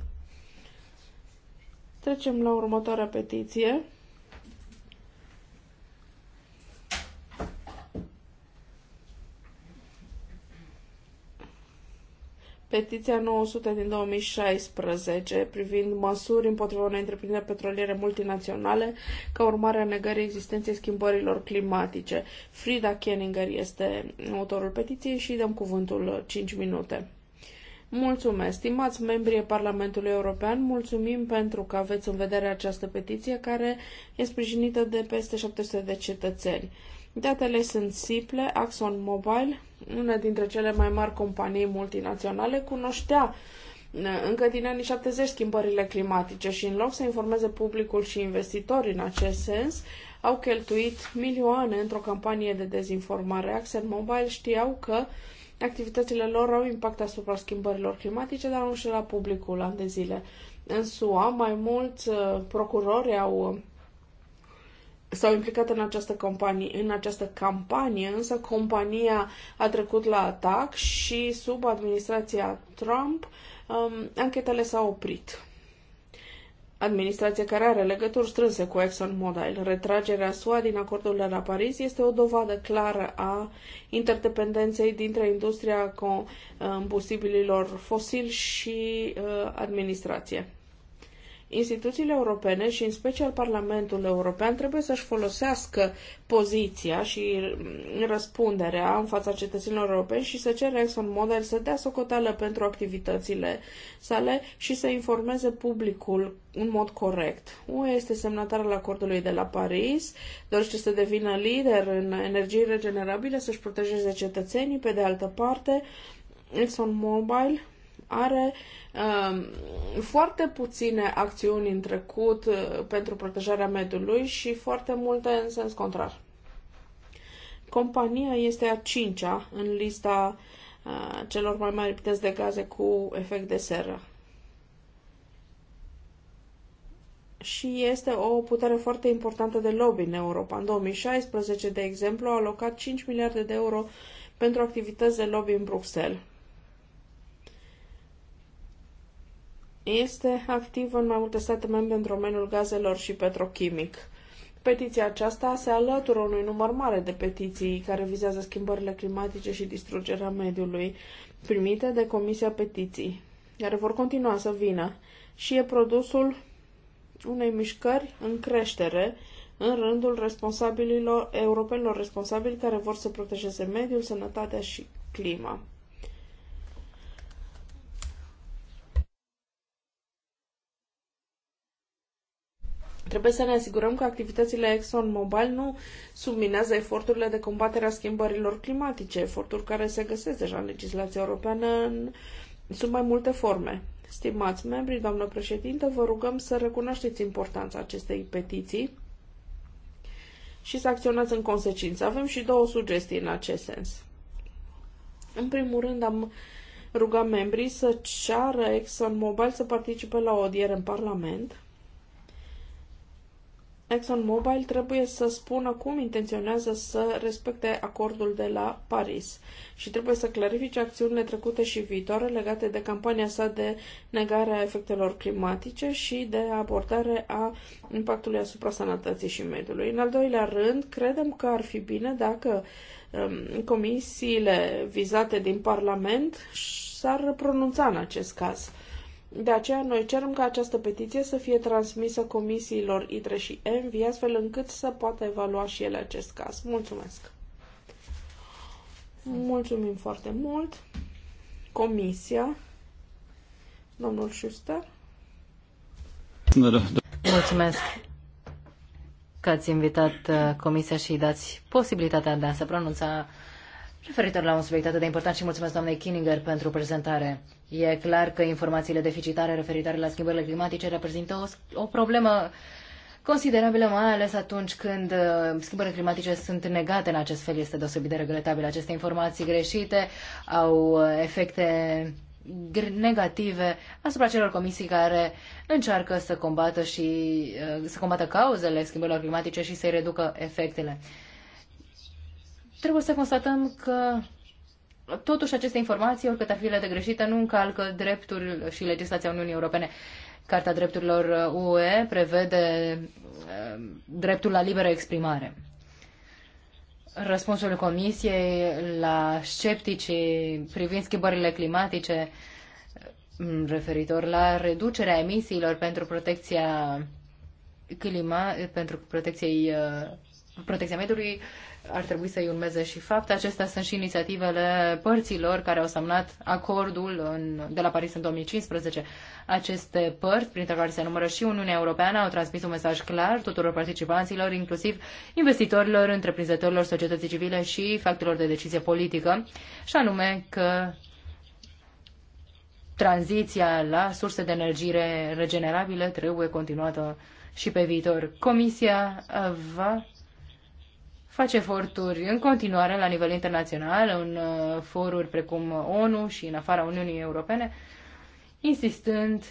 Trecem la următoarea petiție. Petiția 900 din 2016 privind măsuri împotriva unei întreprinderi petroliere multinaționale ca urmare a negării existenței schimbărilor climatice. Frida Kenninger este autorul petiției și dăm cuvântul 5 minute. Mulțumesc, stimați membrii Parlamentului European, mulțumim pentru că aveți în vedere această petiție care e sprijinită de peste 700 de cetățeni. Datele sunt simple. Axon Mobile, una dintre cele mai mari companii multinaționale, cunoștea uh, încă din anii 70 schimbările climatice și în loc să informeze publicul și investitorii în acest sens, au cheltuit milioane într-o campanie de dezinformare. Axon Mobile știau că activitățile lor au impact asupra schimbărilor climatice, dar nu și la publicul an de zile. În SUA, mai mulți uh, procurori au s-au implicat în această, companie, în această campanie, însă compania a trecut la atac și sub administrația Trump um, anchetele s-au oprit. Administrația care are legături strânse cu ExxonMobil. Retragerea SUA din acordul de la Paris este o dovadă clară a interdependenței dintre industria uh, combustibililor fosili și uh, administrație instituțiile europene și în special Parlamentul European trebuie să-și folosească poziția și mm, răspunderea în fața cetățenilor europeni și să cere ExxonMobil să dea socoteală pentru activitățile sale și să informeze publicul în mod corect. UE este semnatar al acordului de la Paris, dorește să devină lider în energii regenerabile, să-și protejeze cetățenii, pe de altă parte, ExxonMobil are um, foarte puține acțiuni în trecut uh, pentru protejarea mediului și foarte multe în sens contrar. Compania este a cincea în lista uh, celor mai mari piteți de gaze cu efect de seră. și este o putere foarte importantă de lobby în Europa. În 2016, de exemplu, a alocat 5 miliarde de euro pentru activități de lobby în Bruxelles. este activ în mai multe state membre în domeniul gazelor și petrochimic. Petiția aceasta se alătură unui număr mare de petiții care vizează schimbările climatice și distrugerea mediului primite de Comisia Petiții, care vor continua să vină și e produsul unei mișcări în creștere în rândul responsabililor, europenilor responsabili care vor să protejeze mediul, sănătatea și clima. Trebuie să ne asigurăm că activitățile ExxonMobil nu subminează eforturile de combatere a schimbărilor climatice, eforturi care se găsesc deja în legislația europeană în sub mai multe forme. Stimați membri, doamnă președintă, vă rugăm să recunoașteți importanța acestei petiții și să acționați în consecință. Avem și două sugestii în acest sens. În primul rând, am rugat membrii să ceară ExxonMobil să participe la o audiere în Parlament ExxonMobil trebuie să spună cum intenționează să respecte acordul de la Paris și trebuie să clarifice acțiunile trecute și viitoare legate de campania sa de negare a efectelor climatice și de abordare a impactului asupra sănătății și mediului. În al doilea rând, credem că ar fi bine dacă um, comisiile vizate din Parlament s-ar pronunța în acest caz de aceea, noi cerem ca această petiție să fie transmisă comisiilor ITRE și ENVI, astfel încât să poată evalua și ele acest caz. Mulțumesc! Mulțumim foarte mult! Comisia, domnul Schuster. Mulțumesc că ați invitat uh, comisia și dați posibilitatea de a se pronunța referitor la un subiect atât de important și mulțumesc doamnei Kininger pentru prezentare. E clar că informațiile deficitare referitoare la schimbările climatice reprezintă o, o problemă considerabilă, mai ales atunci când uh, schimbările climatice sunt negate în acest fel. Este deosebit de regretabil. Aceste informații greșite au uh, efecte negative asupra celor comisii care încearcă să combată și uh, să combată cauzele schimbărilor climatice și să-i reducă efectele. Trebuie să constatăm că totuși aceste informații, oricât ar fi de greșite, nu încalcă dreptul și legislația Uniunii Europene. Carta Drepturilor UE prevede uh, dreptul la liberă exprimare. Răspunsul Comisiei la scepticii privind schimbările climatice mm, referitor la reducerea emisiilor pentru protecția clima, pentru protecției, uh, protecția mediului ar trebui să-i urmeze și fapte. Acestea sunt și inițiativele părților care au semnat acordul în, de la Paris în 2015. Aceste părți, printre care se numără și Uniunea Europeană, au transmis un mesaj clar tuturor participanților, inclusiv investitorilor, întreprinzătorilor, societății civile și factorilor de decizie politică, și anume că tranziția la surse de energie regenerabile trebuie continuată și pe viitor. Comisia va face eforturi în continuare la nivel internațional, în uh, foruri precum ONU și în afara Uniunii Europene, insistând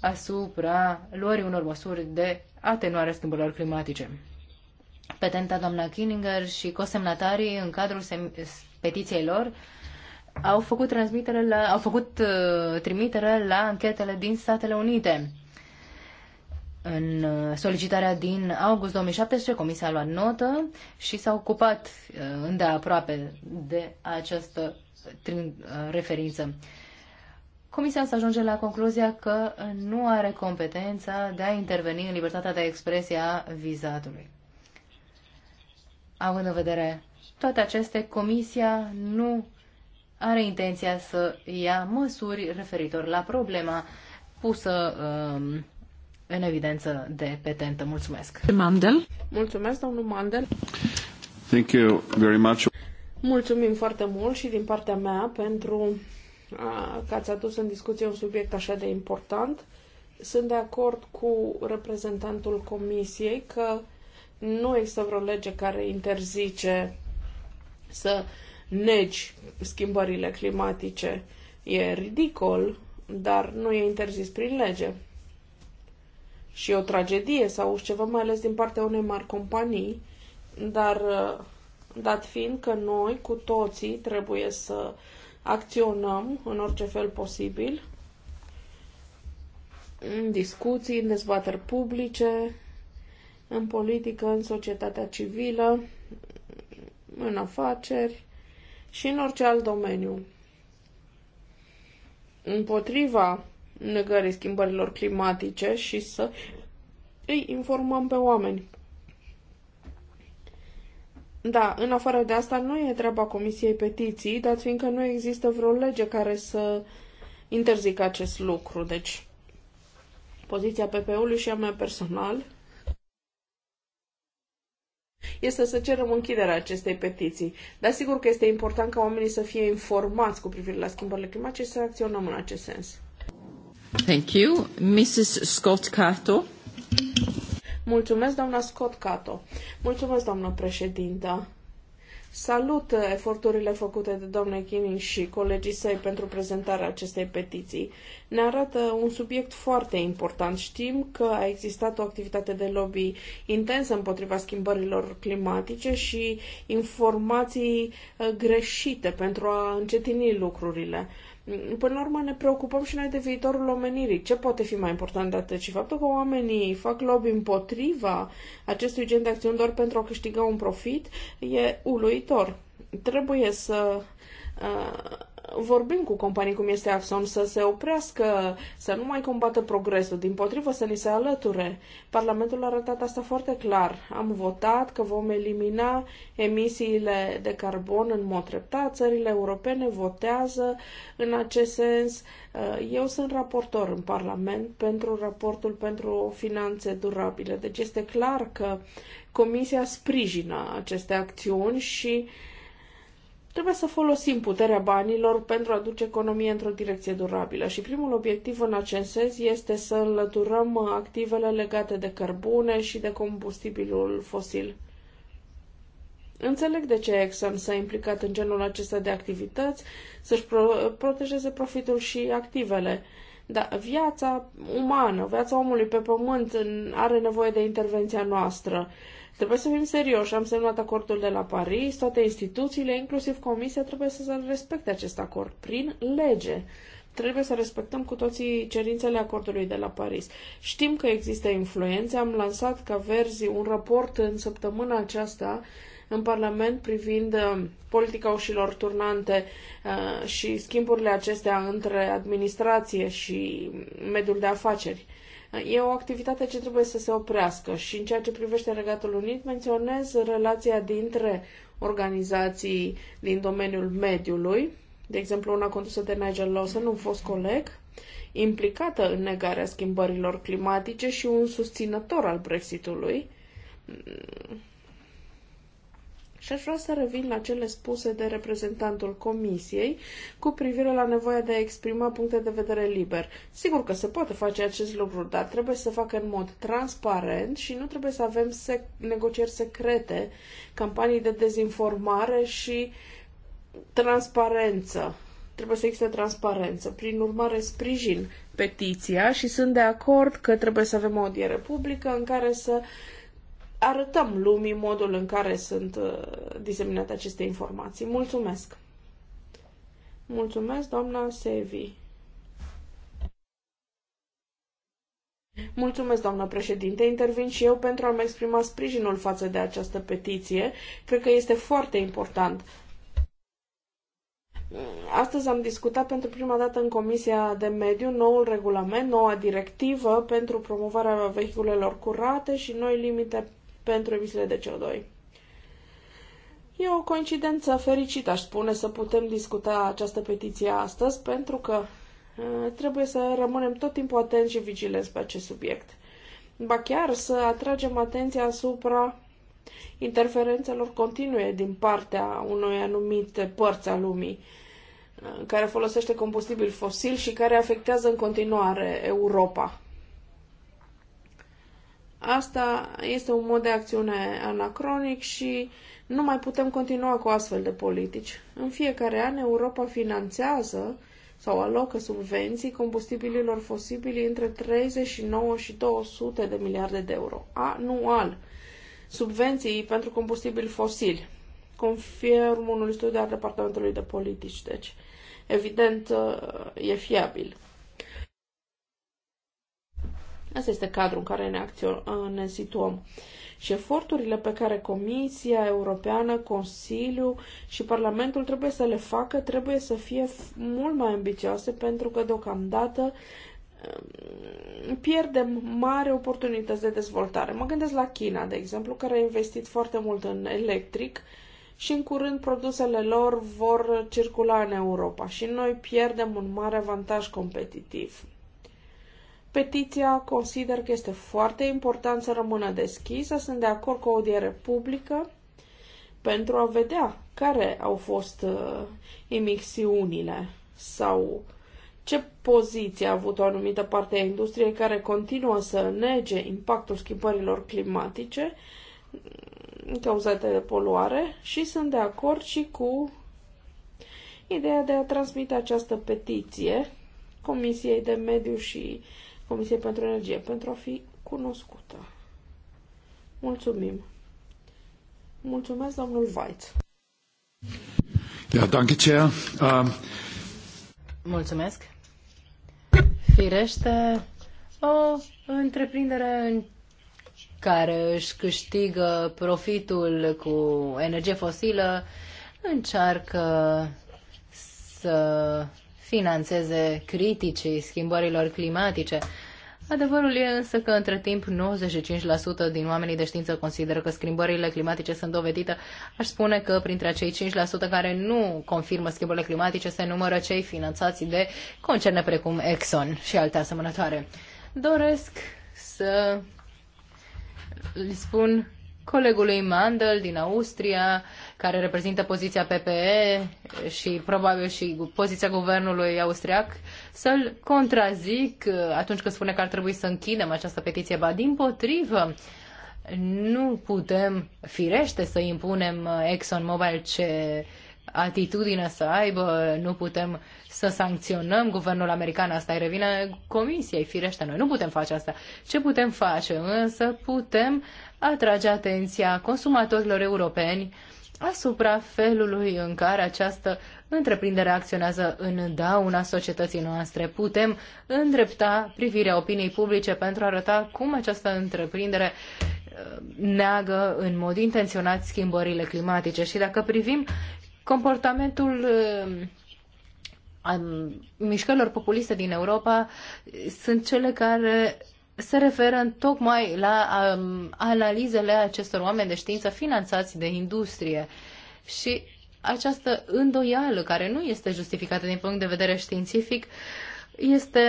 asupra luării unor măsuri de atenuare a schimbărilor climatice. Petenta doamna Kininger și cosemnatarii în cadrul petiției lor au făcut, transmitere la, au făcut uh, trimitere la anchetele din Statele Unite în uh, solicitarea din august 2017, Comisia a luat notă și s-a ocupat uh, îndeaproape de această uh, referință. Comisia să ajunge la concluzia că nu are competența de a interveni în libertatea de expresie a vizatului. Având în vedere toate aceste, Comisia nu are intenția să ia măsuri referitor la problema pusă uh, în evidență de petentă. Mulțumesc. Mandel. Mulțumesc, domnul Mandel. Thank you very much. Mulțumim foarte mult și din partea mea pentru că ați adus în discuție un subiect așa de important. Sunt de acord cu reprezentantul Comisiei că nu există vreo lege care interzice să negi schimbările climatice. E ridicol, dar nu e interzis prin lege și o tragedie sau ceva, mai ales din partea unei mari companii, dar uh, dat fiind că noi cu toții trebuie să acționăm în orice fel posibil, în discuții, în dezbateri publice, în politică, în societatea civilă, în afaceri și în orice alt domeniu. Împotriva negării schimbărilor climatice și să îi informăm pe oameni. Da, în afară de asta nu e treaba Comisiei Petiții, dar fiindcă nu există vreo lege care să interzică acest lucru. Deci, poziția PP-ului și a mea personal este să cerem închiderea acestei petiții. Dar sigur că este important ca oamenii să fie informați cu privire la schimbările climatice și să acționăm în acest sens. Mulțumesc, doamna Scott Cato. Mulțumesc, doamnă președintă. Salut eforturile făcute de doamna Chining și colegii săi pentru prezentarea acestei petiții. Ne arată un subiect foarte important. Știm că a existat o activitate de lobby intensă împotriva schimbărilor climatice și informații uh, greșite pentru a încetini lucrurile. Până la urmă ne preocupăm și noi de viitorul omenirii. Ce poate fi mai important de atât? Și faptul că oamenii fac lobby împotriva acestui gen de acțiuni doar pentru a câștiga un profit e uluitor. Trebuie să uh, vorbim cu companii cum este Axon să se oprească, să nu mai combată progresul, din potrivă să ni se alăture. Parlamentul a arătat asta foarte clar. Am votat că vom elimina emisiile de carbon în mod treptat, țările europene votează în acest sens. Uh, eu sunt raportor în Parlament pentru raportul pentru finanțe durabile, deci este clar că Comisia sprijină aceste acțiuni și uh, Trebuie să folosim puterea banilor pentru a duce economia într-o direcție durabilă și primul obiectiv în acest sens este să înlăturăm activele legate de cărbune și de combustibilul fosil. Înțeleg de ce Exxon s-a implicat în genul acesta de activități, să-și pro- protejeze profitul și activele. Dar viața umană, viața omului pe pământ are nevoie de intervenția noastră Trebuie să fim serioși. Am semnat acordul de la Paris, toate instituțiile, inclusiv Comisia, trebuie să respecte acest acord prin lege. Trebuie să respectăm cu toții cerințele acordului de la Paris. Știm că există influențe. Am lansat ca verzi un raport în săptămâna aceasta în Parlament privind uh, politica ușilor turnante uh, și schimburile acestea între administrație și mediul de afaceri e o activitate ce trebuie să se oprească și în ceea ce privește Regatul Unit menționez relația dintre organizații din domeniul mediului, de exemplu una condusă de Nigel Lawson, un fost coleg, implicată în negarea schimbărilor climatice și un susținător al Brexitului, și aș vrea să revin la cele spuse de reprezentantul Comisiei cu privire la nevoia de a exprima puncte de vedere liber. Sigur că se poate face acest lucru, dar trebuie să facă în mod transparent și nu trebuie să avem sec- negocieri secrete, campanii de dezinformare și transparență trebuie să existe transparență. Prin urmare, sprijin petiția și sunt de acord că trebuie să avem o audiere publică în care să arătăm lumii modul în care sunt uh, diseminate aceste informații. Mulțumesc! Mulțumesc, doamna Sevi. Mulțumesc, doamnă președinte. Intervin și eu pentru a-mi exprima sprijinul față de această petiție. Cred că este foarte important. Astăzi am discutat pentru prima dată în Comisia de Mediu noul regulament, noua directivă pentru promovarea vehiculelor curate și noi limite pentru emisiile de CO2. E o coincidență fericită, aș spune, să putem discuta această petiție astăzi, pentru că uh, trebuie să rămânem tot timpul atenți și vigilenți pe acest subiect. Ba chiar să atragem atenția asupra interferențelor continue din partea unui anumit părți a lumii uh, care folosește combustibil fosil și care afectează în continuare Europa. Asta este un mod de acțiune anacronic și nu mai putem continua cu astfel de politici. În fiecare an, Europa finanțează sau alocă subvenții combustibililor fosibili între 39 și 200 de miliarde de euro anual. Subvenții pentru combustibili fosili, confirm unul studiu al Departamentului de Politici, deci evident e fiabil. Asta este cadrul în care ne, ne situăm. Și eforturile pe care Comisia Europeană, Consiliul și Parlamentul trebuie să le facă trebuie să fie mult mai ambițioase pentru că deocamdată um, pierdem mare oportunități de dezvoltare. Mă gândesc la China, de exemplu, care a investit foarte mult în electric și în curând produsele lor vor circula în Europa și noi pierdem un mare avantaj competitiv. Petiția consider că este foarte important să rămână deschisă. Sunt de acord cu o audiere publică pentru a vedea care au fost uh, imixiunile sau ce poziție a avut o anumită parte a industriei care continuă să nege impactul schimbărilor climatice mm, cauzate de poluare și sunt de acord și cu ideea de a transmite această petiție Comisiei de Mediu și Comisiei pentru Energie pentru a fi cunoscută. Mulțumim! Mulțumesc, domnul Weitz. Ja, danke, Chair. Uh... Mulțumesc. Firește, o întreprindere în care își câștigă profitul cu energie fosilă încearcă să financeze criticii schimbărilor climatice. Adevărul e însă că între timp 95% din oamenii de știință consideră că schimbările climatice sunt dovedite. Aș spune că printre acei 5% care nu confirmă schimbările climatice se numără cei finanțați de concerne precum Exxon și alte asemănătoare. Doresc să îi spun colegului Mandel din Austria care reprezintă poziția PPE și probabil și poziția guvernului austriac, să-l contrazic uh, atunci când spune că ar trebui să închidem această petiție. Ba, din potrivă, nu putem, firește, să impunem uh, ExxonMobil ce atitudine să aibă, nu putem să sancționăm guvernul american, asta îi revine comisiei, firește, noi nu putem face asta. Ce putem face? Însă putem atrage atenția consumatorilor europeni asupra felului în care această întreprindere acționează în dauna societății noastre. Putem îndrepta privirea opiniei publice pentru a arăta cum această întreprindere uh, neagă în mod intenționat schimbările climatice. Și dacă privim comportamentul uh, mișcărilor populiste din Europa sunt cele care se referă în tocmai la um, analizele acestor oameni de știință finanțați de industrie. Și această îndoială, care nu este justificată din punct de vedere științific, este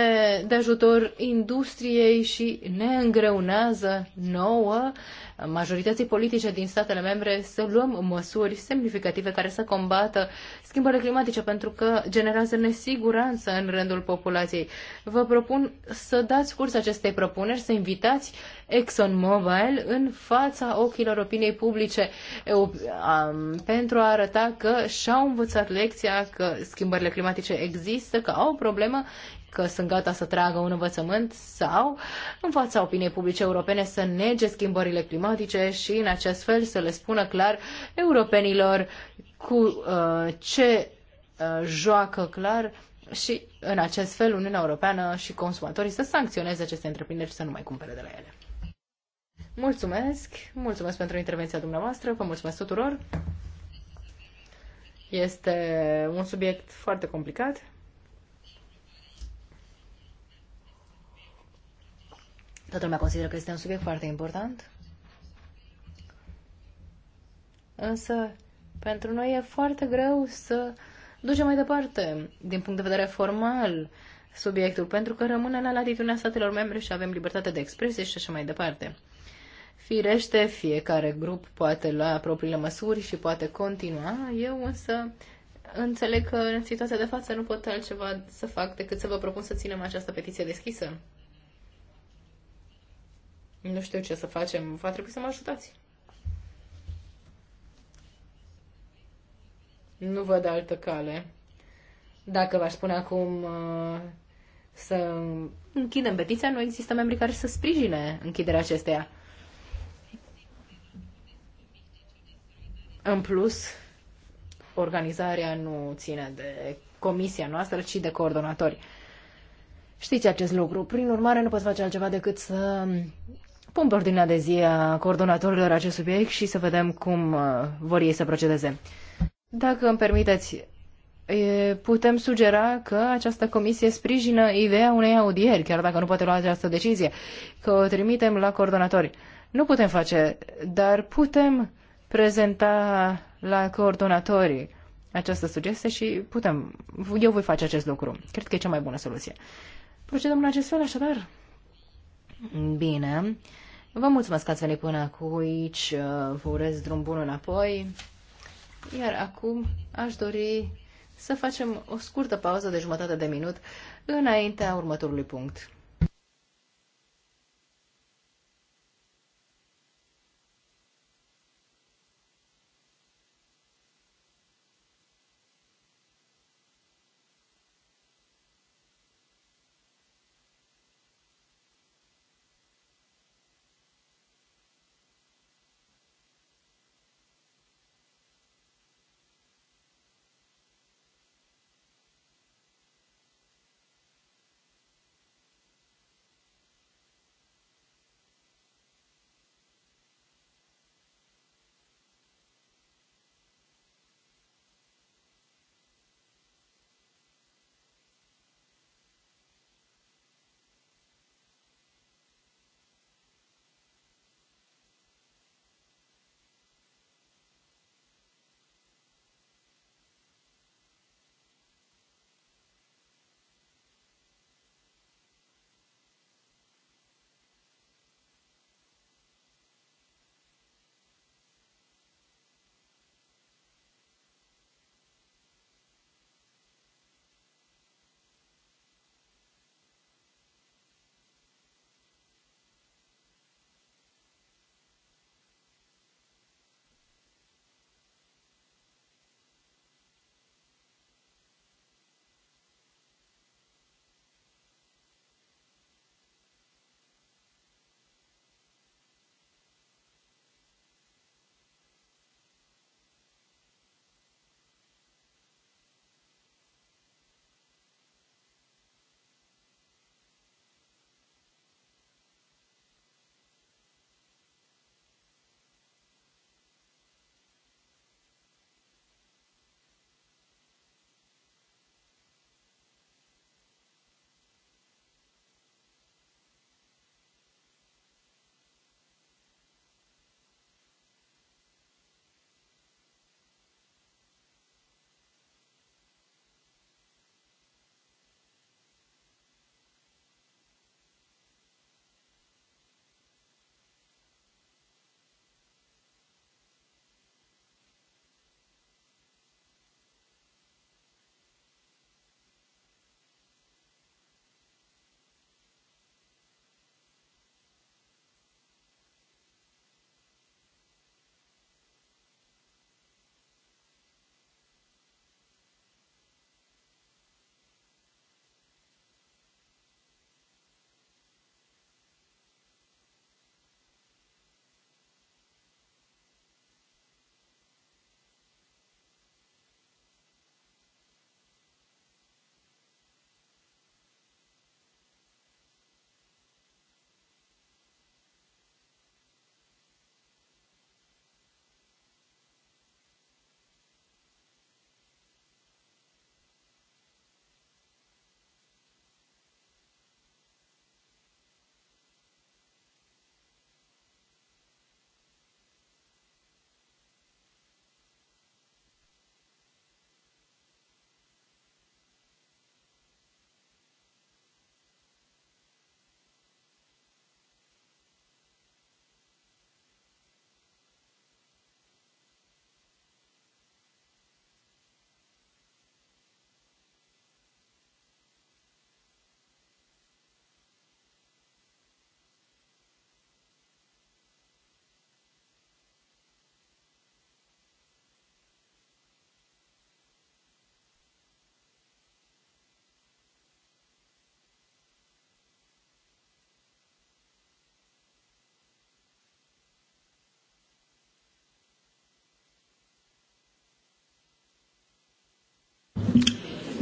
de ajutor industriei și ne îngreunează nouă uh, majorității politice din statele membre să luăm măsuri semnificative care să combată schimbările climatice, pentru că generează nesiguranță în rândul populației. Vă propun să dați curs acestei propuneri, să invitați ExxonMobil în fața ochilor opiniei publice pentru a arăta că și-au învățat lecția că schimbările climatice există, că au o problemă că sunt gata să tragă un învățământ sau, în fața opiniei publice europene, să nege schimbările climatice și, în acest fel, să le spună clar europenilor cu uh, ce uh, joacă clar și, în acest fel, Uniunea Europeană și consumatorii să sancționeze aceste întreprinderi și să nu mai cumpere de la ele. Mulțumesc, mulțumesc pentru intervenția dumneavoastră, vă mulțumesc tuturor. Este un subiect foarte complicat. Toată lumea consideră că este un subiect foarte important. Însă, pentru noi e foarte greu să ducem mai departe, din punct de vedere formal, subiectul, pentru că rămâne la latitudinea statelor membre și avem libertate de expresie și așa mai departe. Firește, fiecare grup poate lua propriile măsuri și poate continua. Eu însă înțeleg că în situația de față nu pot altceva să fac decât să vă propun să ținem această petiție deschisă. Nu știu ce să facem. Va trebui să mă ajutați. Nu văd altă cale. Dacă v-aș spune acum uh, să închidem petiția, nu există membri care să sprijine închiderea acesteia. În plus, organizarea nu ține de comisia noastră, ci de coordonatori. Știți acest lucru. Prin urmare, nu poți face altceva decât să Pun pe ordinea de zi a coordonatorilor acest subiect și să vedem cum uh, vor ei să procedeze. Dacă îmi permiteți, putem sugera că această comisie sprijină ideea unei audieri, chiar dacă nu poate lua această decizie, că o trimitem la coordonatori. Nu putem face, dar putem prezenta la coordonatorii această sugestie și putem, eu voi face acest lucru. Cred că e cea mai bună soluție. Procedăm în acest fel, așadar? Bine. Vă mulțumesc că ați venit până acum aici, uh, vă urez drum bun înapoi. Iar acum aș dori să facem o scurtă pauză de jumătate de minut înaintea următorului punct.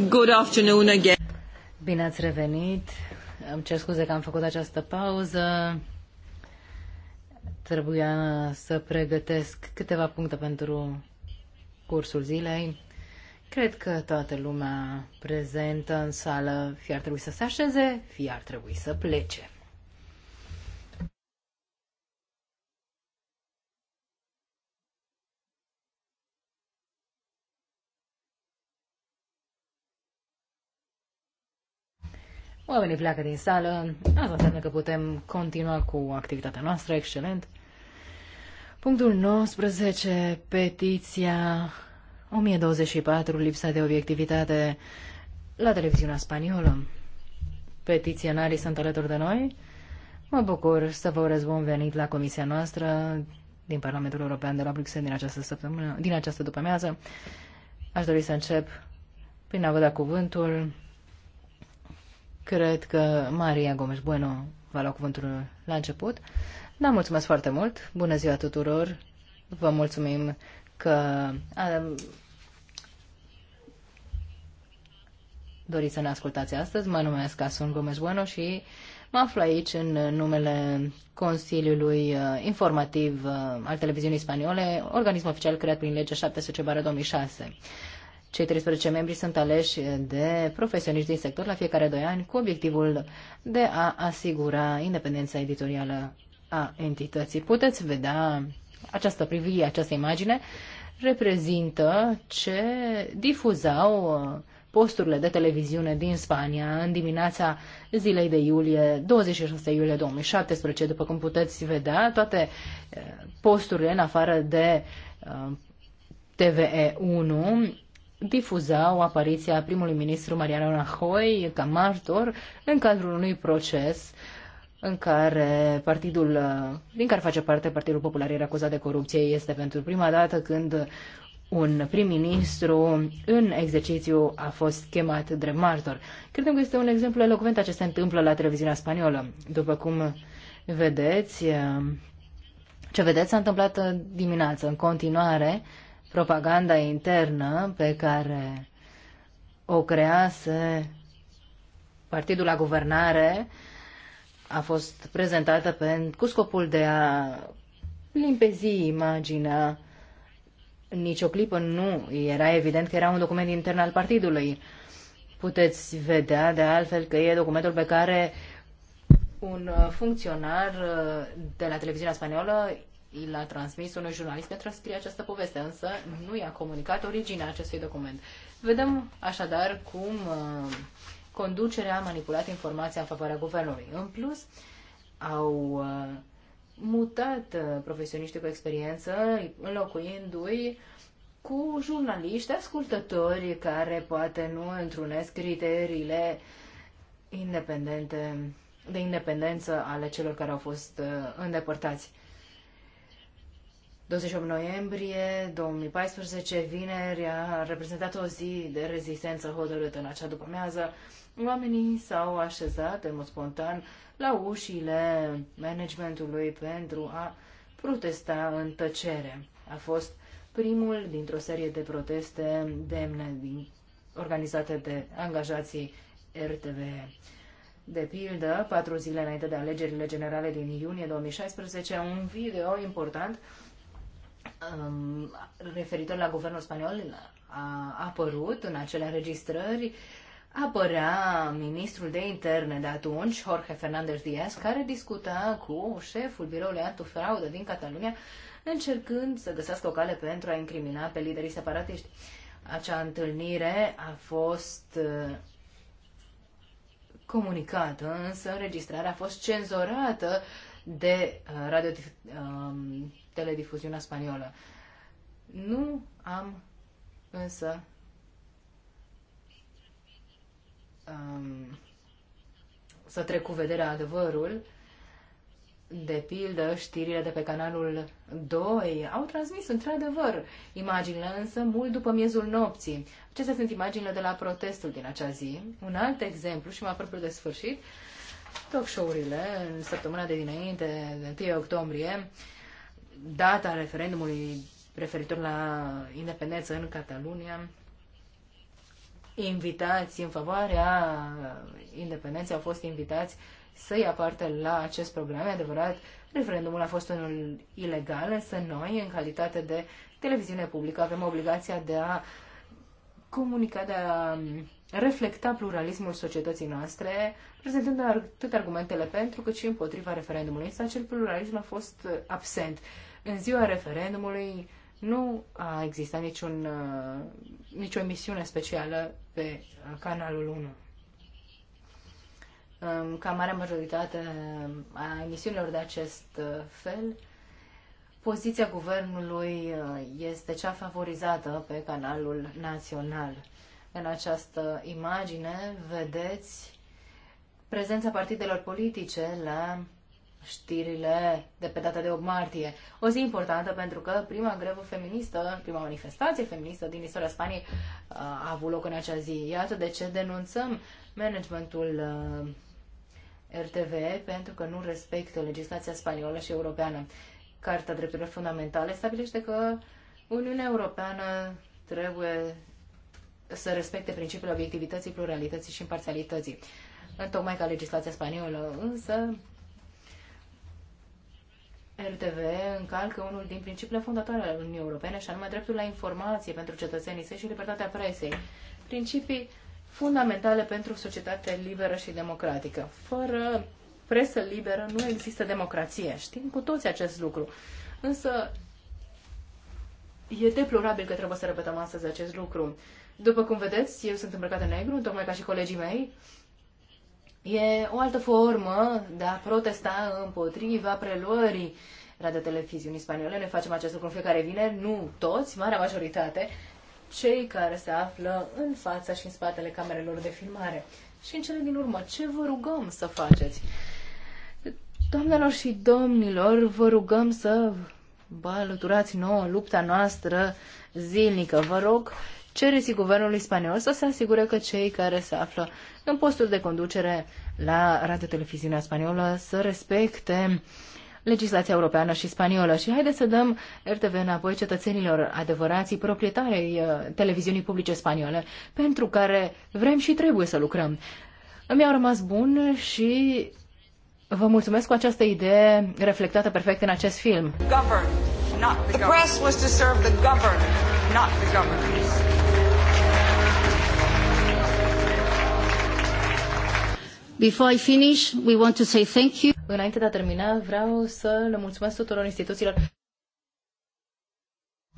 Good afternoon again. Bine ați revenit. Îmi cer scuze că am făcut această pauză. Trebuia să pregătesc câteva puncte pentru cursul zilei. Cred că toată lumea prezentă în sală fie ar trebui să se așeze, fie ar trebui să plece. Oamenii pleacă din sală. Asta înseamnă că putem continua cu activitatea noastră. Excelent. Punctul 19. Petiția 1024. Lipsa de obiectivitate la televiziunea spaniolă. Petiționarii sunt alături de noi. Mă bucur să vă urez bun venit la comisia noastră din Parlamentul European de la Bruxelles din această săptămână, din această după-amiază. Aș dori să încep prin a vă da cuvântul Cred că Maria Gomes Bueno va lua cuvântul la început. Da, mulțumesc foarte mult. Bună ziua tuturor. Vă mulțumim că doriți să ne ascultați astăzi. Mă numesc Asun Gomes Bueno și mă aflu aici în numele Consiliului uh, Informativ uh, al Televiziunii Spaniole, organism oficial creat prin legea 17 2006. Cei 13 membri sunt aleși de profesioniști din sector la fiecare doi ani cu obiectivul de a asigura independența editorială a entității. Puteți vedea această privire, această imagine reprezintă ce difuzau posturile de televiziune din Spania în dimineața zilei de iulie, 26 iulie 2017. După cum puteți vedea, toate eh, posturile, în afară de eh, TVE1, difuzau apariția primului ministru Mariano Rajoy ca martor în cadrul unui proces în care partidul uh, din care face parte Partidul Popular era acuzat de corupție. Este pentru prima dată când un prim-ministru în exercițiu a fost chemat drept martor. Credem că este un exemplu elocvent a ce se întâmplă la televiziunea spaniolă. După cum vedeți, uh, ce vedeți s-a întâmplat uh, dimineață. În continuare, propaganda internă pe care o crease partidul la guvernare a fost prezentată pe, cu scopul de a limpezi imaginea. Nici o clipă nu era evident că era un document intern al partidului. Puteți vedea de altfel că e documentul pe care un funcționar de la televiziunea spaniolă l-a transmis unui jurnalist pentru a scrie această poveste, însă nu i-a comunicat originea acestui document. Vedem așadar cum uh, conducerea a manipulat informația în favoarea guvernului. În plus, au uh, mutat uh, profesioniștii cu experiență, înlocuindu-i cu jurnaliști, ascultători care poate nu întrunesc criteriile independente de independență ale celor care au fost uh, îndepărtați. 28 noiembrie 2014, vineri, a reprezentat o zi de rezistență hotărâtă în acea după-amiază. Oamenii s-au așezat în mod spontan la ușile managementului pentru a protesta în tăcere. A fost primul dintr-o serie de proteste demne din, organizate de angajații RTV De pildă, patru zile înainte de alegerile generale din iunie 2016, un video important Um, referitor la guvernul spaniol a apărut în acele înregistrări apărea ministrul de interne de atunci, Jorge Fernández Díaz, care discuta cu șeful biroului antifraudă din Catalunia, încercând să găsească o cale pentru a incrimina pe liderii separatiști. Acea întâlnire a fost uh, comunicată, însă înregistrarea a fost cenzorată de uh, radio um, teledifuziunea spaniolă. Nu am însă um, să trec cu vederea adevărul. De pildă, știrile de pe canalul 2 au transmis într-adevăr imaginile, însă mult după miezul nopții. Acestea sunt imaginile de la protestul din acea zi. Un alt exemplu, și mă apropiu de sfârșit, uh, talk show-urile în săptămâna de dinainte, de 1 octombrie, data referendumului referitor la independență în Catalunia, invitați în favoarea independenței au fost invitați să ia parte la acest program. E adevărat, referendumul a fost unul ilegal, însă noi, în calitate de televiziune publică, avem obligația de a comunica, de a reflecta pluralismul societății noastre, prezentând atât argumentele pentru cât și împotriva referendumului. Însă acel pluralism a fost uh, absent. În ziua referendumului nu a existat niciun, uh, nicio emisiune specială pe uh, canalul 1 um, ca mare majoritate a emisiunilor de acest fel, poziția guvernului este cea favorizată pe canalul național. În această imagine vedeți prezența partidelor politice la știrile de pe data de 8 martie. O zi importantă pentru că prima grevă feministă, prima manifestație feministă din istoria Spaniei uh, a avut loc în acea zi. Iată de ce denunțăm managementul uh, RTV pentru că nu respectă legislația spaniolă și europeană. Carta Drepturilor Fundamentale stabilește că Uniunea Europeană trebuie să respecte principiul obiectivității, pluralității și imparțialității tocmai ca legislația spaniolă, însă RTV încalcă unul din principiile fondatoare ale Uniunii Europene, și anume dreptul la informație pentru cetățenii săi și libertatea presei. Principii fundamentale pentru o societate liberă și democratică. Fără presă liberă nu există democrație. Știm cu toți acest lucru. Însă e deplorabil că trebuie să repetăm astăzi acest lucru. După cum vedeți, eu sunt îmbrăcată în negru, tocmai ca și colegii mei. E o altă formă de a protesta împotriva preluării radio-televiziunii spaniole. Noi facem acest lucru în fiecare vineri, nu toți, marea majoritate, cei care se află în fața și în spatele camerelor de filmare. Și în cele din urmă, ce vă rugăm să faceți? Doamnelor și domnilor, vă rugăm să vă alăturați nouă lupta noastră zilnică. Vă rog cere și guvernului spaniol să se asigure că cei care se află în postul de conducere la Televiziunea spaniolă să respecte legislația europeană și spaniolă și haideți să dăm RTV înapoi cetățenilor adevărații proprietarei uh, televiziunii publice spaniole pentru care vrem și trebuie să lucrăm. Mi-au rămas bun și Vă mulțumesc cu această idee reflectată perfect în acest film. Govern, the, the press was to serve the governed, not the governors. Before I finish, we want to say thank you. Înainte de a termina, vreau să le mulțumesc tuturor instituțiilor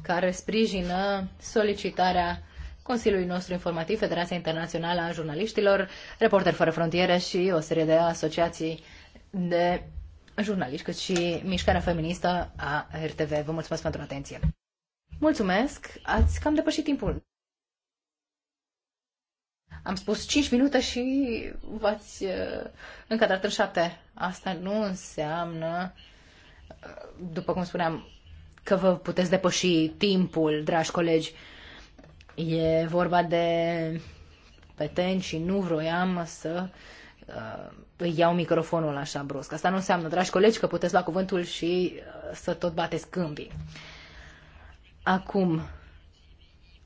care sprijină solicitarea Consiliului nostru informativ, Federația Internațională a Jurnaliștilor, Reporteri Fără Frontiere și o serie de asociații de jurnaliști, cât și Mișcarea Feministă a RTV. Vă mulțumesc pentru atenție. Mulțumesc, ați cam depășit timpul. Am spus 5 minute și v-ați uh, încadrat în 7. Asta nu înseamnă, uh, după cum spuneam, că vă puteți depăși timpul, dragi colegi. E vorba de peteni și nu vroiam să uh, îi iau microfonul așa brusc. Asta nu înseamnă, dragi colegi, că puteți lua cuvântul și uh, să tot bateți câmpii. Acum,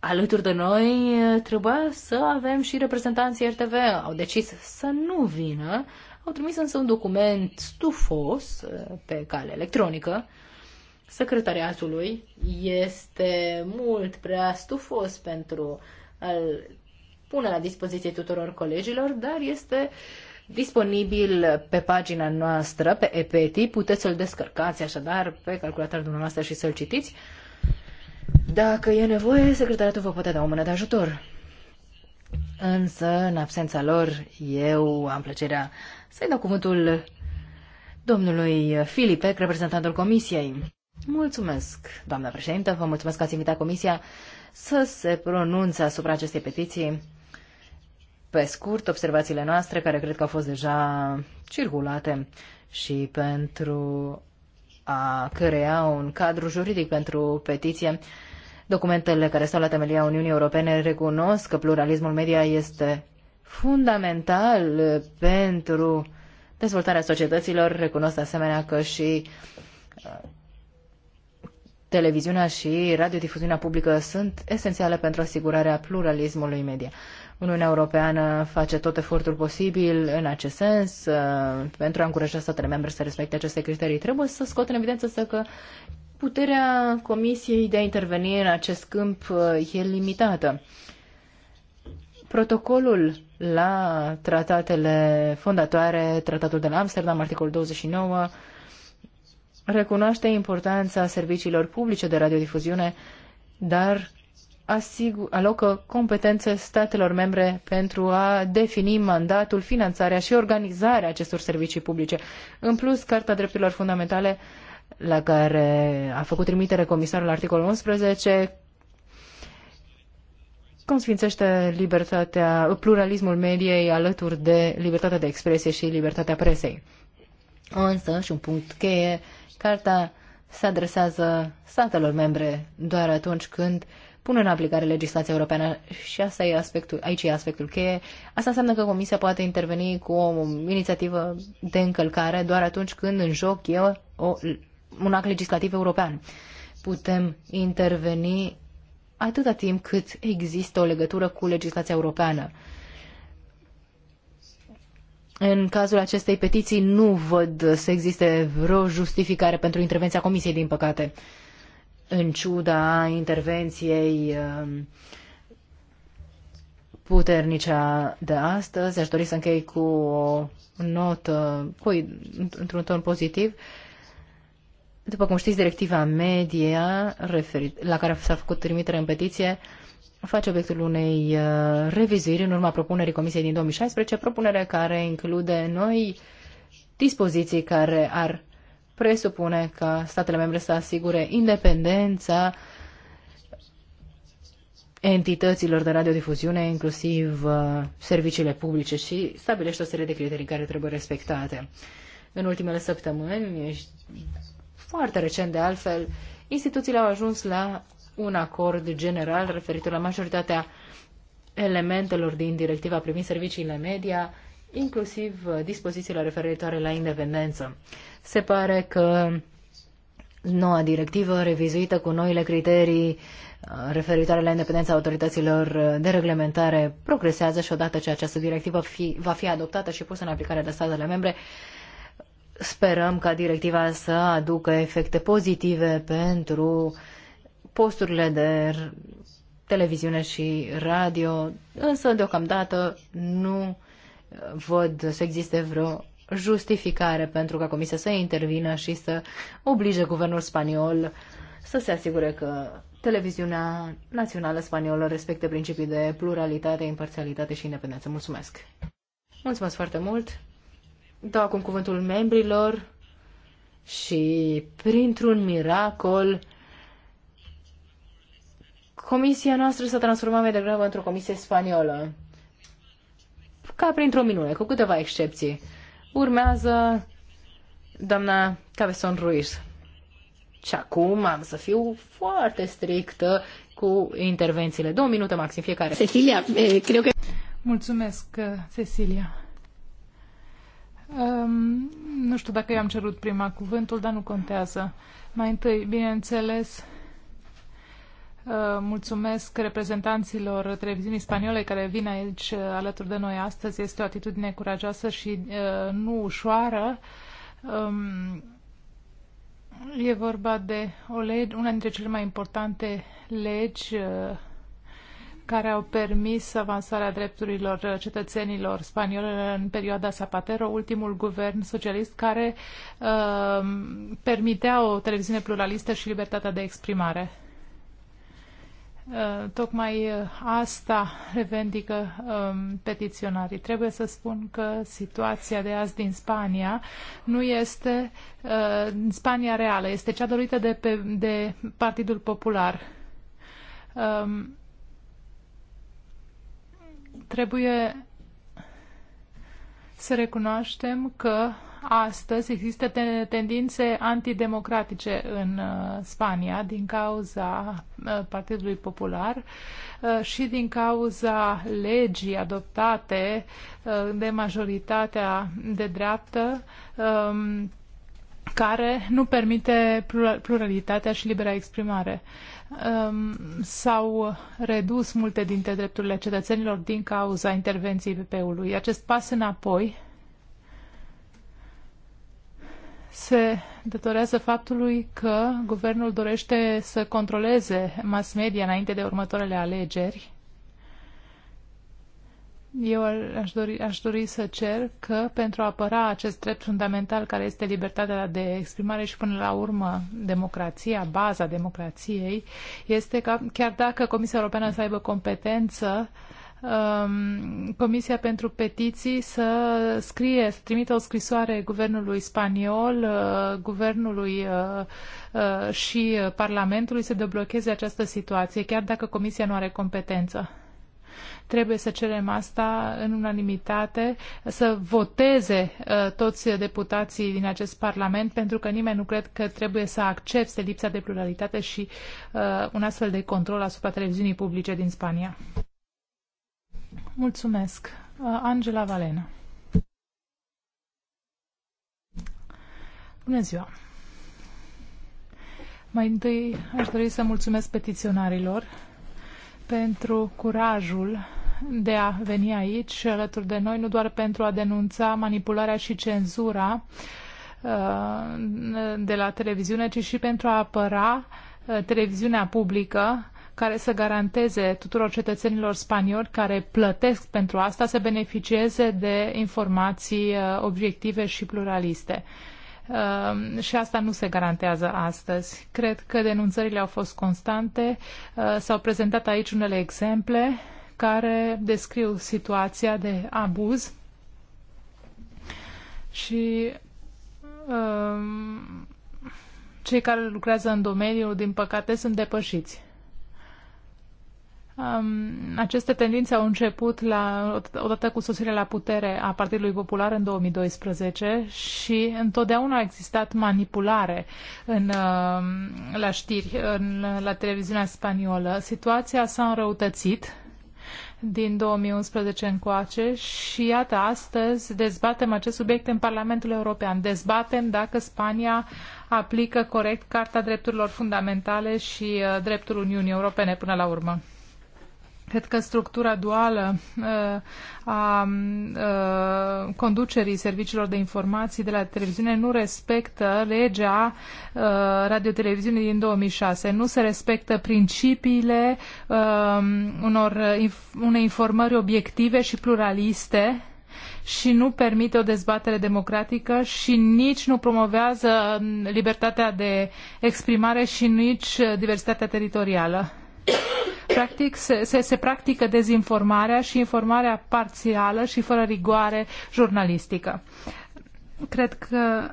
alături de noi eh, trebuia să avem și reprezentanții RTV. Au decis să nu vină, au trimis însă un document stufos eh, pe cale electronică. Secretariatului este mult prea stufos pentru a pune la dispoziție tuturor colegilor, dar este disponibil pe pagina noastră, pe EPETI, puteți să-l descărcați așadar pe calculatorul dumneavoastră și să-l citiți. Dacă e nevoie, secretariatul vă poate da o mână de ajutor. Însă, în absența lor, eu am plăcerea să-i dau cuvântul domnului Filipe, reprezentantul comisiei. Mulțumesc, doamna președintă, vă mulțumesc că ați invitat comisia să se pronunțe asupra acestei petiții. Pe scurt, observațiile noastre, care cred că au fost deja circulate și pentru a crea un cadru juridic pentru petiție. Documentele care stau la temelia Uniunii Europene recunosc că pluralismul media este fundamental pentru dezvoltarea societăților. Recunosc de asemenea că și uh, televiziunea și radiodifuziunea publică sunt esențiale pentru asigurarea pluralismului media. Uniunea Europeană face tot efortul posibil în acest sens uh, pentru a încuraja statele membre să respecte aceste criterii. Trebuie să scot în evidență să că puterea Comisiei de a interveni în acest câmp uh, e limitată. Protocolul la tratatele fondatoare, tratatul de la Amsterdam, articolul 29, recunoaște importanța serviciilor publice de radiodifuziune, dar asigur, alocă competențe statelor membre pentru a defini mandatul, finanțarea și organizarea acestor servicii publice. În plus, Carta Drepturilor Fundamentale, la care a făcut trimitere comisarul articolul 11, consfințește libertatea, pluralismul mediei alături de libertatea de expresie și libertatea presei. Însă, și un punct cheie, Carta se adresează statelor membre doar atunci când uh, pune în aplicare legislația europeană și asta e aspectul, aici e aspectul cheie. Asta înseamnă că Comisia poate interveni cu o inițiativă de încălcare doar atunci când în joc e o, un act legislativ european. Putem interveni atâta timp cât există o legătură cu legislația europeană. În cazul acestei petiții nu văd să existe vreo justificare pentru intervenția Comisiei, din păcate în ciuda intervenției um, puternice de astăzi. Aș dori să închei cu o notă, cu, într-un ton pozitiv. După cum știți, directiva media, referit, la care s-a făcut trimitere în petiție, face obiectul unei uh, revizuiri în urma propunerii Comisiei din 2016, propunere care include noi dispoziții care ar presupune ca statele membre să asigure independența entităților de radiodifuziune, inclusiv uh, serviciile publice și stabilește o serie de criterii care trebuie respectate. În ultimele săptămâni, foarte recent de altfel, instituțiile au ajuns la un acord general referitor la majoritatea elementelor din directiva privind serviciile media, inclusiv uh, dispozițiile referitoare la independență. Se pare că noua directivă revizuită cu noile criterii uh, referitoare la independența autorităților uh, de reglementare progresează și odată ce această directivă fi, va fi adoptată și pusă în aplicare de statele membre, sperăm ca directiva să aducă efecte pozitive pentru posturile de televiziune și radio, însă deocamdată nu văd să existe vreo justificare pentru ca Comisia să intervină și să oblige guvernul spaniol să se asigure că televiziunea națională spaniolă respectă principii de pluralitate, imparțialitate și independență. Mulțumesc! Mulțumesc foarte mult! Dau acum cuvântul membrilor și, printr-un miracol, comisia noastră s-a transformat mai degrabă într-o comisie spaniolă. Ca printr-o minune, cu câteva excepții. Urmează doamna Caveson Ruiz. Și acum am să fiu foarte strictă cu intervențiile. Două minute maxim fiecare. Cecilia, eh, cred că... Mulțumesc, eh, Cecilia. Um, nu știu dacă i-am cerut prima cuvântul, dar nu contează. Mai întâi, bineînțeles, Uh, mulțumesc reprezentanților televiziunii spaniole care vin aici uh, alături de noi astăzi. Este o atitudine curajoasă și uh, nu ușoară. Um, e vorba de o lege, una dintre cele mai importante legi care au permis avansarea drepturilor cetățenilor spanioli în perioada Zapatero, ultimul guvern socialist care uh, permitea o televiziune pluralistă și libertatea de exprimare. Uh, tocmai uh, asta revendică um, petiționarii. Trebuie să spun că situația de azi din Spania nu este uh, Spania reală, este cea dorită de, pe, de Partidul Popular. Um, trebuie să recunoaștem că astăzi există tendințe antidemocratice în uh, Spania din cauza uh, Partidului Popular uh, și din cauza legii adoptate de majoritatea de dreaptă um, care nu permite pluralitatea și libera exprimare. Um, s-au redus multe dintre drepturile cetățenilor din cauza intervenției PP-ului. Acest pas înapoi se datorează faptului că guvernul dorește să controleze mass media înainte de următoarele alegeri. Eu aș dori, aș dori să cer că pentru a apăra acest drept fundamental care este libertatea de exprimare și până la urmă democrația, baza democrației, este că chiar dacă Comisia Europeană să aibă competență uh, Um, Comisia pentru Petiții să scrie, să trimită o scrisoare guvernului spaniol, uh, guvernului uh, uh, și Parlamentului să deblocheze această situație, chiar dacă Comisia nu are competență. Trebuie să cerem asta în unanimitate, să voteze toți deputații din acest Parlament, pentru că nimeni nu cred că trebuie să accepte lipsa de pluralitate și un astfel de control asupra televiziunii publice din Spania. Mulțumesc. Uh, Angela Valena. Bună ziua! Mai întâi aș dori să mulțumesc petiționarilor pentru curajul de a veni aici alături de noi, nu doar pentru a denunța manipularea și cenzura uh, de la televiziune, ci și pentru a apăra uh, televiziunea publică care să garanteze tuturor cetățenilor spanioli care plătesc pentru asta să beneficieze de informații uh, obiective și pluraliste. Uh, și asta nu se garantează astăzi. Cred că denunțările au fost constante. Uh, S-au prezentat aici unele exemple care descriu situația de abuz și uh, cei care lucrează în domeniu, din păcate, sunt depășiți. Um, aceste tendințe au început la, odată cu sosirea la putere a Partidului Popular în 2012 și întotdeauna a existat manipulare în, um, la știri, în, la televiziunea spaniolă. Situația s-a înrăutățit din 2011 încoace și iată astăzi dezbatem acest subiect în Parlamentul European. Dezbatem dacă Spania aplică corect Carta Drepturilor Fundamentale și uh, dreptul Uniunii Europene până la urmă. Cred că structura duală uh, a uh, conducerii serviciilor de informații de la televiziune nu respectă legea uh, radioteleviziunii din 2006. Nu se respectă principiile unor, unei informări obiective și pluraliste și nu permite o dezbatere democratică și nici nu promovează um, libertatea de exprimare și nici diversitatea teritorială Practic, se, se, se practică dezinformarea și informarea parțială și fără rigoare jurnalistică. Cred că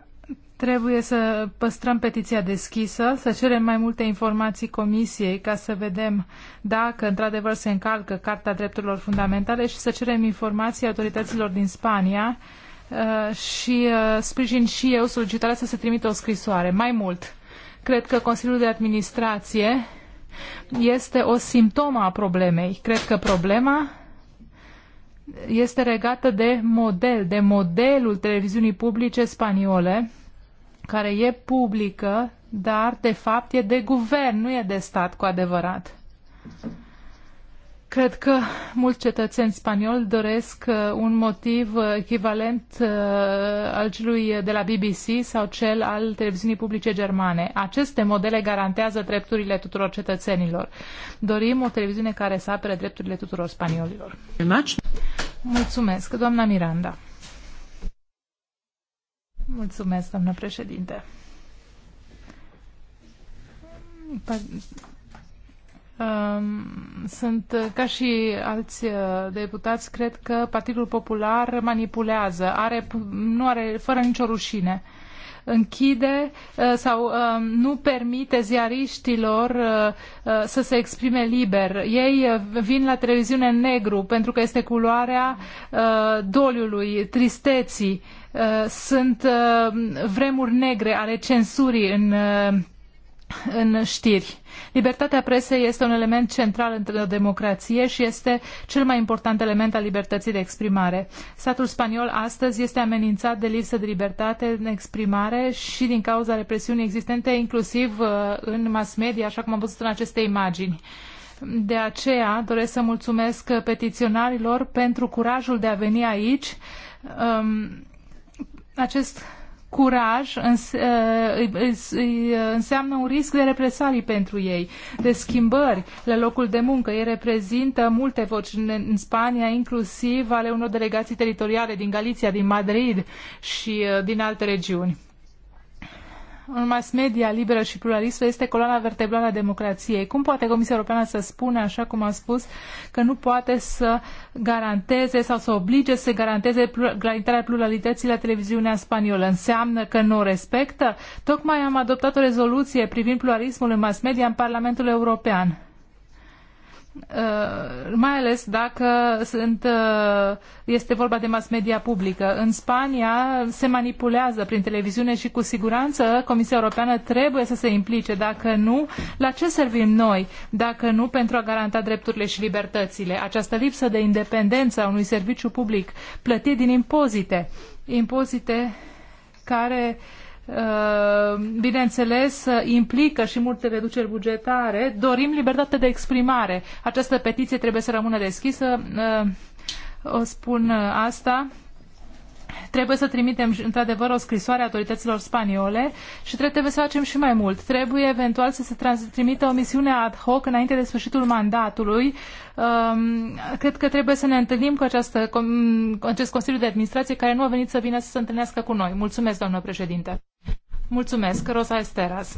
Trebuie să păstrăm petiția deschisă, să cerem mai multe informații comisiei ca să vedem dacă într-adevăr se încalcă Carta Drepturilor Fundamentale și să cerem informații autorităților din Spania uh, și uh, sprijin și eu solicitarea să se trimită o scrisoare. Mai mult, cred că Consiliul de Administrație este o simptomă a problemei. Cred că problema este regată de model, de modelul televiziunii publice spaniole, care e publică, dar de fapt e de guvern, nu e de stat cu adevărat. Cred că mulți cetățeni spanioli doresc uh, un motiv uh, echivalent uh, al celui de la BBC sau cel al televiziunii publice germane. Aceste modele garantează drepturile tuturor cetățenilor. Dorim o televiziune care să apere drepturile tuturor spaniolilor. Mulțumesc, doamna Miranda. Mulțumesc, doamnă președinte Um, sunt, ca și alți uh, deputați, cred că Partidul Popular manipulează, are, nu are, fără nicio rușine închide uh, sau um, nu permite ziariștilor uh, să se exprime liber. Ei vin la televiziune în negru pentru că este culoarea doliului, tristeții. Sunt vremuri negre ale censurii în în știri. Libertatea presei este un element central într-o democrație și este cel mai important element al libertății de exprimare. Statul spaniol astăzi este amenințat de lipsă de libertate în exprimare și din cauza represiunii existente, inclusiv uh, în mass media, așa cum am văzut în aceste imagini. De aceea doresc să mulțumesc petiționarilor pentru curajul de a veni aici. Um, acest curaj uh, uh, înseamnă un risc de represalii pentru ei, de schimbări la locul de muncă. Ei reprezintă multe voci în Spania, inclusiv ale unor delegații teritoriale din Galicia, din Madrid și uh, din alte regiuni în mass media liberă și pluralistă este coloana vertebrală a democrației. Cum poate Comisia Europeană să spună, așa cum a spus, că nu poate să garanteze sau să oblige să garanteze garantarea pluralității la televiziunea spaniolă? Înseamnă că nu o respectă? Tocmai am adoptat o rezoluție privind pluralismul în mass media în Parlamentul European. Uh, mai ales dacă sunt, uh, este vorba de mass media publică. În Spania se manipulează prin televiziune și cu siguranță Comisia Europeană trebuie să se implice. Dacă nu, la ce servim noi? Dacă nu, pentru a garanta drepturile și libertățile. Această lipsă de independență a unui serviciu public plătit din impozite, impozite care Uh, bineînțeles, uh, implică și multe reduceri bugetare. Dorim libertate de exprimare. Această petiție trebuie să rămână deschisă. Uh, o spun asta Trebuie să trimitem într-adevăr o scrisoare autorităților spaniole și trebuie să facem și mai mult. Trebuie eventual să se trimită o misiune ad hoc înainte de sfârșitul mandatului. Um, cred că trebuie să ne întâlnim cu, această, cu acest Consiliu de Administrație care nu a venit să vină să se întâlnească cu noi. Mulțumesc, doamnă președinte. Mulțumesc, Rosa Esteras.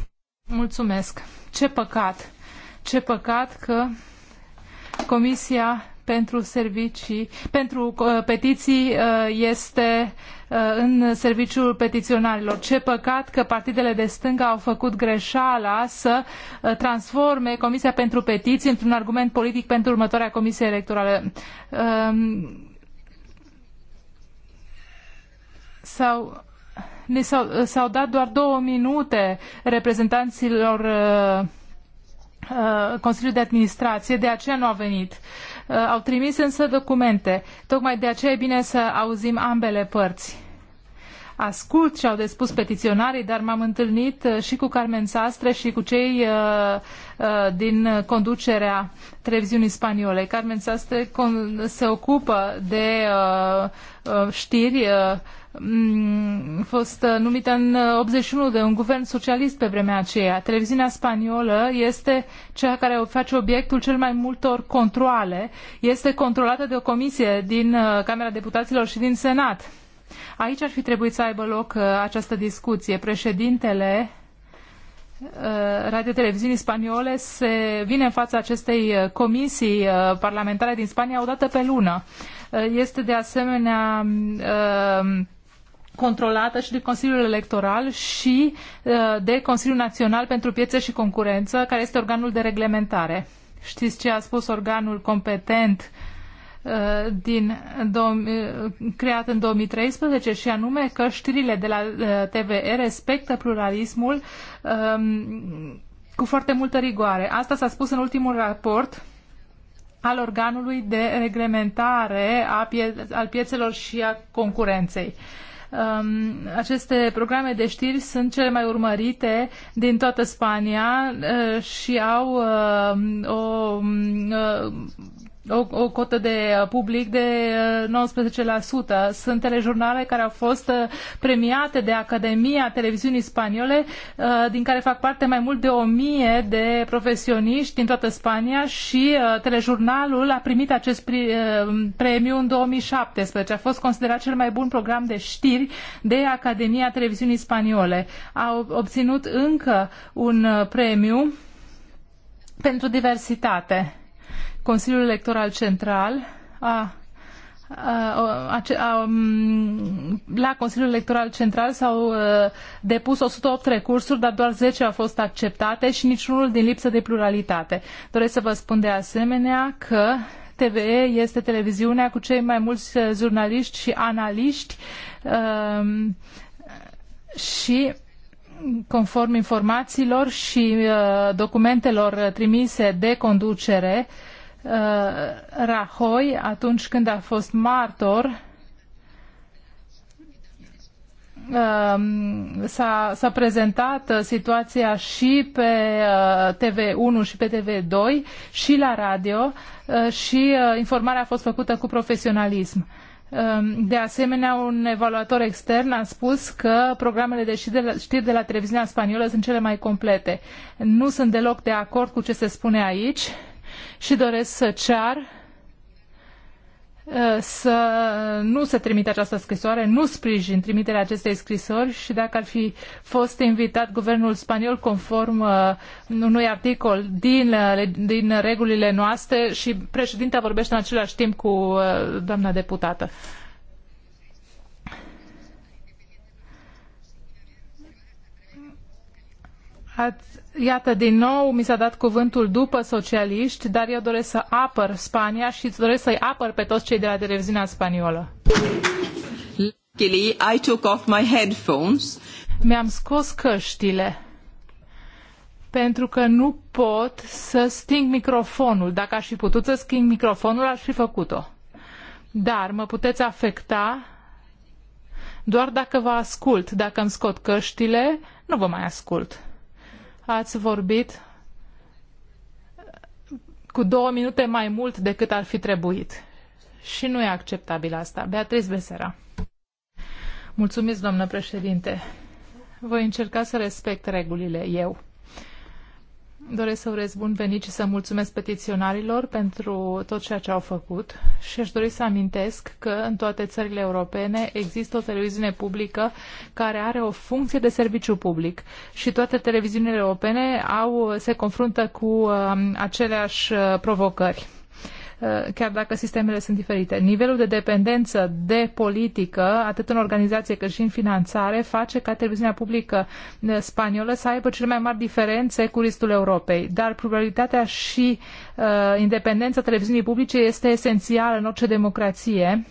Mulțumesc. Ce păcat. Ce păcat că Comisia pentru servicii, pentru uh, petiții uh, este uh, în serviciul petiționarilor. Ce păcat că partidele de stânga au făcut greșeala să transforme Comisia pentru Petiții într-un argument politic pentru următoarea Comisie Electorală. Um, sau ne s-au, s-au dat doar două minute reprezentanților uh, de Administrație, de aceea nu a venit. Uh, au trimis însă documente. Tocmai de aceea e bine să auzim ambele părți. Ascult ce au de spus petiționarii, dar m-am întâlnit uh, și cu Carmen Sastre și cu cei uh, din conducerea televiziunii spaniole. Carmen Sastre se ocupă de știri Mm, fost uh, numită în 81 uh, de un guvern socialist pe vremea aceea. Televiziunea spaniolă este cea care face obiectul cel mai multor controle. Este controlată de o comisie din uh, Camera Deputaților și din Senat. Aici ar fi trebuit să aibă loc această discuție. Președintele Radio Televiziunii spaniole se vine în fața acestei comisii parlamentare din Spania o dată pe lună. Este de asemenea controlată și de Consiliul Electoral și uh, de Consiliul Național pentru Piețe și Concurență, care este organul de reglementare. Știți ce a spus organul competent uh, din, uh, creat în 2013 și anume că știrile de la TVE respectă pluralismul um, cu foarte multă rigoare. Asta s-a spus în ultimul raport al organului de reglementare a pie- al piețelor și a concurenței. Uh, um, aceste programe de știri sunt cele mai urmărite din toată Spania uh, și au uh, o um, uh, o, o cotă de uh, public de 19%. Uh, Sunt telejurnale care au fost uh, premiate de Academia Televiziunii Spaniole, din care fac parte mai mult de o mie de profesioniști din toată Spania și telejurnalul a primit acest premiu în 2017. A fost considerat cel mai bun program de știri de Academia Televiziunii Spaniole. A obținut încă un premiu pentru diversitate Consiliul Electoral Central a um, la Consiliul Electoral Central s-au uh, depus 108 recursuri, dar doar 10 au fost acceptate și niciunul din lipsă de pluralitate. Doresc să vă spun de asemenea că TVE este televiziunea cu cei mai mulți uh, jurnaliști și analiști um, și conform informațiilor și uh, documentelor trimise de conducere Uh, Rahoi atunci când a fost martor um, s-a, prezentat uh, situația și pe uh, TV1 și pe TV2 și la radio și informarea a fost făcută cu profesionalism. Um, de asemenea, un evaluator extern a spus că programele de știri de la televiziunea spaniolă sunt cele mai complete. Nu sunt deloc de acord cu ce se spune aici și doresc să cear uh, să nu se trimite această scrisoare, nu sprijin trimiterea acestei scrisori și dacă ar fi fost invitat guvernul spaniol conform uh, unui articol din, uh, din regulile noastre și președintea vorbește în același timp cu doamna deputată. Ați, Iată, din nou mi s-a dat cuvântul după socialiști, dar eu doresc să apăr Spania și doresc să-i apăr pe toți cei de la televiziunea spaniolă. Luckily, I took off my headphones. Mi-am scos căștile pentru că nu pot să sting microfonul. Dacă aș fi putut să sting microfonul, aș fi făcut-o. Dar mă puteți afecta doar dacă vă ascult. Dacă îmi scot căștile, nu vă mai ascult ați vorbit cu două minute mai mult decât ar fi trebuit. Și nu e acceptabil asta. Beatriz Besera. Mulțumesc, doamnă președinte. Voi încerca să respect regulile eu doresc să urez bun venit și să mulțumesc petiționarilor pentru tot ceea ce au făcut și aș dori să amintesc că în toate țările europene există o televiziune publică care are o funcție de serviciu public și toate televiziunile europene au, se confruntă cu um, aceleași uh, provocări. Uh, chiar dacă sistemele sunt diferite. Nivelul de dependență de politică, atât în organizație cât și în finanțare, face ca televiziunea publică uh, spaniolă să aibă cele mai mari diferențe cu restul Europei. Dar pluralitatea și uh, independența televiziunii publice este esențială în orice democrație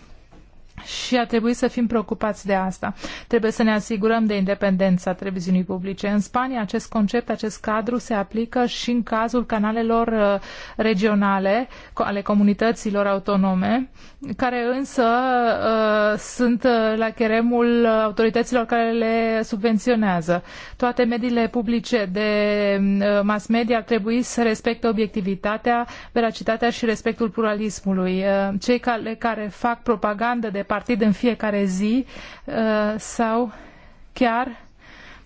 și ar trebui să fim preocupați de asta. Trebuie să ne asigurăm de independența televiziunii publice. În Spania acest concept, acest cadru se aplică și în cazul canalelor uh, regionale, ale comunităților autonome, care însă uh, sunt uh, la cheremul autorităților care le subvenționează. Toate mediile publice de mm, mass media ar trebui să respecte obiectivitatea, veracitatea și respectul pluralismului. Cei care, care fac propagandă de partid în fiecare zi uh, sau chiar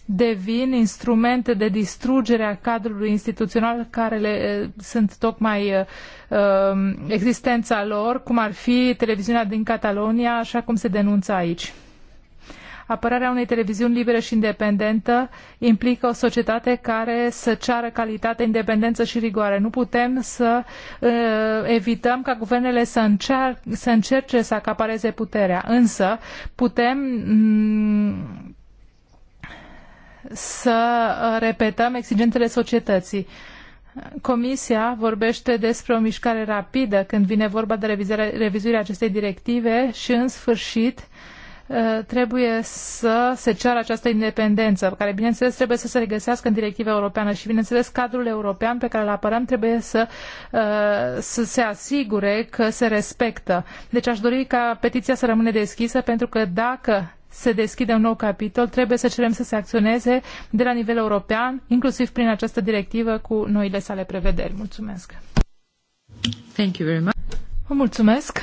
devin instrumente de distrugere a cadrului instituțional care le, uh, sunt tocmai uh, um, existența lor, cum ar fi televiziunea din Catalonia, așa cum se denunță aici. Apărarea unei televiziuni libere și independentă implică o societate care să ceară calitate, independență și rigoare. Nu putem să uh, evităm ca guvernele să, încear- să încerce să acapareze puterea, însă putem să repetăm exigențele societății. Comisia vorbește despre o mișcare rapidă când vine vorba de revizuirea acestei directive și, în sfârșit, Eh, trebuie să se ceară această independență, care bineînțeles trebuie să se regăsească în directiva europeană și bineînțeles cadrul european pe care îl apărăm trebuie să, eh, să se asigure că se respectă. Deci aș dori ca petiția să rămâne deschisă pentru că dacă se deschide un nou capitol, trebuie să cerem să se acționeze de la nivel european, inclusiv prin această directivă cu noile sale prevederi. Mulțumesc! Thank you very much. Vă mulțumesc!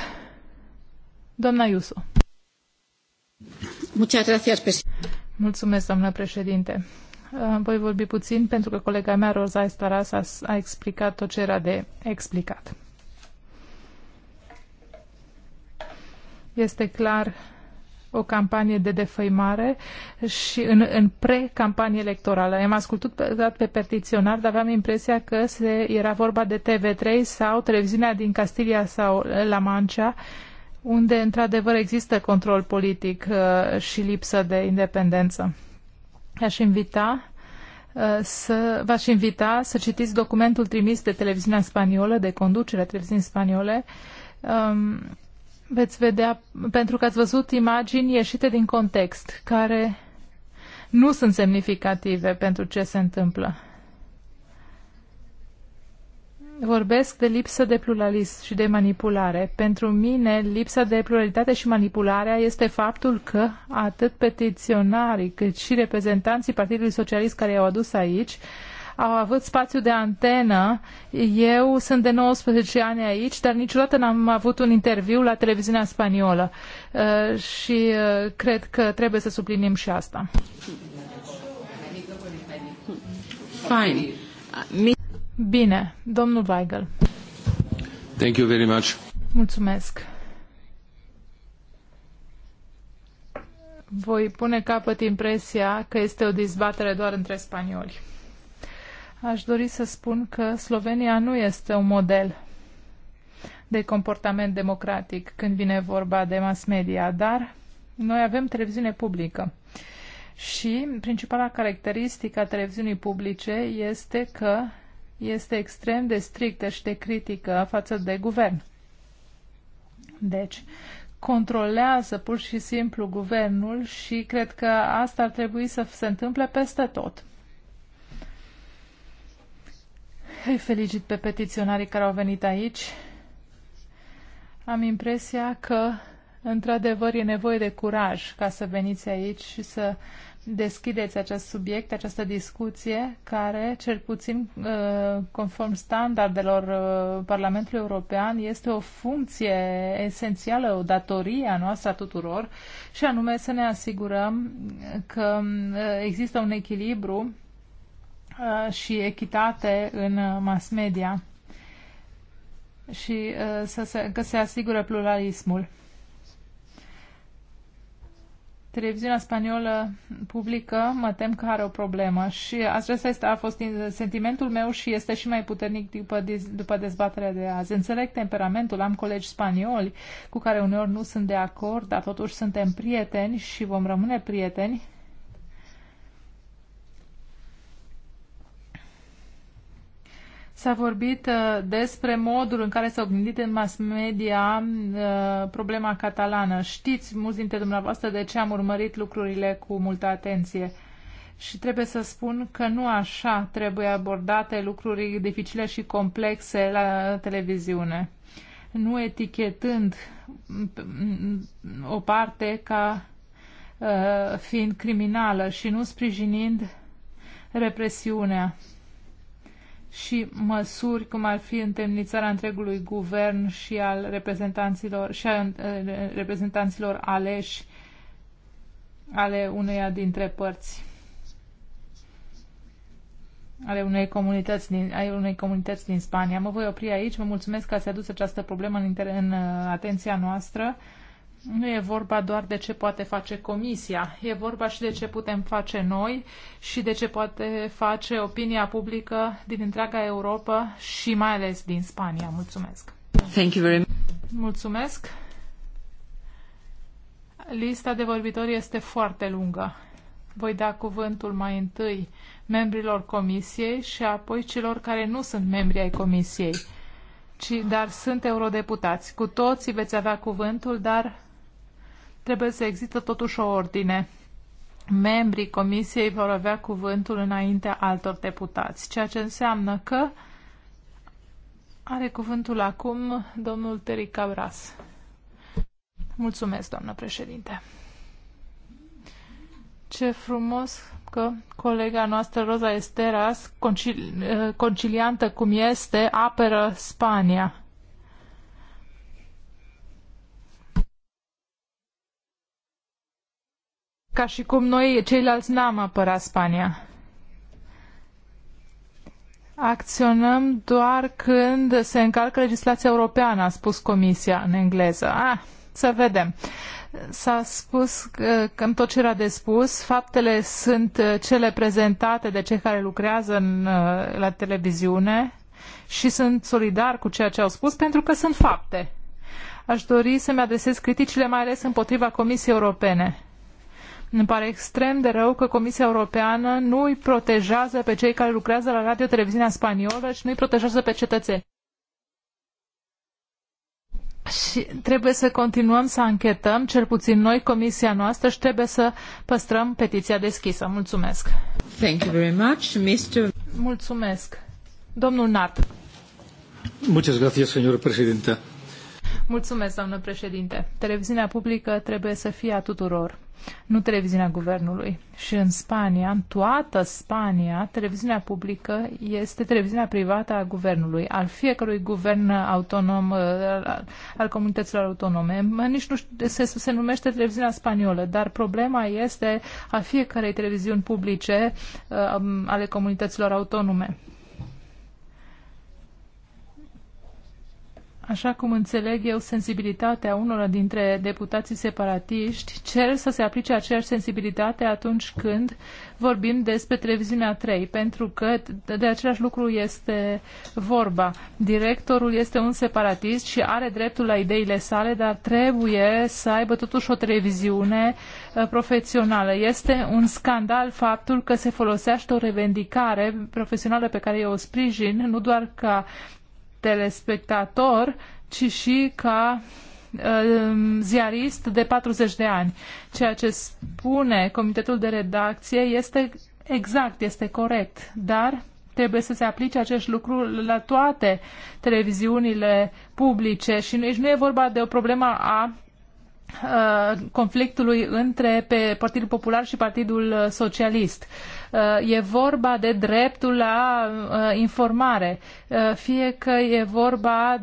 Doamna Iusu. Mulțumesc, doamnă președinte. Voi vorbi puțin pentru că colega mea, Rosa Estaras, a, a explicat tot ce era de explicat. Este clar o campanie de defăimare și în, în pre-campanie electorală. Am ascultat pe petiționar, dar aveam impresia că se, era vorba de TV3 sau televiziunea din Castilia sau La Mancha, uh, unde într-adevăr există control politic uh, și lipsă de independență. Aș invita uh, să v-aș invita să citiți documentul trimis de televiziunea spaniolă, de conducerea televiziunii spaniole. Um, veți vedea, pentru că ați văzut imagini ieșite din context, care nu sunt semnificative pentru ce se întâmplă vorbesc de lipsă de pluralism și de manipulare. Pentru mine, lipsa de pluralitate și manipularea este faptul că atât petiționarii cât și reprezentanții Partidului Socialist care i-au adus aici au avut spațiu de antenă. Eu sunt de 19 ani aici, dar niciodată n-am avut un interviu la televiziunea spaniolă. Uh, și uh, cred că trebuie să suplinim și asta. Fine. Bine, domnul Weigel. Thank you very much. Mulțumesc. Voi pune capăt impresia că este o dezbatere doar între spanioli. Aș dori să spun că Slovenia nu este un model de comportament democratic când vine vorba de mass media, dar noi avem televiziune publică. Și principala caracteristică a televiziunii publice este că este extrem de strictă și de critică față de guvern. Deci, controlează pur și simplu guvernul și cred că asta ar trebui să se întâmple peste tot. Îi felicit pe petiționarii care au venit aici. Am impresia că, într-adevăr, e nevoie de curaj ca să veniți aici și să deschideți acest subiect, această discuție, care, cel puțin uh, conform standardelor uh, Parlamentului European, este o funcție esențială, o datorie a noastră a tuturor, și anume să ne asigurăm că uh, există un echilibru și echitate în mass media și să se, că se asigură pluralismul televiziunea spaniolă publică, mă tem că are o problemă și acesta este, a fost sentimentul meu și este și mai puternic după, după dezbaterea de azi. Înțeleg temperamentul, am colegi spanioli cu care uneori nu sunt de acord, dar totuși suntem prieteni și vom rămâne prieteni S-a vorbit uh, despre modul în care s-a oglindit în mass media uh, problema catalană. Știți, mulți dintre dumneavoastră, de ce am urmărit lucrurile cu multă atenție. Și trebuie să spun că nu așa trebuie abordate lucruri dificile și complexe la televiziune. Nu etichetând mm, o parte ca uh, fiind criminală și nu sprijinind represiunea și măsuri cum ar fi întemnițarea întregului guvern și al reprezentanților și uh, reprezentanților aleși ale uneia dintre părți ale unei comunități din, ale unei comunități din Spania. Mă voi opri aici. Vă mulțumesc că ați adus această problemă în, în uh, atenția noastră. Nu e vorba doar de ce poate face Comisia, e vorba și de ce putem face noi și de ce poate face opinia publică din întreaga Europa și mai ales din Spania. Mulțumesc! Thank you very much. Mulțumesc! Lista de vorbitori este foarte lungă. Voi da cuvântul mai întâi membrilor Comisiei și apoi celor care nu sunt membri ai Comisiei, ci, dar sunt eurodeputați. Cu toții veți avea cuvântul, dar trebuie să există totuși o ordine. Membrii comisiei vor avea cuvântul înaintea altor deputați, ceea ce înseamnă că are cuvântul acum domnul Teric Cabras. Mulțumesc, doamnă președinte. Ce frumos că colega noastră, Rosa Esteras, concili- eh, conciliantă cum este, apără Spania. ca și cum noi ceilalți n-am apărat Spania. Acționăm doar când se încalcă legislația europeană, a spus Comisia în engleză. Ah, să vedem. S-a spus că, în tot ce era de spus. Faptele sunt uh, cele prezentate de cei care lucrează în, uh, la televiziune și sunt solidar cu ceea ce au spus pentru că sunt fapte. Aș dori să-mi adresez criticile mai ales împotriva Comisiei Europene îmi pare extrem de rău că Comisia Europeană nu îi protejează pe cei care lucrează la radio televiziunea spaniolă și nu îi protejează pe cetățeni. Și trebuie să continuăm să anchetăm, cel puțin noi, comisia noastră, și trebuie să păstrăm petiția deschisă. Mulțumesc. Thank you very much, Mr. Mulțumesc. Domnul Nat. Muchas gracias, señor presidente. Mulțumesc, doamnă președinte. Televiziunea publică trebuie să fie a tuturor, nu televiziunea guvernului. Și în Spania, în toată Spania, televiziunea publică este televiziunea privată a guvernului, al fiecărui guvern autonom, uh, al comunităților autonome. Nici nu știu, se, se numește televiziunea spaniolă, dar problema este a fiecarei televiziuni publice uh, um, ale comunităților autonome. Așa cum înțeleg eu sensibilitatea unora dintre deputații separatiști, cer să se aplice aceeași sensibilitate atunci când vorbim despre televiziunea 3, pentru că de același lucru este vorba. Directorul este un separatist și are dreptul la ideile sale, dar trebuie să aibă totuși o televiziune uh, profesională. Este un scandal faptul că se folosește o revendicare profesională pe care eu o sprijin, nu doar ca telespectator, ci și ca um, ziarist de 40 de ani. Ceea ce spune comitetul de redacție este exact, este corect, dar trebuie să se aplice acest lucru la toate televiziunile publice și nici nu e vorba de o problemă a uh, conflictului între pe Partidul Popular și Partidul Socialist. Uh, e vorba de dreptul la uh, informare, uh, fie că e vorba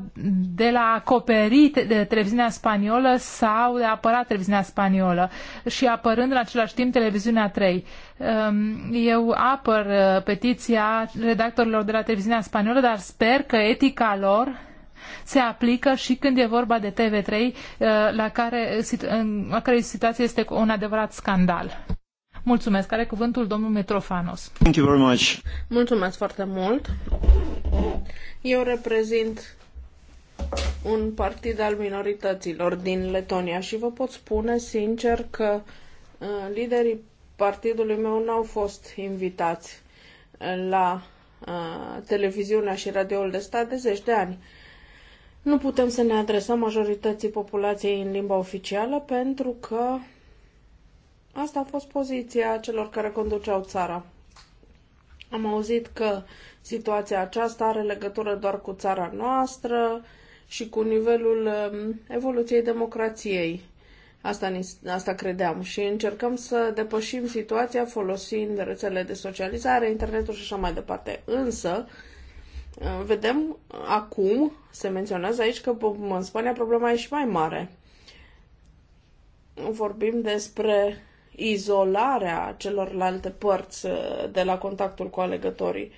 de la acoperit de televiziunea spaniolă sau de apărat televiziunea spaniolă și apărând în același timp televiziunea 3. Um, eu apăr petiția redactorilor de la televiziunea spaniolă, dar sper că etica lor se aplică și când e vorba de TV3, la care, la care situația este un adevărat scandal. Mulțumesc. Are cuvântul domnul Metrofanos. Thank you very much. Mulțumesc foarte mult. Eu reprezint un partid al minorităților din Letonia și vă pot spune sincer că uh, liderii partidului meu n-au fost invitați la uh, televiziunea și radioul de stat de zeci de ani. Nu putem să ne adresăm majorității populației în limba oficială pentru că Asta a fost poziția celor care conduceau țara. Am auzit că situația aceasta are legătură doar cu țara noastră și cu nivelul um, evoluției democrației. Asta, ni asta credeam și încercăm să depășim situația folosind rețele de socializare, internetul și așa mai departe. Însă, uh, vedem acum, se menționează aici că în Spania problema e și mai mare. Vorbim despre izolarea celorlalte părți uh, de la contactul cu alegătorii.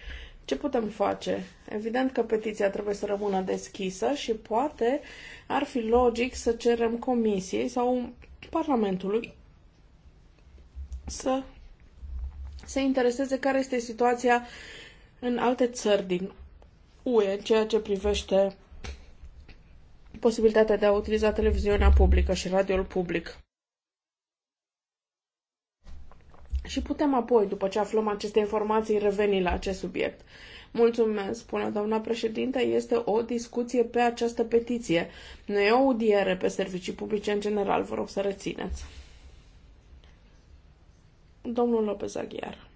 Ce putem face? Evident că petiția trebuie să rămână deschisă și poate ar fi logic să cerem comisiei sau Parlamentului să se intereseze care este situația în alte țări din UE, ceea ce privește posibilitatea de a utiliza televiziunea publică și radioul public. Și putem apoi, după ce aflăm aceste informații, reveni la acest subiect. Mulțumesc, spune doamna președinte, este o discuție pe această petiție. Nu e o audiere pe servicii publice în general, vă rog să rețineți. Domnul Lopez Aguiar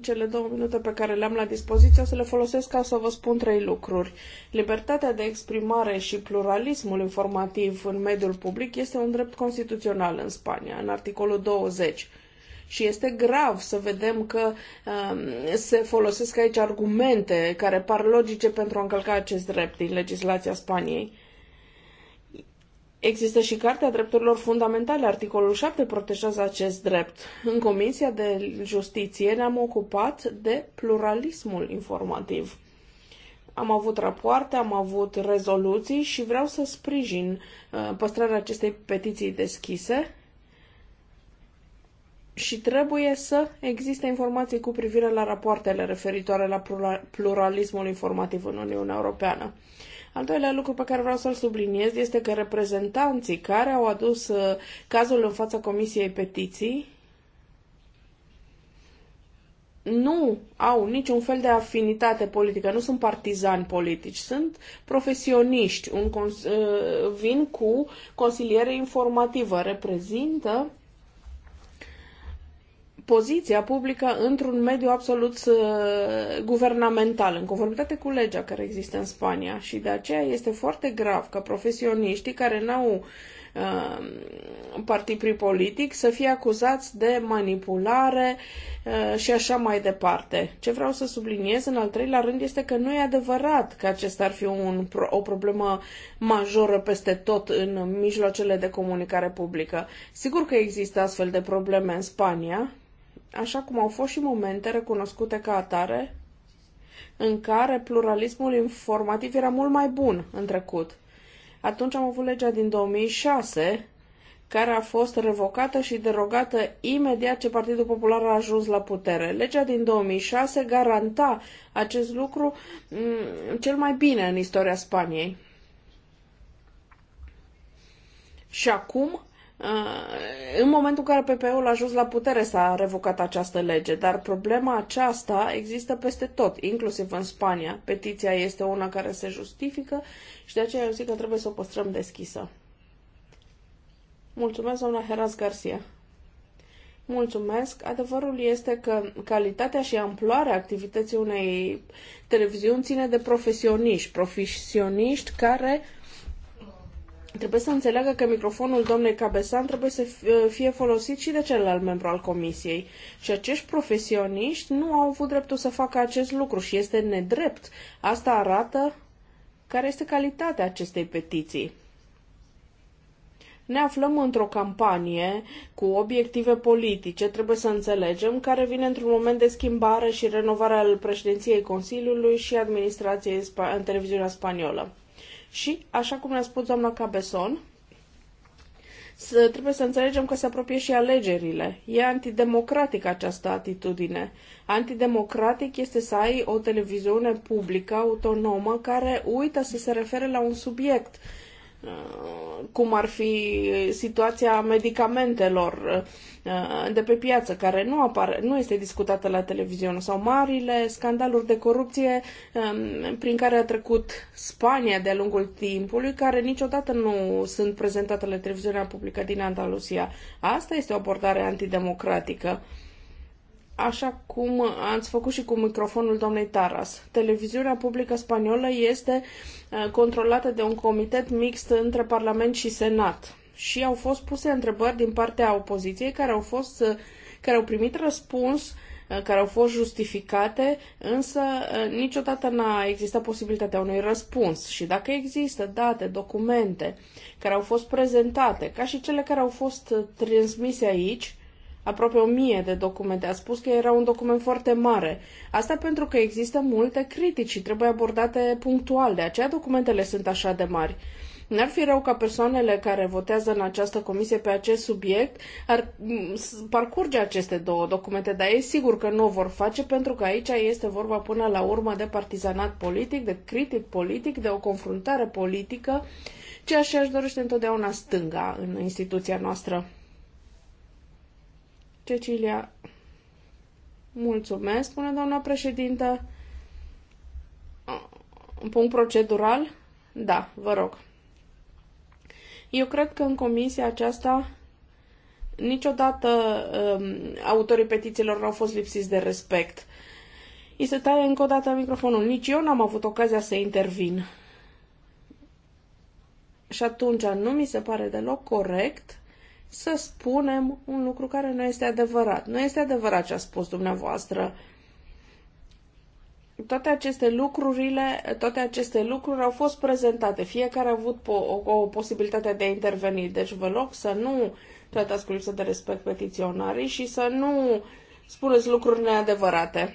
cele două minute pe care le-am la dispoziție o să le folosesc ca să vă spun trei lucruri. Libertatea de exprimare și pluralismul informativ în mediul public este un drept constituțional în Spania, în articolul 20. Și este grav să vedem că um, se folosesc aici argumente care par logice pentru a încălca acest drept din legislația Spaniei. Există și Cartea Drepturilor Fundamentale, articolul 7 protejează acest drept. În Comisia de Justiție ne-am ocupat de pluralismul informativ. Am avut rapoarte, am avut rezoluții și vreau să sprijin uh, păstrarea acestei petiții deschise și trebuie să existe informații cu privire la rapoartele referitoare la pluralismul informativ în Uniunea Europeană. Al doilea lucru pe care vreau să-l subliniez este că reprezentanții care au adus uh, cazul în fața Comisiei Petiții nu au niciun fel de afinitate politică, nu sunt partizani politici, sunt profesioniști, un cons- uh, vin cu consiliere informativă, reprezintă poziția publică într-un mediu absolut uh, guvernamental, în conformitate cu legea care există în Spania. Și de aceea este foarte grav că profesioniștii care n-au partii uh, partid politic să fie acuzați de manipulare uh, și așa mai departe. Ce vreau să subliniez în al treilea rând este că nu e adevărat că acesta ar fi un, o problemă majoră peste tot în mijloacele de comunicare publică. Sigur că există astfel de probleme în Spania, așa cum au fost și momente recunoscute ca atare, în care pluralismul informativ era mult mai bun în trecut. Atunci am avut legea din 2006, care a fost revocată și derogată imediat ce Partidul Popular a ajuns la putere. Legea din 2006 garanta acest lucru mm, cel mai bine în istoria Spaniei. Și acum în momentul în care PPE-ul a ajuns la putere s-a revocat această lege, dar problema aceasta există peste tot, inclusiv în Spania. Petiția este una care se justifică și de aceea eu zic că trebuie să o păstrăm deschisă. Mulțumesc, doamna Heras Garcia. Mulțumesc. Adevărul este că calitatea și amploarea activității unei televiziuni ține de profesioniști, profesioniști care uh, trebuie să înțeleagă că microfonul domnei Cabesan trebuie să uh, fie folosit și de celălalt membru al comisiei. Și acești profesioniști nu au avut dreptul să facă acest lucru și este nedrept. Asta arată care este calitatea acestei petiții. Ne aflăm într-o campanie cu obiective politice, trebuie să înțelegem, care vine într-un moment de schimbare și renovare al președinției Consiliului și administrației în televiziunea spaniolă. Și, așa cum ne-a spus doamna Cabeson, să, trebuie să înțelegem că se apropie și alegerile. E antidemocratică această atitudine. Antidemocratic este să ai o televiziune publică autonomă care uită să se refere la un subiect Uh, cum ar fi situația medicamentelor uh, de pe piață, care nu, apare, nu este discutată la televiziune, sau marile scandaluri de corupție um, prin care a trecut Spania de-a lungul timpului, care niciodată nu sunt prezentate la televiziunea publică din Andalusia. Asta este o abordare antidemocratică așa cum ați făcut și cu microfonul doamnei Taras. Televiziunea publică spaniolă este uh, controlată de un comitet mixt între Parlament și Senat. Și au fost puse întrebări din partea opoziției care au, fost, uh, care au primit răspuns uh, care au fost justificate, însă niciodată n-a existat posibilitatea unui răspuns. Și dacă există date, documente care au fost prezentate, ca și cele care au fost transmise aici, aproape o mie de documente. A spus că era un document foarte mare. Asta pentru că există multe critici și trebuie abordate punctual. De aceea documentele sunt așa de mari. N-ar fi rău ca persoanele care votează în această comisie pe acest subiect ar parcurge aceste două documente, dar e sigur că nu o vor face pentru că aici este vorba până la urmă de partizanat politic, de critic politic, de o confruntare politică, ceea ce aș dorește întotdeauna stânga în instituția noastră. Cecilia, mulțumesc, spune doamna președintă. Un punct procedural? Da, vă rog. Eu cred că în comisia aceasta niciodată um, autorii petițiilor nu au fost lipsiți de respect. I se taie încă o dată microfonul. Nici eu n-am avut ocazia să intervin. Și atunci nu mi se pare deloc corect să spunem un lucru care nu este adevărat. Nu este adevărat ce a spus dumneavoastră. Toate aceste lucrurile, toate aceste lucruri au fost prezentate. Fiecare a avut po- o, o posibilitate de a interveni. Deci vă rog să nu tratați cu lipsă de respect petiționarii și să nu spuneți lucruri neadevărate.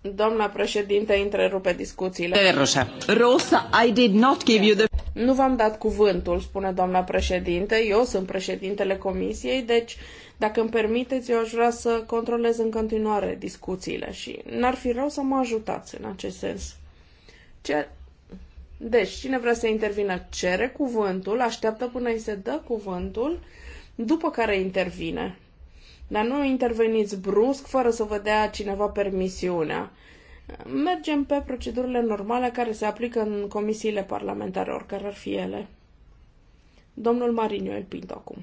Doamna președinte, întrerupe discuțiile. Rosa, Rosa, I did not give you the... Nu v-am dat cuvântul, spune doamna președinte, eu sunt președintele comisiei, deci, dacă îmi permiteți, eu aș vrea să controlez în continuare discuțiile și n-ar fi rău să mă ajutați în acest sens. Ce... Deci, cine vrea să intervină cere cuvântul, așteaptă până îi se dă cuvântul, după care intervine. Dar nu interveniți brusc fără să vă dea cineva permisiunea. Mergem pe procedurile normale care se aplică în comisiile parlamentare, oricare ar fi ele. Domnul Mariniu îl pind acum.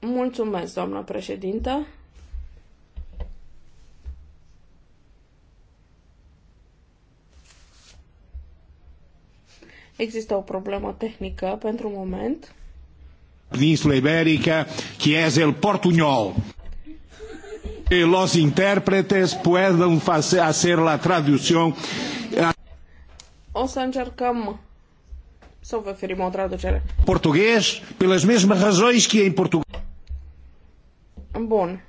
Mulțumesc, doamnă președintă. Există o problemă tehnică pentru moment. Peninsula Iberică, Chiesel, Portuñol. Los interpretes puedan hacer la traducción. O să încercăm să vă ferim o traducere. Portughez, las mesmas razões que em Portugal. Bun.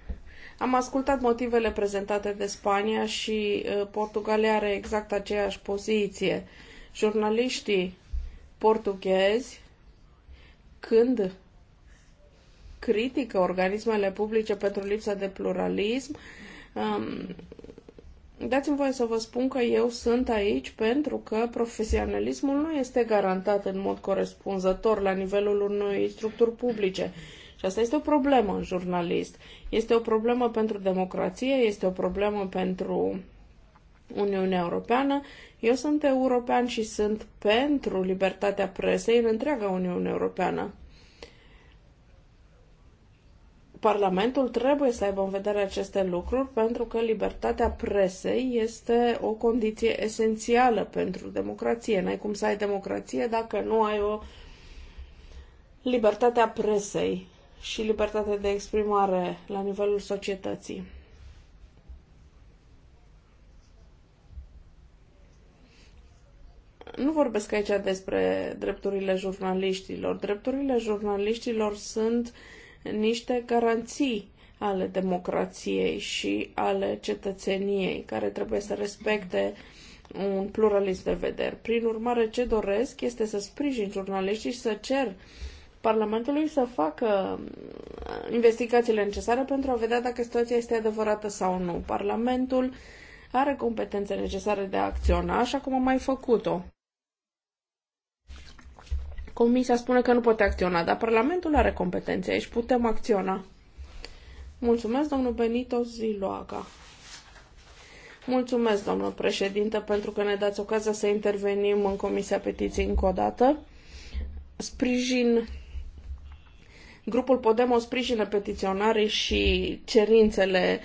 Am ascultat motivele prezentate de Spania și Portugalia are exact aceeași poziție. Jurnaliștii portughezi, când critică organismele publice pentru lipsa de pluralism. Um, Dați-mi voie să vă spun că eu sunt aici pentru că profesionalismul nu este garantat în mod corespunzător la nivelul unui structuri publice. Și asta este o problemă în jurnalist. Este o problemă pentru democrație, este o problemă pentru Uniunea Europeană. Eu sunt european și sunt pentru libertatea presei în întreaga Uniune Europeană. Parlamentul trebuie să aibă în vedere aceste lucruri pentru că libertatea presei este o condiție esențială pentru democrație. N-ai cum să ai democrație dacă nu ai o libertatea presei și libertatea de exprimare la nivelul societății. nu vorbesc aici despre drepturile jurnaliștilor. Drepturile jurnaliștilor sunt uh, niște garanții ale democrației și ale cetățeniei, care trebuie să respecte un pluralism de vederi. Prin urmare, ce doresc este să sprijin jurnaliștii și să cer Parlamentului să facă uh, investigațiile necesare pentru a vedea dacă situația este adevărată sau nu. Parlamentul are competențe necesare de a acționa, așa cum a mai făcut-o. Comisia spune că nu poate acționa, dar Parlamentul are competențe aici, putem acționa. Mulțumesc, domnul Benito Ziloaga. Mulțumesc, domnul președinte, pentru că ne dați ocazia să intervenim în Comisia Petiției încă o dată. Sprijin Grupul Podemos sprijină petiționarii și cerințele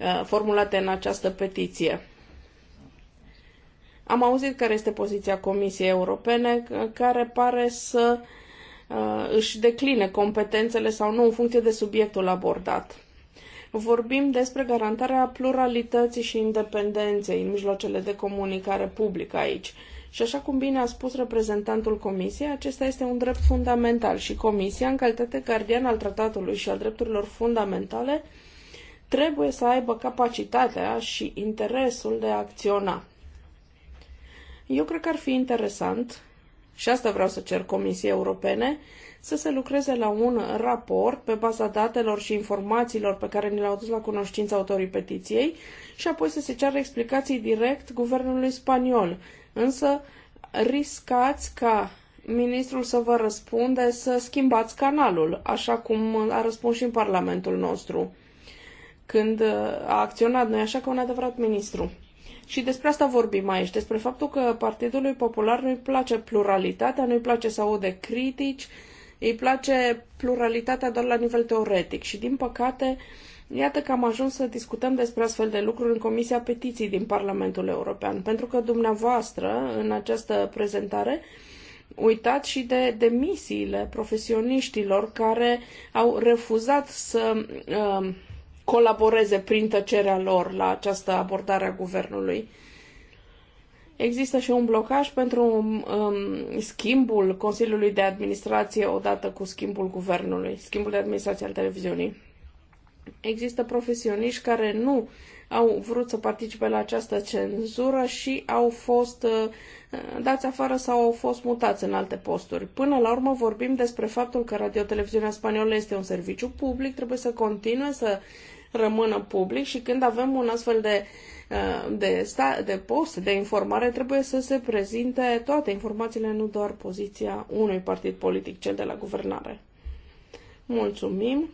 uh, formulate în această petiție. Am auzit care este poziția Comisiei Europene, care pare să uh, își decline competențele sau nu în funcție de subiectul abordat. Vorbim despre garantarea pluralității și independenței în mijloacele de comunicare publică aici. Și așa cum bine a spus reprezentantul Comisiei, acesta este un drept fundamental și Comisia, în calitate gardian al tratatului și al drepturilor fundamentale, trebuie să aibă capacitatea și interesul de a acționa. Eu cred că ar fi interesant, și asta vreau să cer Comisiei Europene, să se lucreze la un raport pe baza datelor și informațiilor pe care ni le-au dus la cunoștință autorii petiției și apoi să se ceară explicații direct guvernului spaniol. Însă riscați ca ministrul să vă răspunde să schimbați canalul, așa cum a răspuns și în Parlamentul nostru, când a acționat noi așa ca un adevărat ministru. Și despre asta vorbim aici, despre faptul că Partidului Popular nu-i place pluralitatea, nu-i place să aude critici, îi place pluralitatea doar la nivel teoretic. Și, din păcate, Iată că am ajuns să discutăm despre astfel de lucruri în Comisia Petiții din Parlamentul European, pentru că dumneavoastră, în această prezentare, uitați și de demisiile profesioniștilor care au refuzat să uh, colaboreze prin tăcerea lor la această abordare a guvernului. Există și un blocaj pentru um, schimbul Consiliului de Administrație odată cu schimbul guvernului, schimbul de administrație al televiziunii. Există profesioniști care nu au vrut să participe la această cenzură și au fost uh, dați afară sau au fost mutați în alte posturi. Până la urmă vorbim despre faptul că radio-televiziunea spaniolă este un serviciu public, trebuie să continue să rămână public și când avem un astfel de, uh, de, sta, de post de informare, trebuie să se prezinte toate informațiile, nu doar poziția unui partid politic, cel de la guvernare. Mulțumim!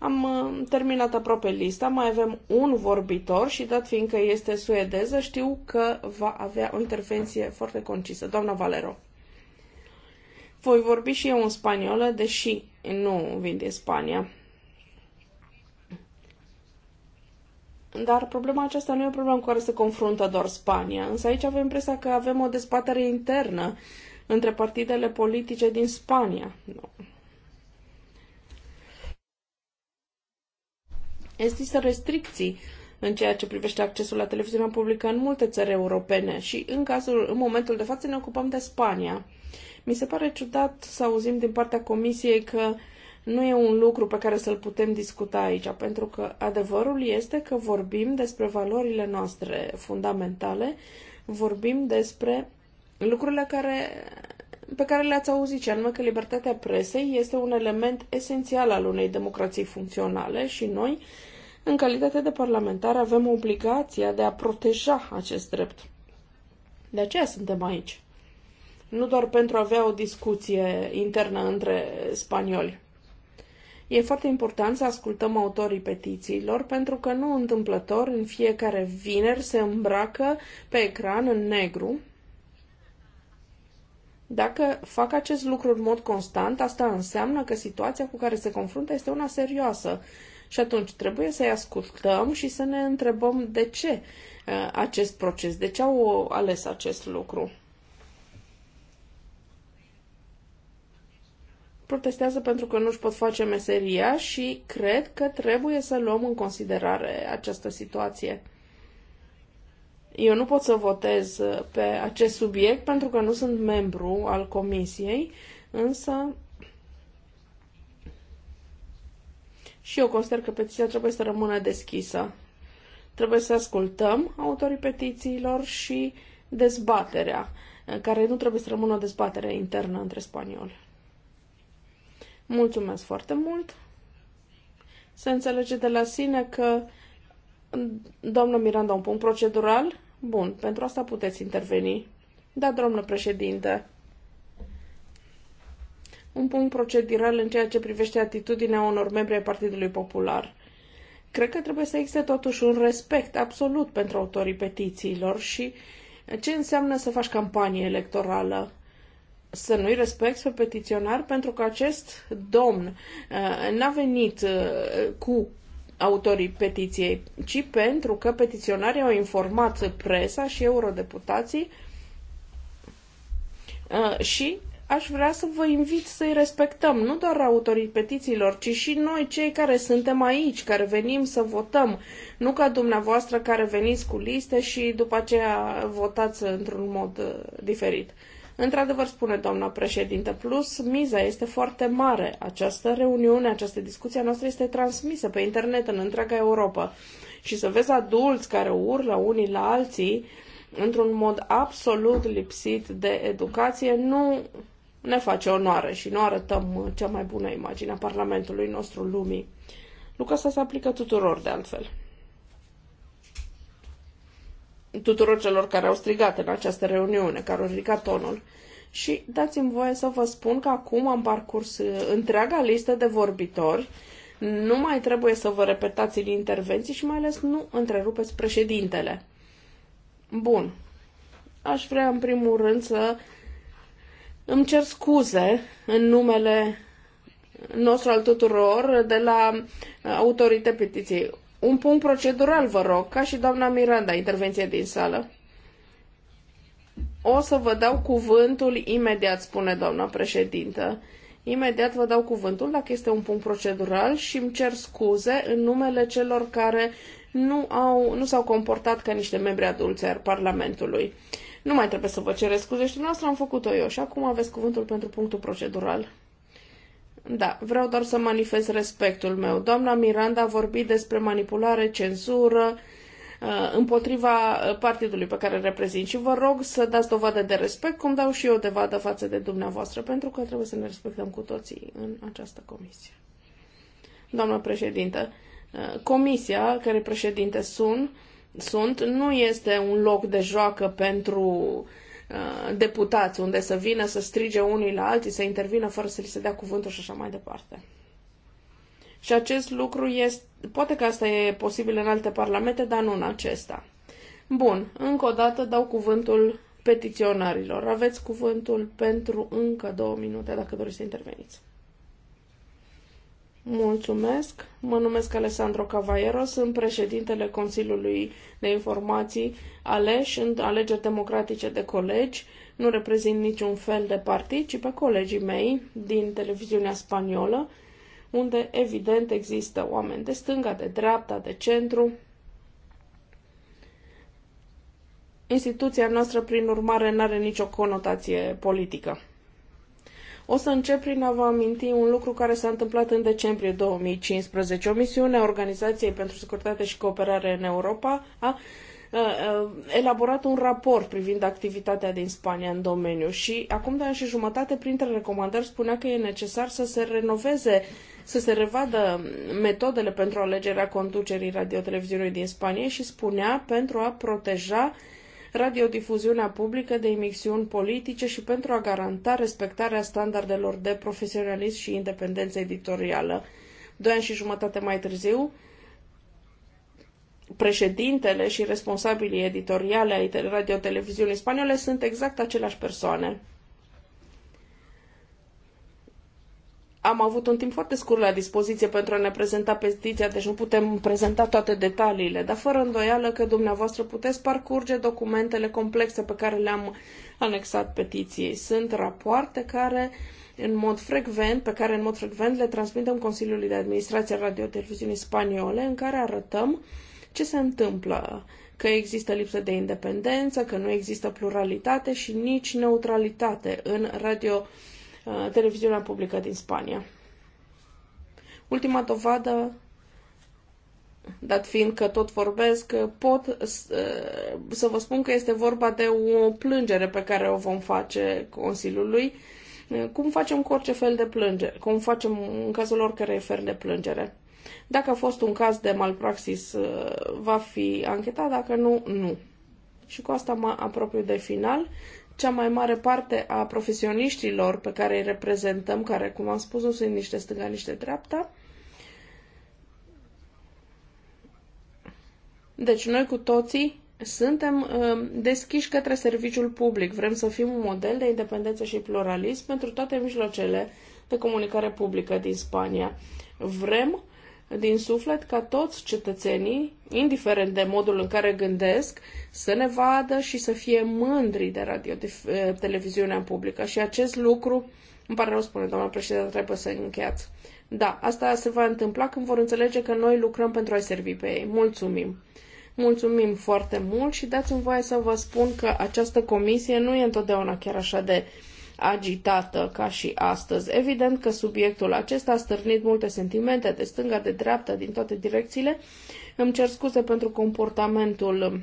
Am uh, terminat aproape lista, mai avem un vorbitor și dat fiindcă este suedeză, știu că va avea o intervenție foarte concisă. Doamna Valero. Voi vorbi și eu în spaniolă, deși nu vin din Spania. Dar problema aceasta nu e o problemă cu care se confruntă doar Spania. Însă aici avem impresia că avem o dezbatere internă între partidele politice din Spania. Există restricții în ceea ce privește accesul la televiziunea publică în multe țări europene și în cazul, în momentul de față ne ocupăm de Spania. Mi se pare ciudat să auzim din partea Comisiei că uh, nu e un lucru pe care să-l putem discuta aici, pentru că adevărul este că vorbim despre valorile noastre fundamentale, vorbim despre lucrurile care, pe care le-ați auzit, și anume că libertatea presei este un element esențial al unei democrații funcționale și noi, în calitate de parlamentar, avem obligația de a proteja acest drept. De aceea suntem aici. Nu doar pentru a avea o discuție internă între spanioli. E foarte important să ascultăm autorii petițiilor, pentru că nu întâmplător în fiecare vineri se îmbracă pe ecran în negru. Dacă fac acest lucru în mod constant, asta înseamnă că situația cu care se confruntă este una serioasă. Și atunci trebuie să-i ascultăm și să ne întrebăm de ce uh, acest proces, de ce au ales acest lucru. protestează pentru că nu-și pot face meseria și cred că trebuie să luăm în considerare această situație. Eu nu pot să votez uh, pe acest subiect pentru că nu sunt membru al comisiei, însă și eu consider că petiția trebuie să rămână deschisă. Trebuie să ascultăm autorii petițiilor și dezbaterea, uh, care nu trebuie să rămână o dezbatere internă între spanioli. Mulțumesc foarte mult! Se înțelege de la sine că, domnul Miranda, un punct procedural? Bun, pentru asta puteți interveni. Da, domnul președinte. Un punct procedural în ceea ce privește atitudinea unor membri ai Partidului Popular. Cred că trebuie să existe totuși un respect absolut pentru autorii petițiilor și ce înseamnă să faci campanie electorală să nu-i respecti pe petiționar pentru că acest domn uh, n-a venit uh, cu autorii petiției, ci pentru că petiționarii au informat presa și eurodeputații uh, și aș vrea să vă invit să-i respectăm, nu doar autorii petițiilor, ci și noi, cei care suntem aici, care venim să votăm, nu ca dumneavoastră care veniți cu liste și după aceea votați într-un mod diferit. Într-adevăr, spune doamna președinte, plus miza este foarte mare. Această reuniune, această discuție noastră este transmisă pe internet în întreaga Europa. Și să vezi adulți care urlă unii la alții într-un mod absolut lipsit de educație nu ne face onoare și nu arătăm cea mai bună imagine a Parlamentului nostru lumii. Lucrul ăsta se aplică tuturor de altfel tuturor celor care au strigat în această reuniune, care au ridicat tonul. Și dați-mi voie să vă spun că acum am parcurs uh, întreaga listă de vorbitori. Nu mai trebuie să vă repetați în intervenții și mai ales nu întrerupeți președintele. Bun. Aș vrea în primul rând să îmi cer scuze în numele nostru al tuturor de la uh, autorități petiției un punct procedural, vă rog, ca și doamna Miranda, intervenție din sală. O să vă dau cuvântul imediat, spune doamna președintă. Imediat vă dau cuvântul dacă este un punct procedural și îmi cer scuze în numele celor care nu, au, nu s-au comportat ca niște membri adulți ai Parlamentului. Nu mai trebuie să vă cereți scuze și dumneavoastră am făcut-o eu și acum aveți cuvântul pentru punctul procedural. Da, vreau doar să manifest respectul meu. Doamna Miranda a vorbit despre manipulare, cenzură, uh, împotriva uh, partidului pe care îl reprezint și vă rog să dați dovadă de respect, cum dau și eu de vadă față de dumneavoastră, pentru că trebuie să ne respectăm cu toții în această comisie. Doamna președintă, uh, comisia, care președinte sunt, sunt, nu este un loc de joacă pentru uh, Uh, deputați, unde să vină să strige unii la alții, să intervină fără să li se dea cuvântul și așa mai departe. Și acest lucru este, poate că asta e posibil în alte parlamente, dar nu în acesta. Bun, încă o dată dau cuvântul petiționarilor. Aveți cuvântul pentru încă două minute, dacă doriți să interveniți. Mulțumesc. Mă numesc Alessandro Cavallero, sunt președintele Consiliului de Informații aleși în alegeri democratice de colegi. Nu reprezint niciun fel de partid, ci pe colegii mei din televiziunea spaniolă, unde evident există oameni de stânga, de dreapta, de centru. Instituția noastră, prin urmare, nu are nicio conotație politică. O să încep prin a vă aminti un lucru care s-a întâmplat în decembrie 2015. O misiune a Organizației pentru Securitate și Cooperare în Europa a elaborat un raport privind activitatea din Spania în domeniu și acum de ani și jumătate, printre recomandări, spunea că e necesar să se renoveze, să se revadă metodele pentru alegerea conducerii radioteleviziunii din Spania și spunea pentru a proteja uh, radiodifuziunea publică de emisiuni politice și pentru a garanta respectarea standardelor de profesionalism și independență editorială. Doi ani și jumătate mai târziu, președintele și responsabilii editoriale ai radioteleviziunii spaniole sunt exact aceleași persoane. am avut un timp foarte scurt la dispoziție pentru a ne prezenta petiția, deci nu putem prezenta toate detaliile, dar fără îndoială că dumneavoastră puteți parcurge documentele complexe pe care le-am anexat petiției. Sunt rapoarte care în mod frecvent, pe care în mod frecvent le transmitem Consiliului de Administrație radio Radioteleviziunii Spaniole, în care arătăm ce se întâmplă, că există lipsă de independență, că nu există pluralitate și nici neutralitate în radio Uh, televiziunea publică din Spania. Ultima dovadă, dat fiind că tot vorbesc, pot uh, să vă spun că este vorba de o plângere pe care o vom face Consiliului. Uh, cum facem cu orice fel de plângere? Cum facem în cazul oricărei fel de plângere? Dacă a fost un caz de malpraxis, va fi anchetat, dacă nu, nu. Și cu asta mă apropiu de final. Cea mai mare parte a profesioniștilor pe care îi reprezentăm, care, cum am spus, nu sunt niște stânga, niște dreapta, Deci noi cu toții suntem uh, deschiși către serviciul public. Vrem să fim un model de independență și pluralism pentru toate mijloacele de comunicare publică din Spania. Vrem din suflet ca toți cetățenii, indiferent de modul în care gândesc, să ne vadă și să fie mândri de radio, de eh, televiziunea publică. Și acest lucru, îmi pare rău spune, doamna președinte, trebuie să încheiați. Da, asta se va întâmpla când vor înțelege că noi lucrăm pentru a-i servi pe ei. Mulțumim! Mulțumim foarte mult și dați-mi voie să vă spun că această comisie nu e întotdeauna chiar așa de uh, agitată ca și astăzi. Evident că subiectul acesta a stârnit multe sentimente de stânga, de dreapta, din toate direcțiile. Îmi cer scuze pentru comportamentul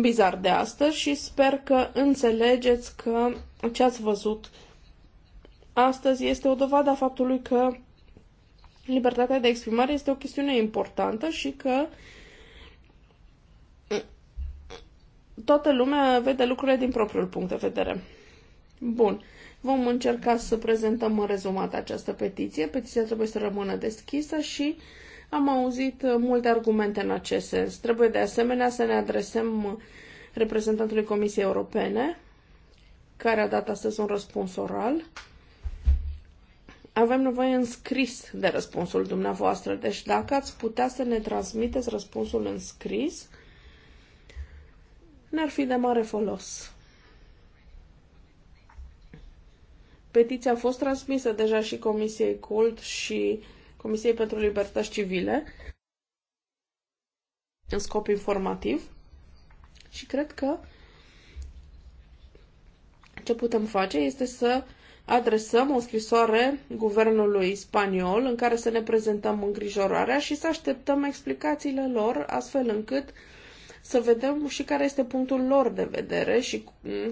bizar de astăzi și sper că înțelegeți că ce ați văzut astăzi este o dovadă a faptului că libertatea de exprimare este o chestiune importantă și că uh, toată lumea vede lucrurile din propriul punct de vedere. Bun. Vom încerca să prezentăm în rezumat această petiție. Petiția trebuie să rămână deschisă și am auzit multe argumente în acest sens. Trebuie de asemenea să ne adresăm reprezentantului Comisiei Europene, care a dat astăzi un răspuns oral. Avem nevoie în scris de răspunsul dumneavoastră, deci dacă ați putea să ne transmiteți răspunsul în scris, ne-ar fi de mare folos. Petiția a fost transmisă deja și Comisiei Cult și Comisiei pentru Libertăți Civile în scop informativ și cred că ce putem face este să adresăm o scrisoare guvernului spaniol în care să ne prezentăm îngrijorarea și să așteptăm explicațiile lor astfel încât să vedem și care este punctul lor de vedere și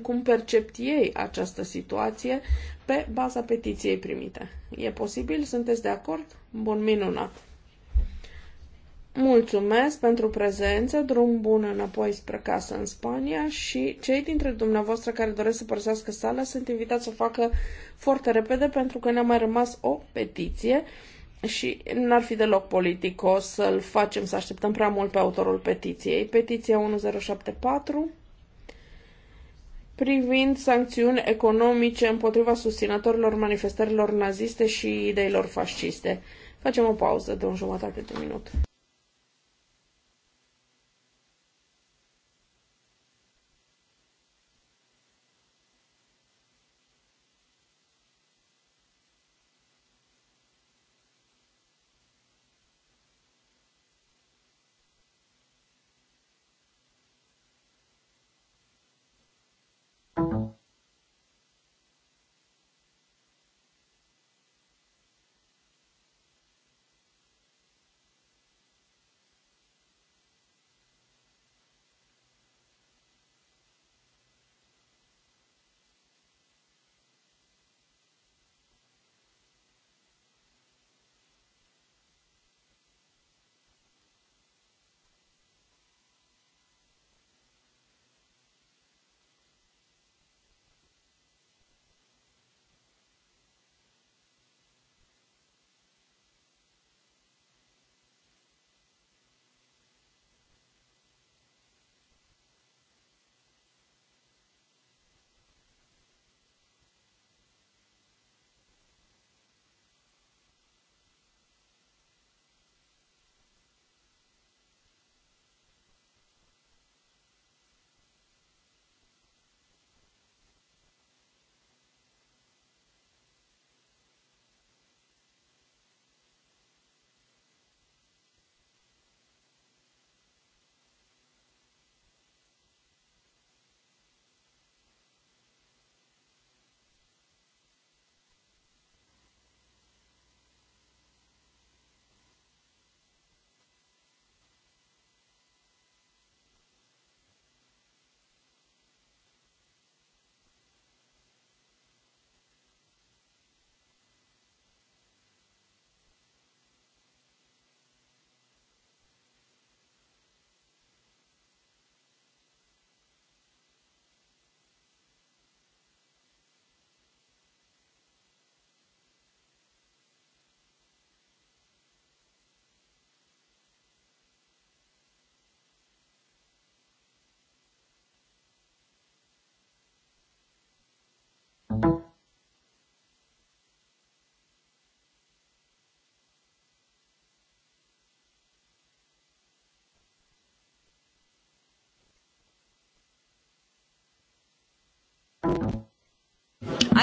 cum percep ei această situație pe baza petiției primite. E posibil? Sunteți de acord? Bun, minunat! Mulțumesc pentru prezență, drum bun înapoi spre casă în Spania și cei dintre dumneavoastră care doresc să părăsească sala sunt invitați să o facă foarte repede pentru că ne-a mai rămas o petiție și n-ar fi deloc politicos să-l facem să așteptăm prea mult pe autorul petiției. Petiția 1074 privind sancțiuni economice împotriva susținătorilor manifestărilor naziste și ideilor fasciste. Facem o pauză de un jumătate de minut.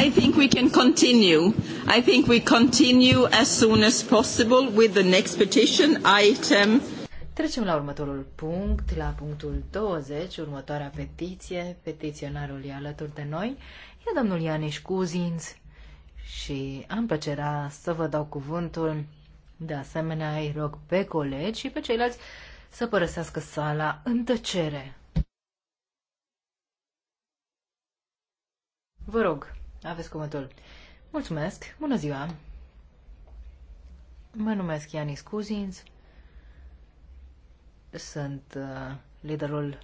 I think we can continue. I think we continue as soon as possible with the next petition item. Trecem la următorul punct, la punctul 20, următoarea petiție. Petiționarul e alături de noi. E domnul Ianiș Cuzinț și am plăcerea să vă dau cuvântul. De asemenea, îi rog pe colegi și pe ceilalți să părăsească sala în tăcere. Vă rog, aveți cuvântul. Mulțumesc, bună ziua! Mă numesc Ianis Cuzins, sunt uh, liderul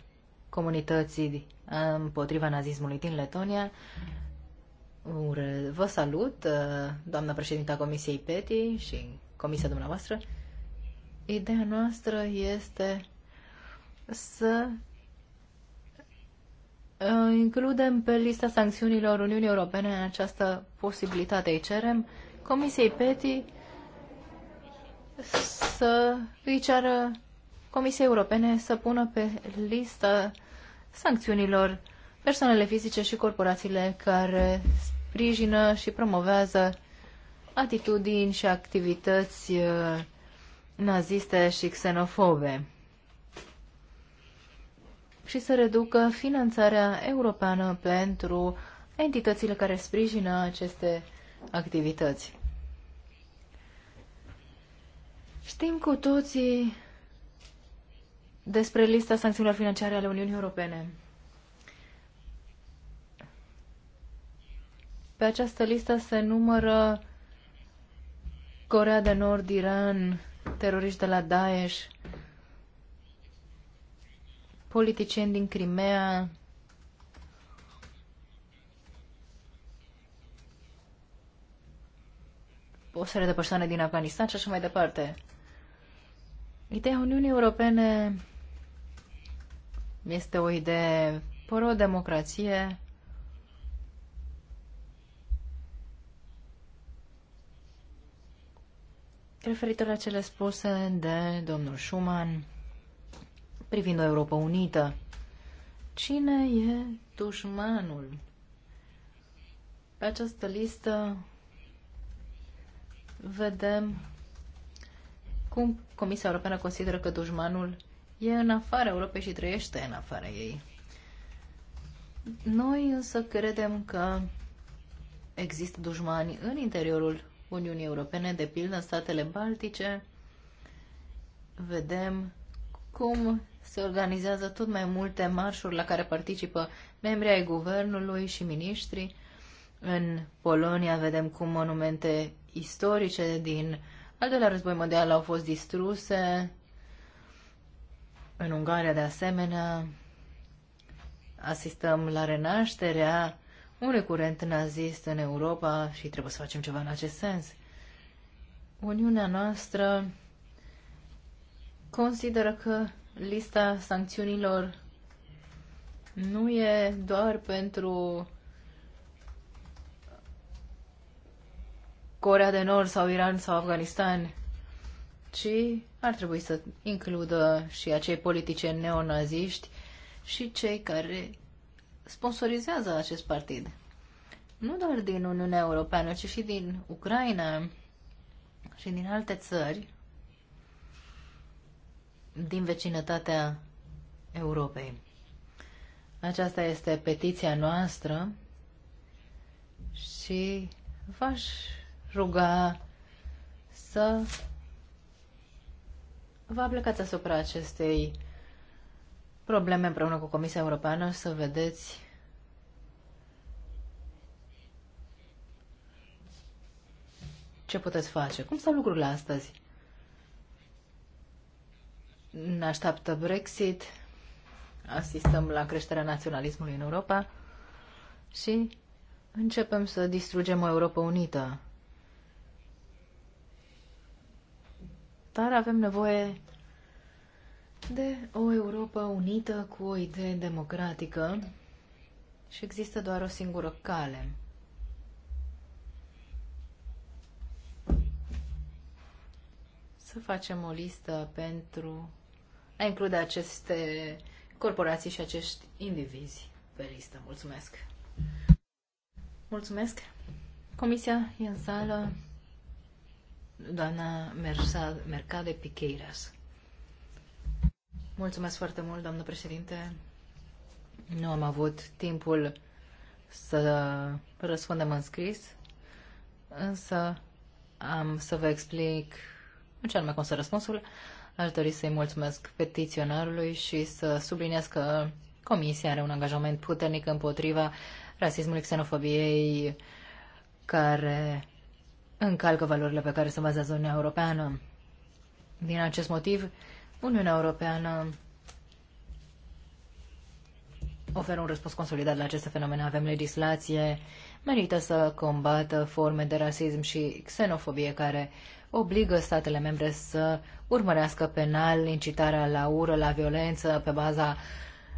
comunității împotriva nazismului din Letonia. Vă salut, uh, doamna președinta Comisiei PETI și comisia dumneavoastră. Ideea noastră este să includem pe lista sancțiunilor Uniunii Europene această posibilitate. Îi cerem Comisiei PETI să îi ceară Comisiei Europene să pună pe lista sancțiunilor persoanele fizice și corporațiile care sprijină și promovează atitudini și activități uh, naziste și xenofobe și să reducă finanțarea europeană pentru entitățile care sprijină aceste activități. Știm cu toții despre lista sancțiunilor financiare ale Uniunii Europene. Pe această listă se numără Corea de Nord, Iran, teroriști de la Daesh, politicieni din Crimea, o serie de persoane din Afganistan și așa mai departe. Ideea Uniunii Europene este o idee pro-democrație, referitor la cele spuse de domnul Schumann, privind o Europa unită. Cine e dușmanul? Pe această listă vedem cum Comisia Europeană consideră că dușmanul e în afara Europei și trăiește în afara ei. Noi însă credem că există dușmani în interiorul Uniunii Europene, de pildă în statele Baltice. Vedem cum se organizează tot mai multe marșuri la care participă membrii ai guvernului și miniștri. În Polonia vedem cum monumente istorice din al doilea război mondial au fost distruse, în Ungaria de asemenea asistăm la renașterea unui curent nazist în Europa și trebuie să facem ceva în acest sens. Uniunea noastră consideră că lista sancțiunilor nu e doar pentru Corea de Nord sau Iran sau Afganistan, ci ar trebui să includă și acei politicieni neonaziști și cei care sponsorizează acest partid. Nu doar din Uniunea Europeană, ci și din Ucraina și din alte țări din vecinătatea Europei. Aceasta este petiția noastră și v-aș ruga să vă aplicați asupra acestei probleme împreună cu Comisia Europeană să vedeți ce puteți face. Cum stau lucrurile astăzi? ne așteaptă Brexit, asistăm la creșterea naționalismului în Europa și începem să distrugem o Europa unită. Dar avem nevoie de o Europa unită cu o idee democratică și există doar o singură cale. Să facem o listă pentru include aceste corporații și acești indivizi pe listă. Mulțumesc! Mulțumesc! Comisia e în sală doamna Mersa, Mercade Piqueiras. Mulțumesc foarte mult, doamnă președinte. Nu am avut timpul să răspundem în scris, însă am să vă explic în ce anume constă răspunsul. Aș dori să-i mulțumesc petiționarului și să subliniez că Comisia are un angajament puternic împotriva rasismului, xenofobiei, care încalcă valorile pe care se bazează Uniunea Europeană. Din acest motiv, Uniunea Europeană oferă un răspuns consolidat la aceste fenomene. Avem legislație merită să combată forme de rasism și xenofobie care obligă statele membre să urmărească penal incitarea la ură, la violență pe baza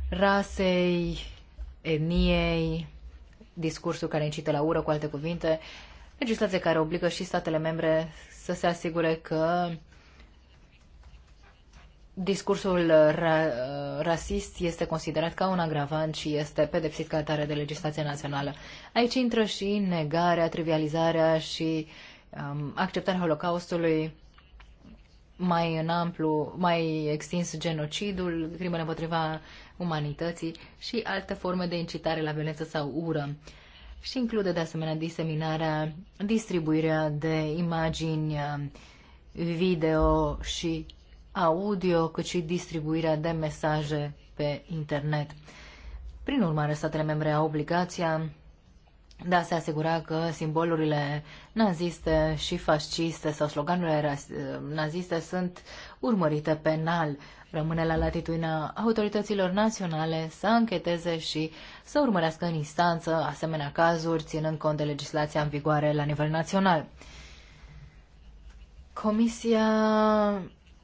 rasei, etniei, discursul care incită la ură, cu alte cuvinte, legislație care obligă și statele membre să se asigure că discursul ra- rasist este considerat ca un agravant și este pedepsit ca atare de legislația națională. Aici intră și negarea, trivializarea și um, acceptarea Holocaustului mai în amplu, mai extins genocidul, crimele împotriva umanității și alte forme de incitare la violență sau ură. Și include de asemenea diseminarea, distribuirea de imagini um, video și audio, cât și distribuirea de mesaje pe internet. Prin urmare, statele membre au obligația de a se asigura că simbolurile naziste și fasciste sau sloganurile naziste sunt urmărite penal. Rămâne la latitudinea autorităților naționale să încheteze și să urmărească în instanță asemenea cazuri, ținând cont de legislația în vigoare la nivel național. Comisia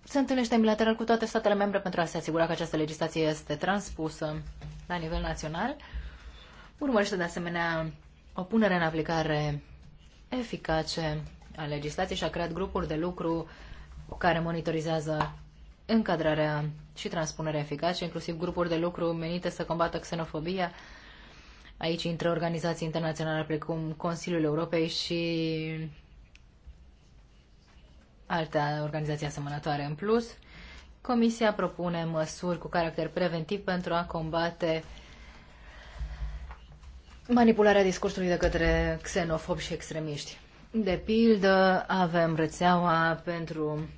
se întâlnește în bilateral cu toate statele membre pentru a se asigura că această legislație este transpusă la nivel național. Urmărește de asemenea o punere în aplicare eficace a legislației și a creat grupuri de lucru care monitorizează încadrarea și transpunerea eficace, inclusiv grupuri de lucru menite să combată xenofobia. Aici intră organizații internaționale precum Consiliul Europei și alte organizații asemănătoare în plus. Comisia propune măsuri cu caracter preventiv pentru a combate manipularea discursului de către xenofobi și extremiști. De pildă, avem rețeaua pentru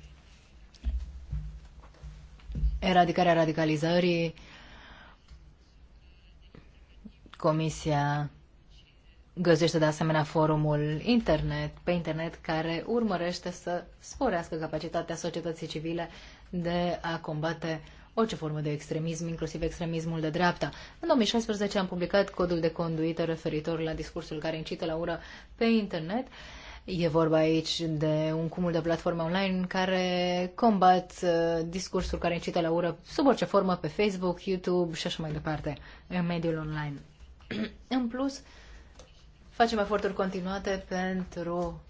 eradicarea radicalizării, Comisia găzește de asemenea forumul internet, pe internet, care urmărește să sporească capacitatea societății civile de a combate orice formă de extremism, inclusiv extremismul de dreapta. În 2016 am publicat codul de conduită referitor la discursul care incită la ură pe internet. E vorba aici de un cumul de platforme online care combat uh, discursul care incită la ură sub orice formă pe Facebook, YouTube și așa mai departe, în mediul online. în plus, facem eforturi continuate pentru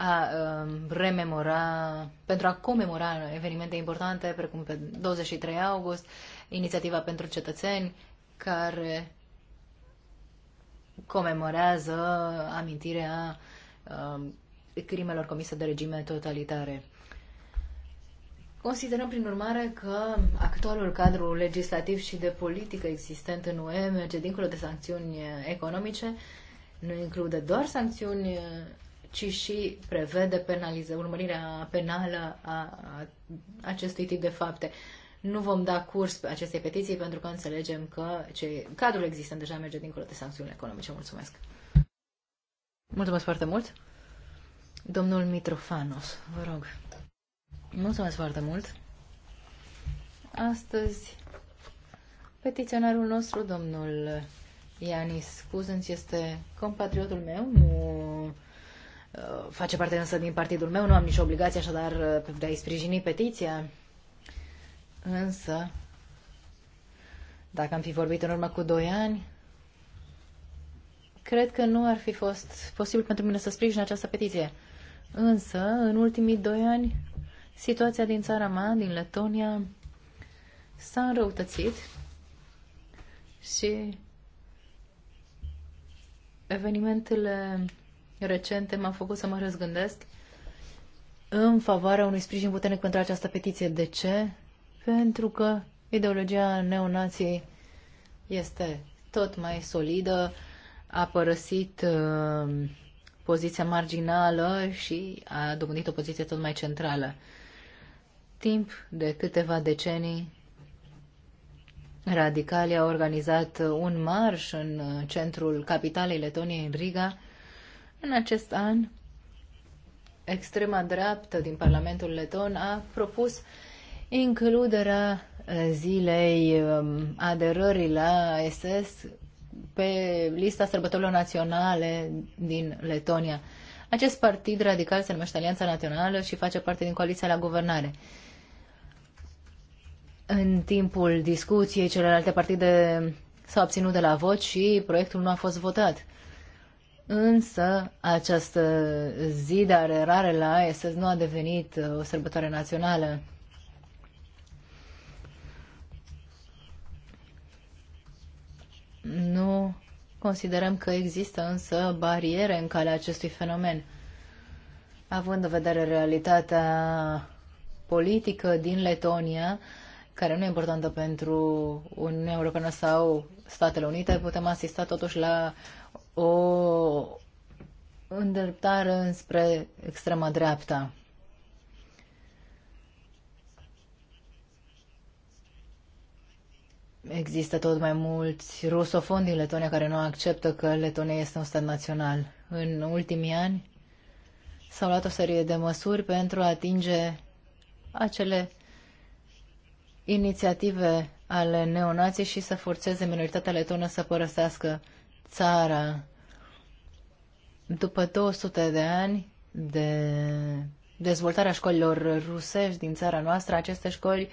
a um, rememora, pentru a comemora evenimente importante, precum pe 23 august, inițiativa pentru cetățeni, care comemorează amintirea um, crimelor comise de regime totalitare. Considerăm, prin urmare, că actualul cadru legislativ și de politică existent în UE merge dincolo de sancțiuni economice, nu include doar sancțiuni ci și prevede penalize, urmărirea penală a, a acestui tip de fapte. Nu vom da curs acestei petiții pentru că înțelegem că ce, cadrul existent deja merge dincolo de sancțiunile economice. Mulțumesc! Mulțumesc foarte mult! Domnul Mitrofanos, vă rog. Mulțumesc foarte mult! Astăzi, petiționarul nostru, domnul Ianis Cuzânț, este compatriotul meu, nu Uh, face parte însă din partidul meu, nu am nicio obligație așadar uh, de a-i sprijini petiția. Însă, dacă am fi vorbit în urmă cu doi ani, cred că nu ar fi fost posibil pentru mine să sprijin această petiție. Însă, în ultimii doi ani, situația din țara mea, din Letonia, s-a înrăutățit și evenimentele recente m-a făcut să mă răzgândesc în favoarea unui sprijin puternic pentru această petiție. De ce? Pentru că ideologia neonației este tot mai solidă, a părăsit uh, poziția marginală și a dobândit o poziție tot mai centrală. Timp de câteva decenii, radicalii au organizat un marș în uh, centrul capitalei Letoniei, în Riga, în acest an, extrema dreaptă din Parlamentul Leton a propus includerea zilei um, aderării la SS pe lista sărbătorilor naționale din Letonia. Acest partid radical se numește Alianța Națională și face parte din coaliția la guvernare. În timpul discuției, celelalte partide s-au abținut de la vot și proiectul nu a fost votat. Însă această zi de arerare la ASS nu a devenit uh, o sărbătoare națională. Nu considerăm că există însă bariere în calea acestui fenomen. Având în vedere realitatea politică din Letonia, care nu e importantă pentru Uniunea Europeană sau Statele Unite, putem asista totuși la o îndreptare înspre extrema dreapta. Există tot mai mulți rusofoni din Letonia care nu acceptă că Letonia este un stat național. În ultimii ani s-au luat o serie de măsuri pentru a atinge acele inițiative ale neonației și să forțeze minoritatea letonă să părăsească țara, după 200 de ani de dezvoltarea școlilor rusești din țara noastră, aceste școli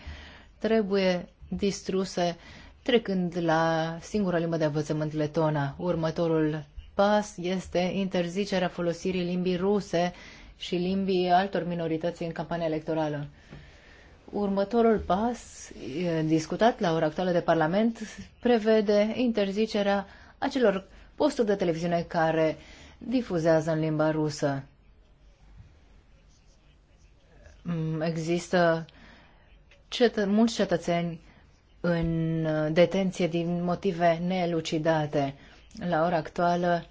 trebuie distruse trecând la singura limbă de învățământ letona. Următorul pas este interzicerea folosirii limbii ruse și limbii altor minorități în campania electorală. Următorul pas, discutat la ora actuală de Parlament, prevede interzicerea acelor posturi de televiziune care difuzează în limba rusă. Mm, există cetă- mulți cetățeni în detenție din motive nelucidate. La ora actuală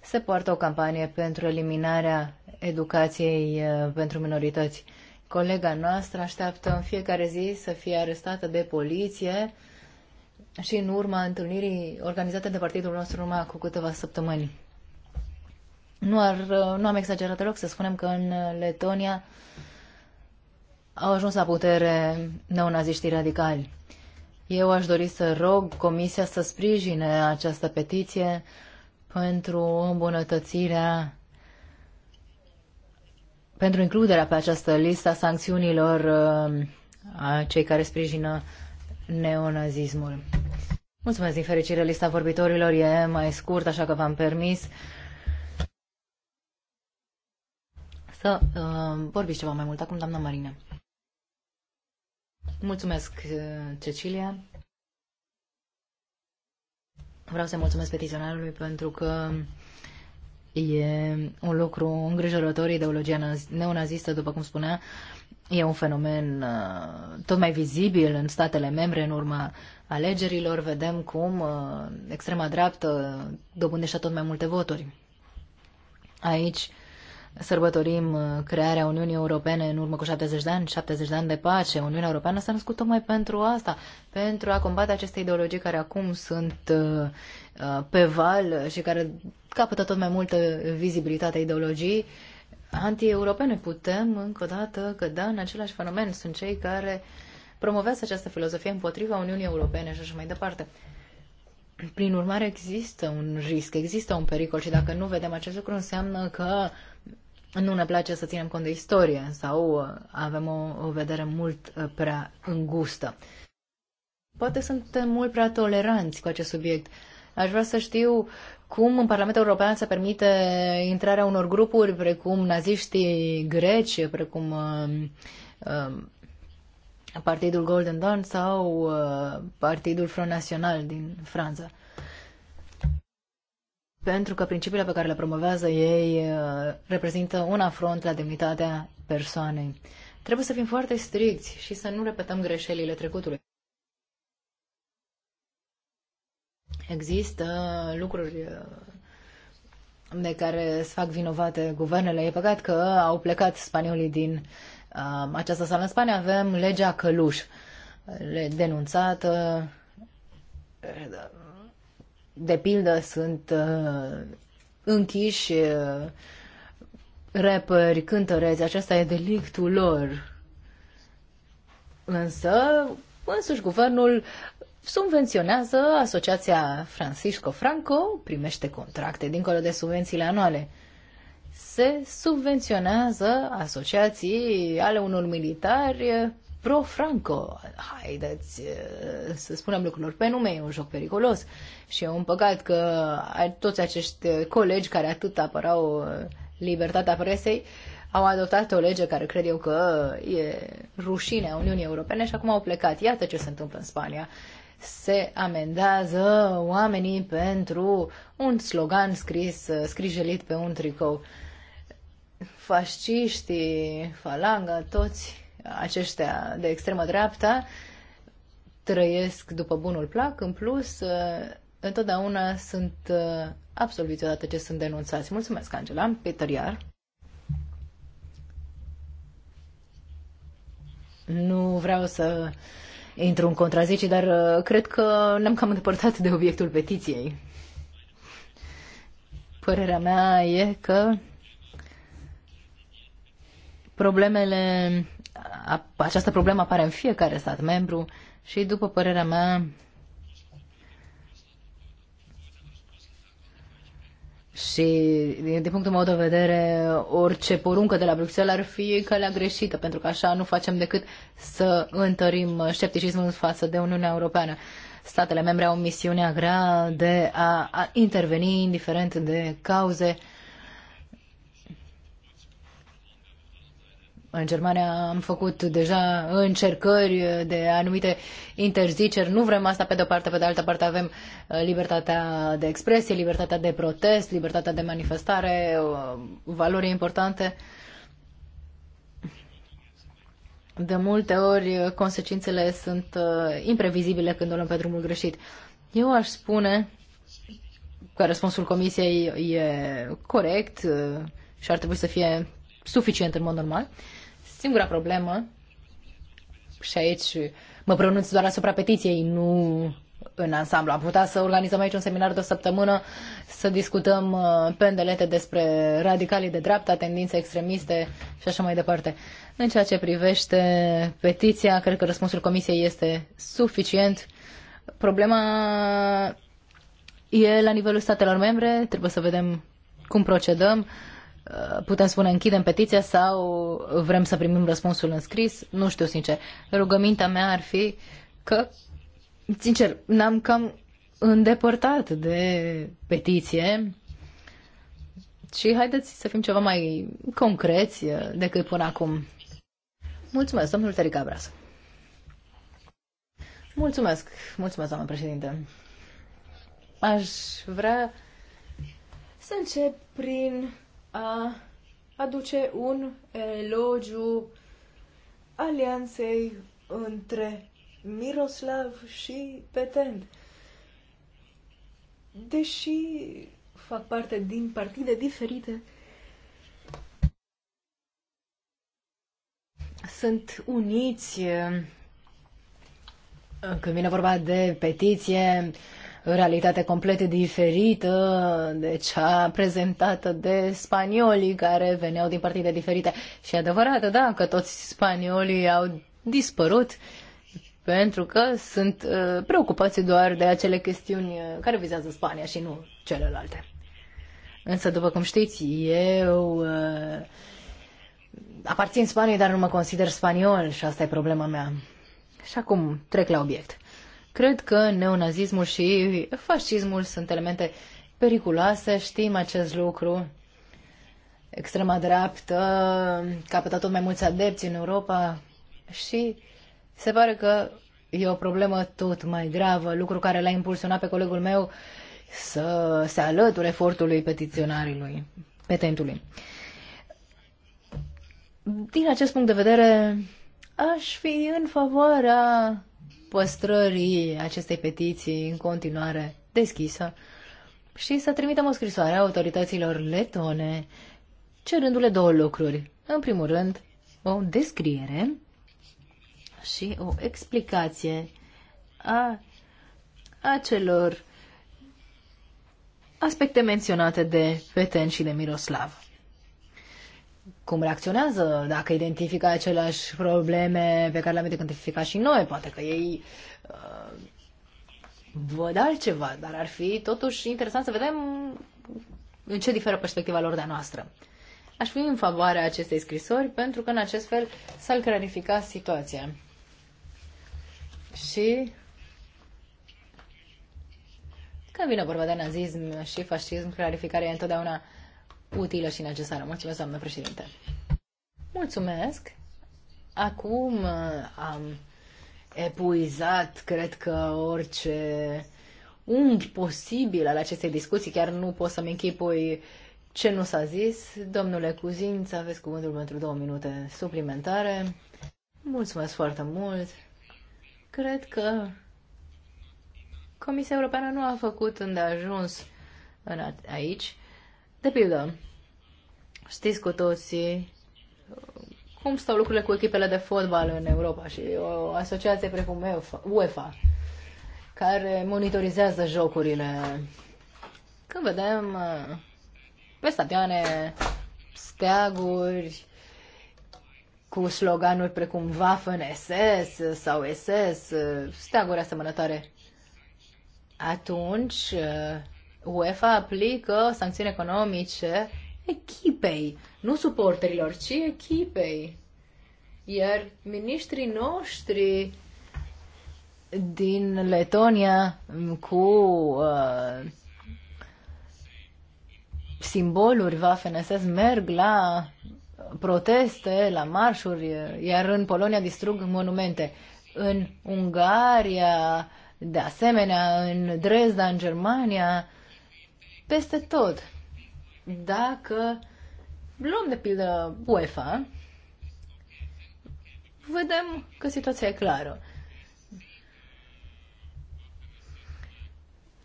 se poartă o campanie pentru eliminarea educației uh, pentru minorități. Colega noastră așteaptă în fiecare zi să fie arestată de poliție și în urma întâlnirii organizate de partidul nostru numai cu câteva săptămâni. Nu, ar, nu am exagerat deloc să spunem că în Letonia au ajuns la putere neonaziștii radicali. Eu aș dori să rog Comisia să sprijine această petiție pentru îmbunătățirea pentru includerea pe această listă a sancțiunilor uh, a cei care sprijină neonazismul. Mulțumesc, din fericire, lista vorbitorilor e mai scurt, așa că v-am permis să uh, vorbiți ceva mai mult acum, doamna Marina. Mulțumesc, uh, Cecilia. Vreau să mulțumesc petiționarului pentru că e un lucru îngrijorător, ideologia neonazistă, după cum spunea, uh, E un fenomen uh, tot mai vizibil în statele membre în urma alegerilor. Vedem cum uh, extrema dreaptă dobândește tot mai multe voturi. Aici sărbătorim uh, crearea Uniunii Europene în urmă cu 70 de ani, 70 de ani de pace. Uniunea Europeană s-a născut tocmai pentru asta, pentru a combate aceste ideologii care acum sunt pe val și care capătă tot mai multă vizibilitate ideologii anti-europene. Putem, încă o dată, da, în același fenomen. Sunt cei care promovează această filozofie împotriva Uniunii Europene și așa mai departe. Prin urmare, există un risc, există un pericol și dacă nu vedem acest lucru, înseamnă că nu ne place să ținem cont de istorie sau uh, avem o, o vedere mult uh, prea îngustă. Poate suntem mult prea toleranți cu acest subiect. Aș vrea să știu cum în Parlamentul European se permite intrarea unor grupuri precum naziștii greci, precum uh, um, Partidul Golden Dawn sau uh, Partidul Front National din Franța. Pentru că principiile pe care le promovează ei uh, reprezintă un afront la demnitatea persoanei. Trebuie să fim foarte stricți și să nu repetăm greșelile trecutului. Există lucruri uh, de care se fac vinovate guvernele. E păcat că au plecat spaniolii din uh, această sală. În Spania avem legea Căluș, denunțată. De pildă sunt uh, închiși uh, rapperi, cântărezi. Acesta e delictul lor. Însă, însuși guvernul subvenționează asociația Francisco Franco, primește contracte dincolo de subvențiile anuale. Se subvenționează asociații ale unor militari pro-Franco. Haideți eh, să spunem lucrurilor pe nume, e un joc periculos. Și e un păcat că toți acești colegi care atât apărau eh, libertatea presei au adoptat o lege care cred eu că e a Uniunii Europene și acum au plecat. Iată ce se întâmplă în Spania se amendează oamenii pentru un slogan scris, scrijelit pe un tricou. Fasciștii, falanga, toți aceștia de extremă dreapta trăiesc după bunul plac, în plus întotdeauna sunt uh, absolviți odată ce sunt denunțați. Mulțumesc, Angela. Peter Iar. Nu vreau să intru în contrazici, dar uh, cred că ne-am cam îndepărtat de obiectul petiției. Părerea mea e că problemele, această problemă apare în fiecare stat membru și, după părerea mea, Și, din punctul meu de vedere, orice poruncă de la Bruxelles ar fi calea greșită, pentru că așa nu facem decât să întărim scepticismul față de Uniunea Europeană. Statele membre au misiunea grea de a interveni indiferent de cauze În Germania am făcut deja încercări de anumite interziceri. Nu vrem asta pe de-o parte, pe de altă parte avem uh, libertatea de expresie, libertatea de protest, libertatea de manifestare, uh, valori importante. De multe ori, uh, consecințele sunt imprevizibile când o luăm pe drumul greșit. Eu aș spune că răspunsul comisiei e corect și ar trebui să fie suficient în mod normal. Singura problemă, și aici mă pronunț doar asupra petiției, nu în ansamblu. Am putea să organizăm aici un seminar de o săptămână, să discutăm uh, pendelete despre radicalii de dreapta, tendințe extremiste și așa mai departe. În ceea ce privește petiția, cred că răspunsul comisiei este suficient. Problema e la nivelul statelor membre, trebuie să vedem cum procedăm. Uh, putem spune închidem petiția sau vrem să primim răspunsul în scris, nu știu sincer. Rugămintea mea ar fi că, sincer, ne-am cam îndepărtat de petiție și haideți să fim ceva mai concreți uh, decât până acum. Mulțumesc, domnul Terica Brasă. Mulțumesc, mulțumesc, doamnă președinte. Aș vrea să încep prin a aduce un elogiu alianței între Miroslav și Petent. Deși fac parte din partide diferite, sunt uniți uh, când vine vorba de petiție, realitate complet diferită de cea prezentată de spaniolii care veneau din partide diferite. Și adevărat, da, că toți spaniolii au dispărut pentru că sunt uh, preocupați doar de acele chestiuni uh, care vizează Spania și nu celelalte. Însă, după cum știți, eu uh, aparțin Spaniei, dar nu mă consider spaniol și asta e problema mea. Și acum trec la obiect. Cred că neonazismul și fascismul sunt elemente periculoase, știm acest lucru. Extrema dreaptă capătă tot mai mulți adepți în Europa și se pare că e o problemă tot mai gravă, lucru care l-a impulsionat pe colegul meu să se alăture efortului petiționarului, petentului. Din acest punct de vedere, aș fi în favoarea păstrării acestei petiții în continuare deschisă și să trimitem o scrisoare a autorităților letone cerându-le două lucruri. În primul rând, o descriere și o explicație a acelor aspecte menționate de Peten și de Miroslav cum reacționează, dacă identifică aceleași probleme pe care le-am identificat și noi. Poate că ei uh, văd altceva, dar ar fi totuși interesant să vedem în ce diferă perspectiva lor de a noastră. Aș fi în favoarea acestei scrisori pentru că în acest fel s-ar clarifica situația. Și când vine vorba de nazism și fascism, clarificarea e întotdeauna uh, utilă și necesară. Mulțumesc, doamnă președinte. Mulțumesc. Acum uh, am epuizat, cred că, orice unghi posibil al acestei discuții. Chiar nu pot să-mi închipui ce nu s-a zis. Domnule Cuzinț, aveți cuvântul pentru două minute suplimentare. Mulțumesc foarte mult. Cred că Comisia Europeană nu a făcut îndeajuns în aici. De pildă, știți cu toții cum stau lucrurile cu echipele de fotbal în Europa și o asociație precum UEFA, care monitorizează jocurile. Când vedem uh, pe stadioane steaguri cu sloganuri precum Waffen SS sau SS, steaguri asemănătoare, atunci uh, UEFA aplică sancțiuni economice echipei, nu suporterilor, ci echipei. Iar ministrii noștri din Letonia cu uh, simboluri vafenesesc merg la proteste, la marșuri, iar în Polonia distrug monumente. În Ungaria, de asemenea, în Dresda, în Germania, peste tot. Dacă luăm de pildă UEFA, vedem că situația e clară.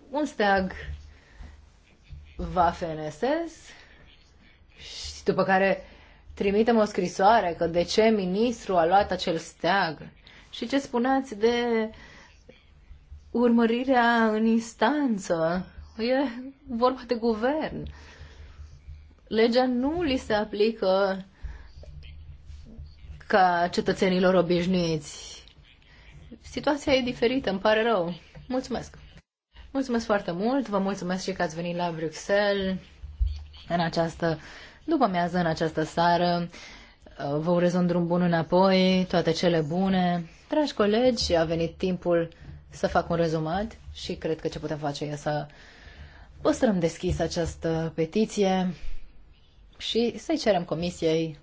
Un steag va FNSS și după care trimitem o scrisoare că de ce ministrul a luat acel steag și ce spuneați de urmărirea în instanță E vorba de guvern. Legea nu li se aplică ca cetățenilor obișnuiți. Situația e diferită, îmi pare rău. Mulțumesc! Mulțumesc foarte mult, vă mulțumesc și că ați venit la Bruxelles în această după amiază, în această seară. Vă urez un drum bun înapoi, toate cele bune. Dragi colegi, a venit timpul să fac un rezumat și cred că ce putem face e să păstrăm deschis această petiție și să-i cerem comisiei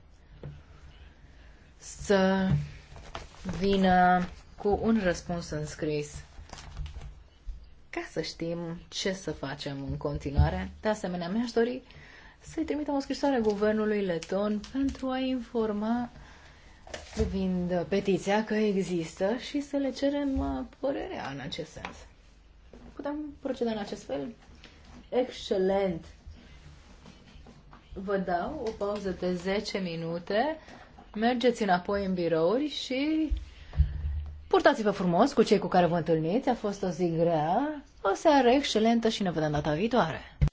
să vină cu un răspuns în scris ca să știm ce să facem în continuare. De asemenea, mi-aș dori să-i trimitem o scrisoare guvernului leton pentru a informa privind petiția că există și să le cerem părerea în acest sens. Putem proceda în acest fel? excelent. Vă dau o pauză de 10 minute, mergeți înapoi în birouri și purtați-vă frumos cu cei cu care vă întâlniți. A fost o zi grea, o seară excelentă și ne vedem data viitoare.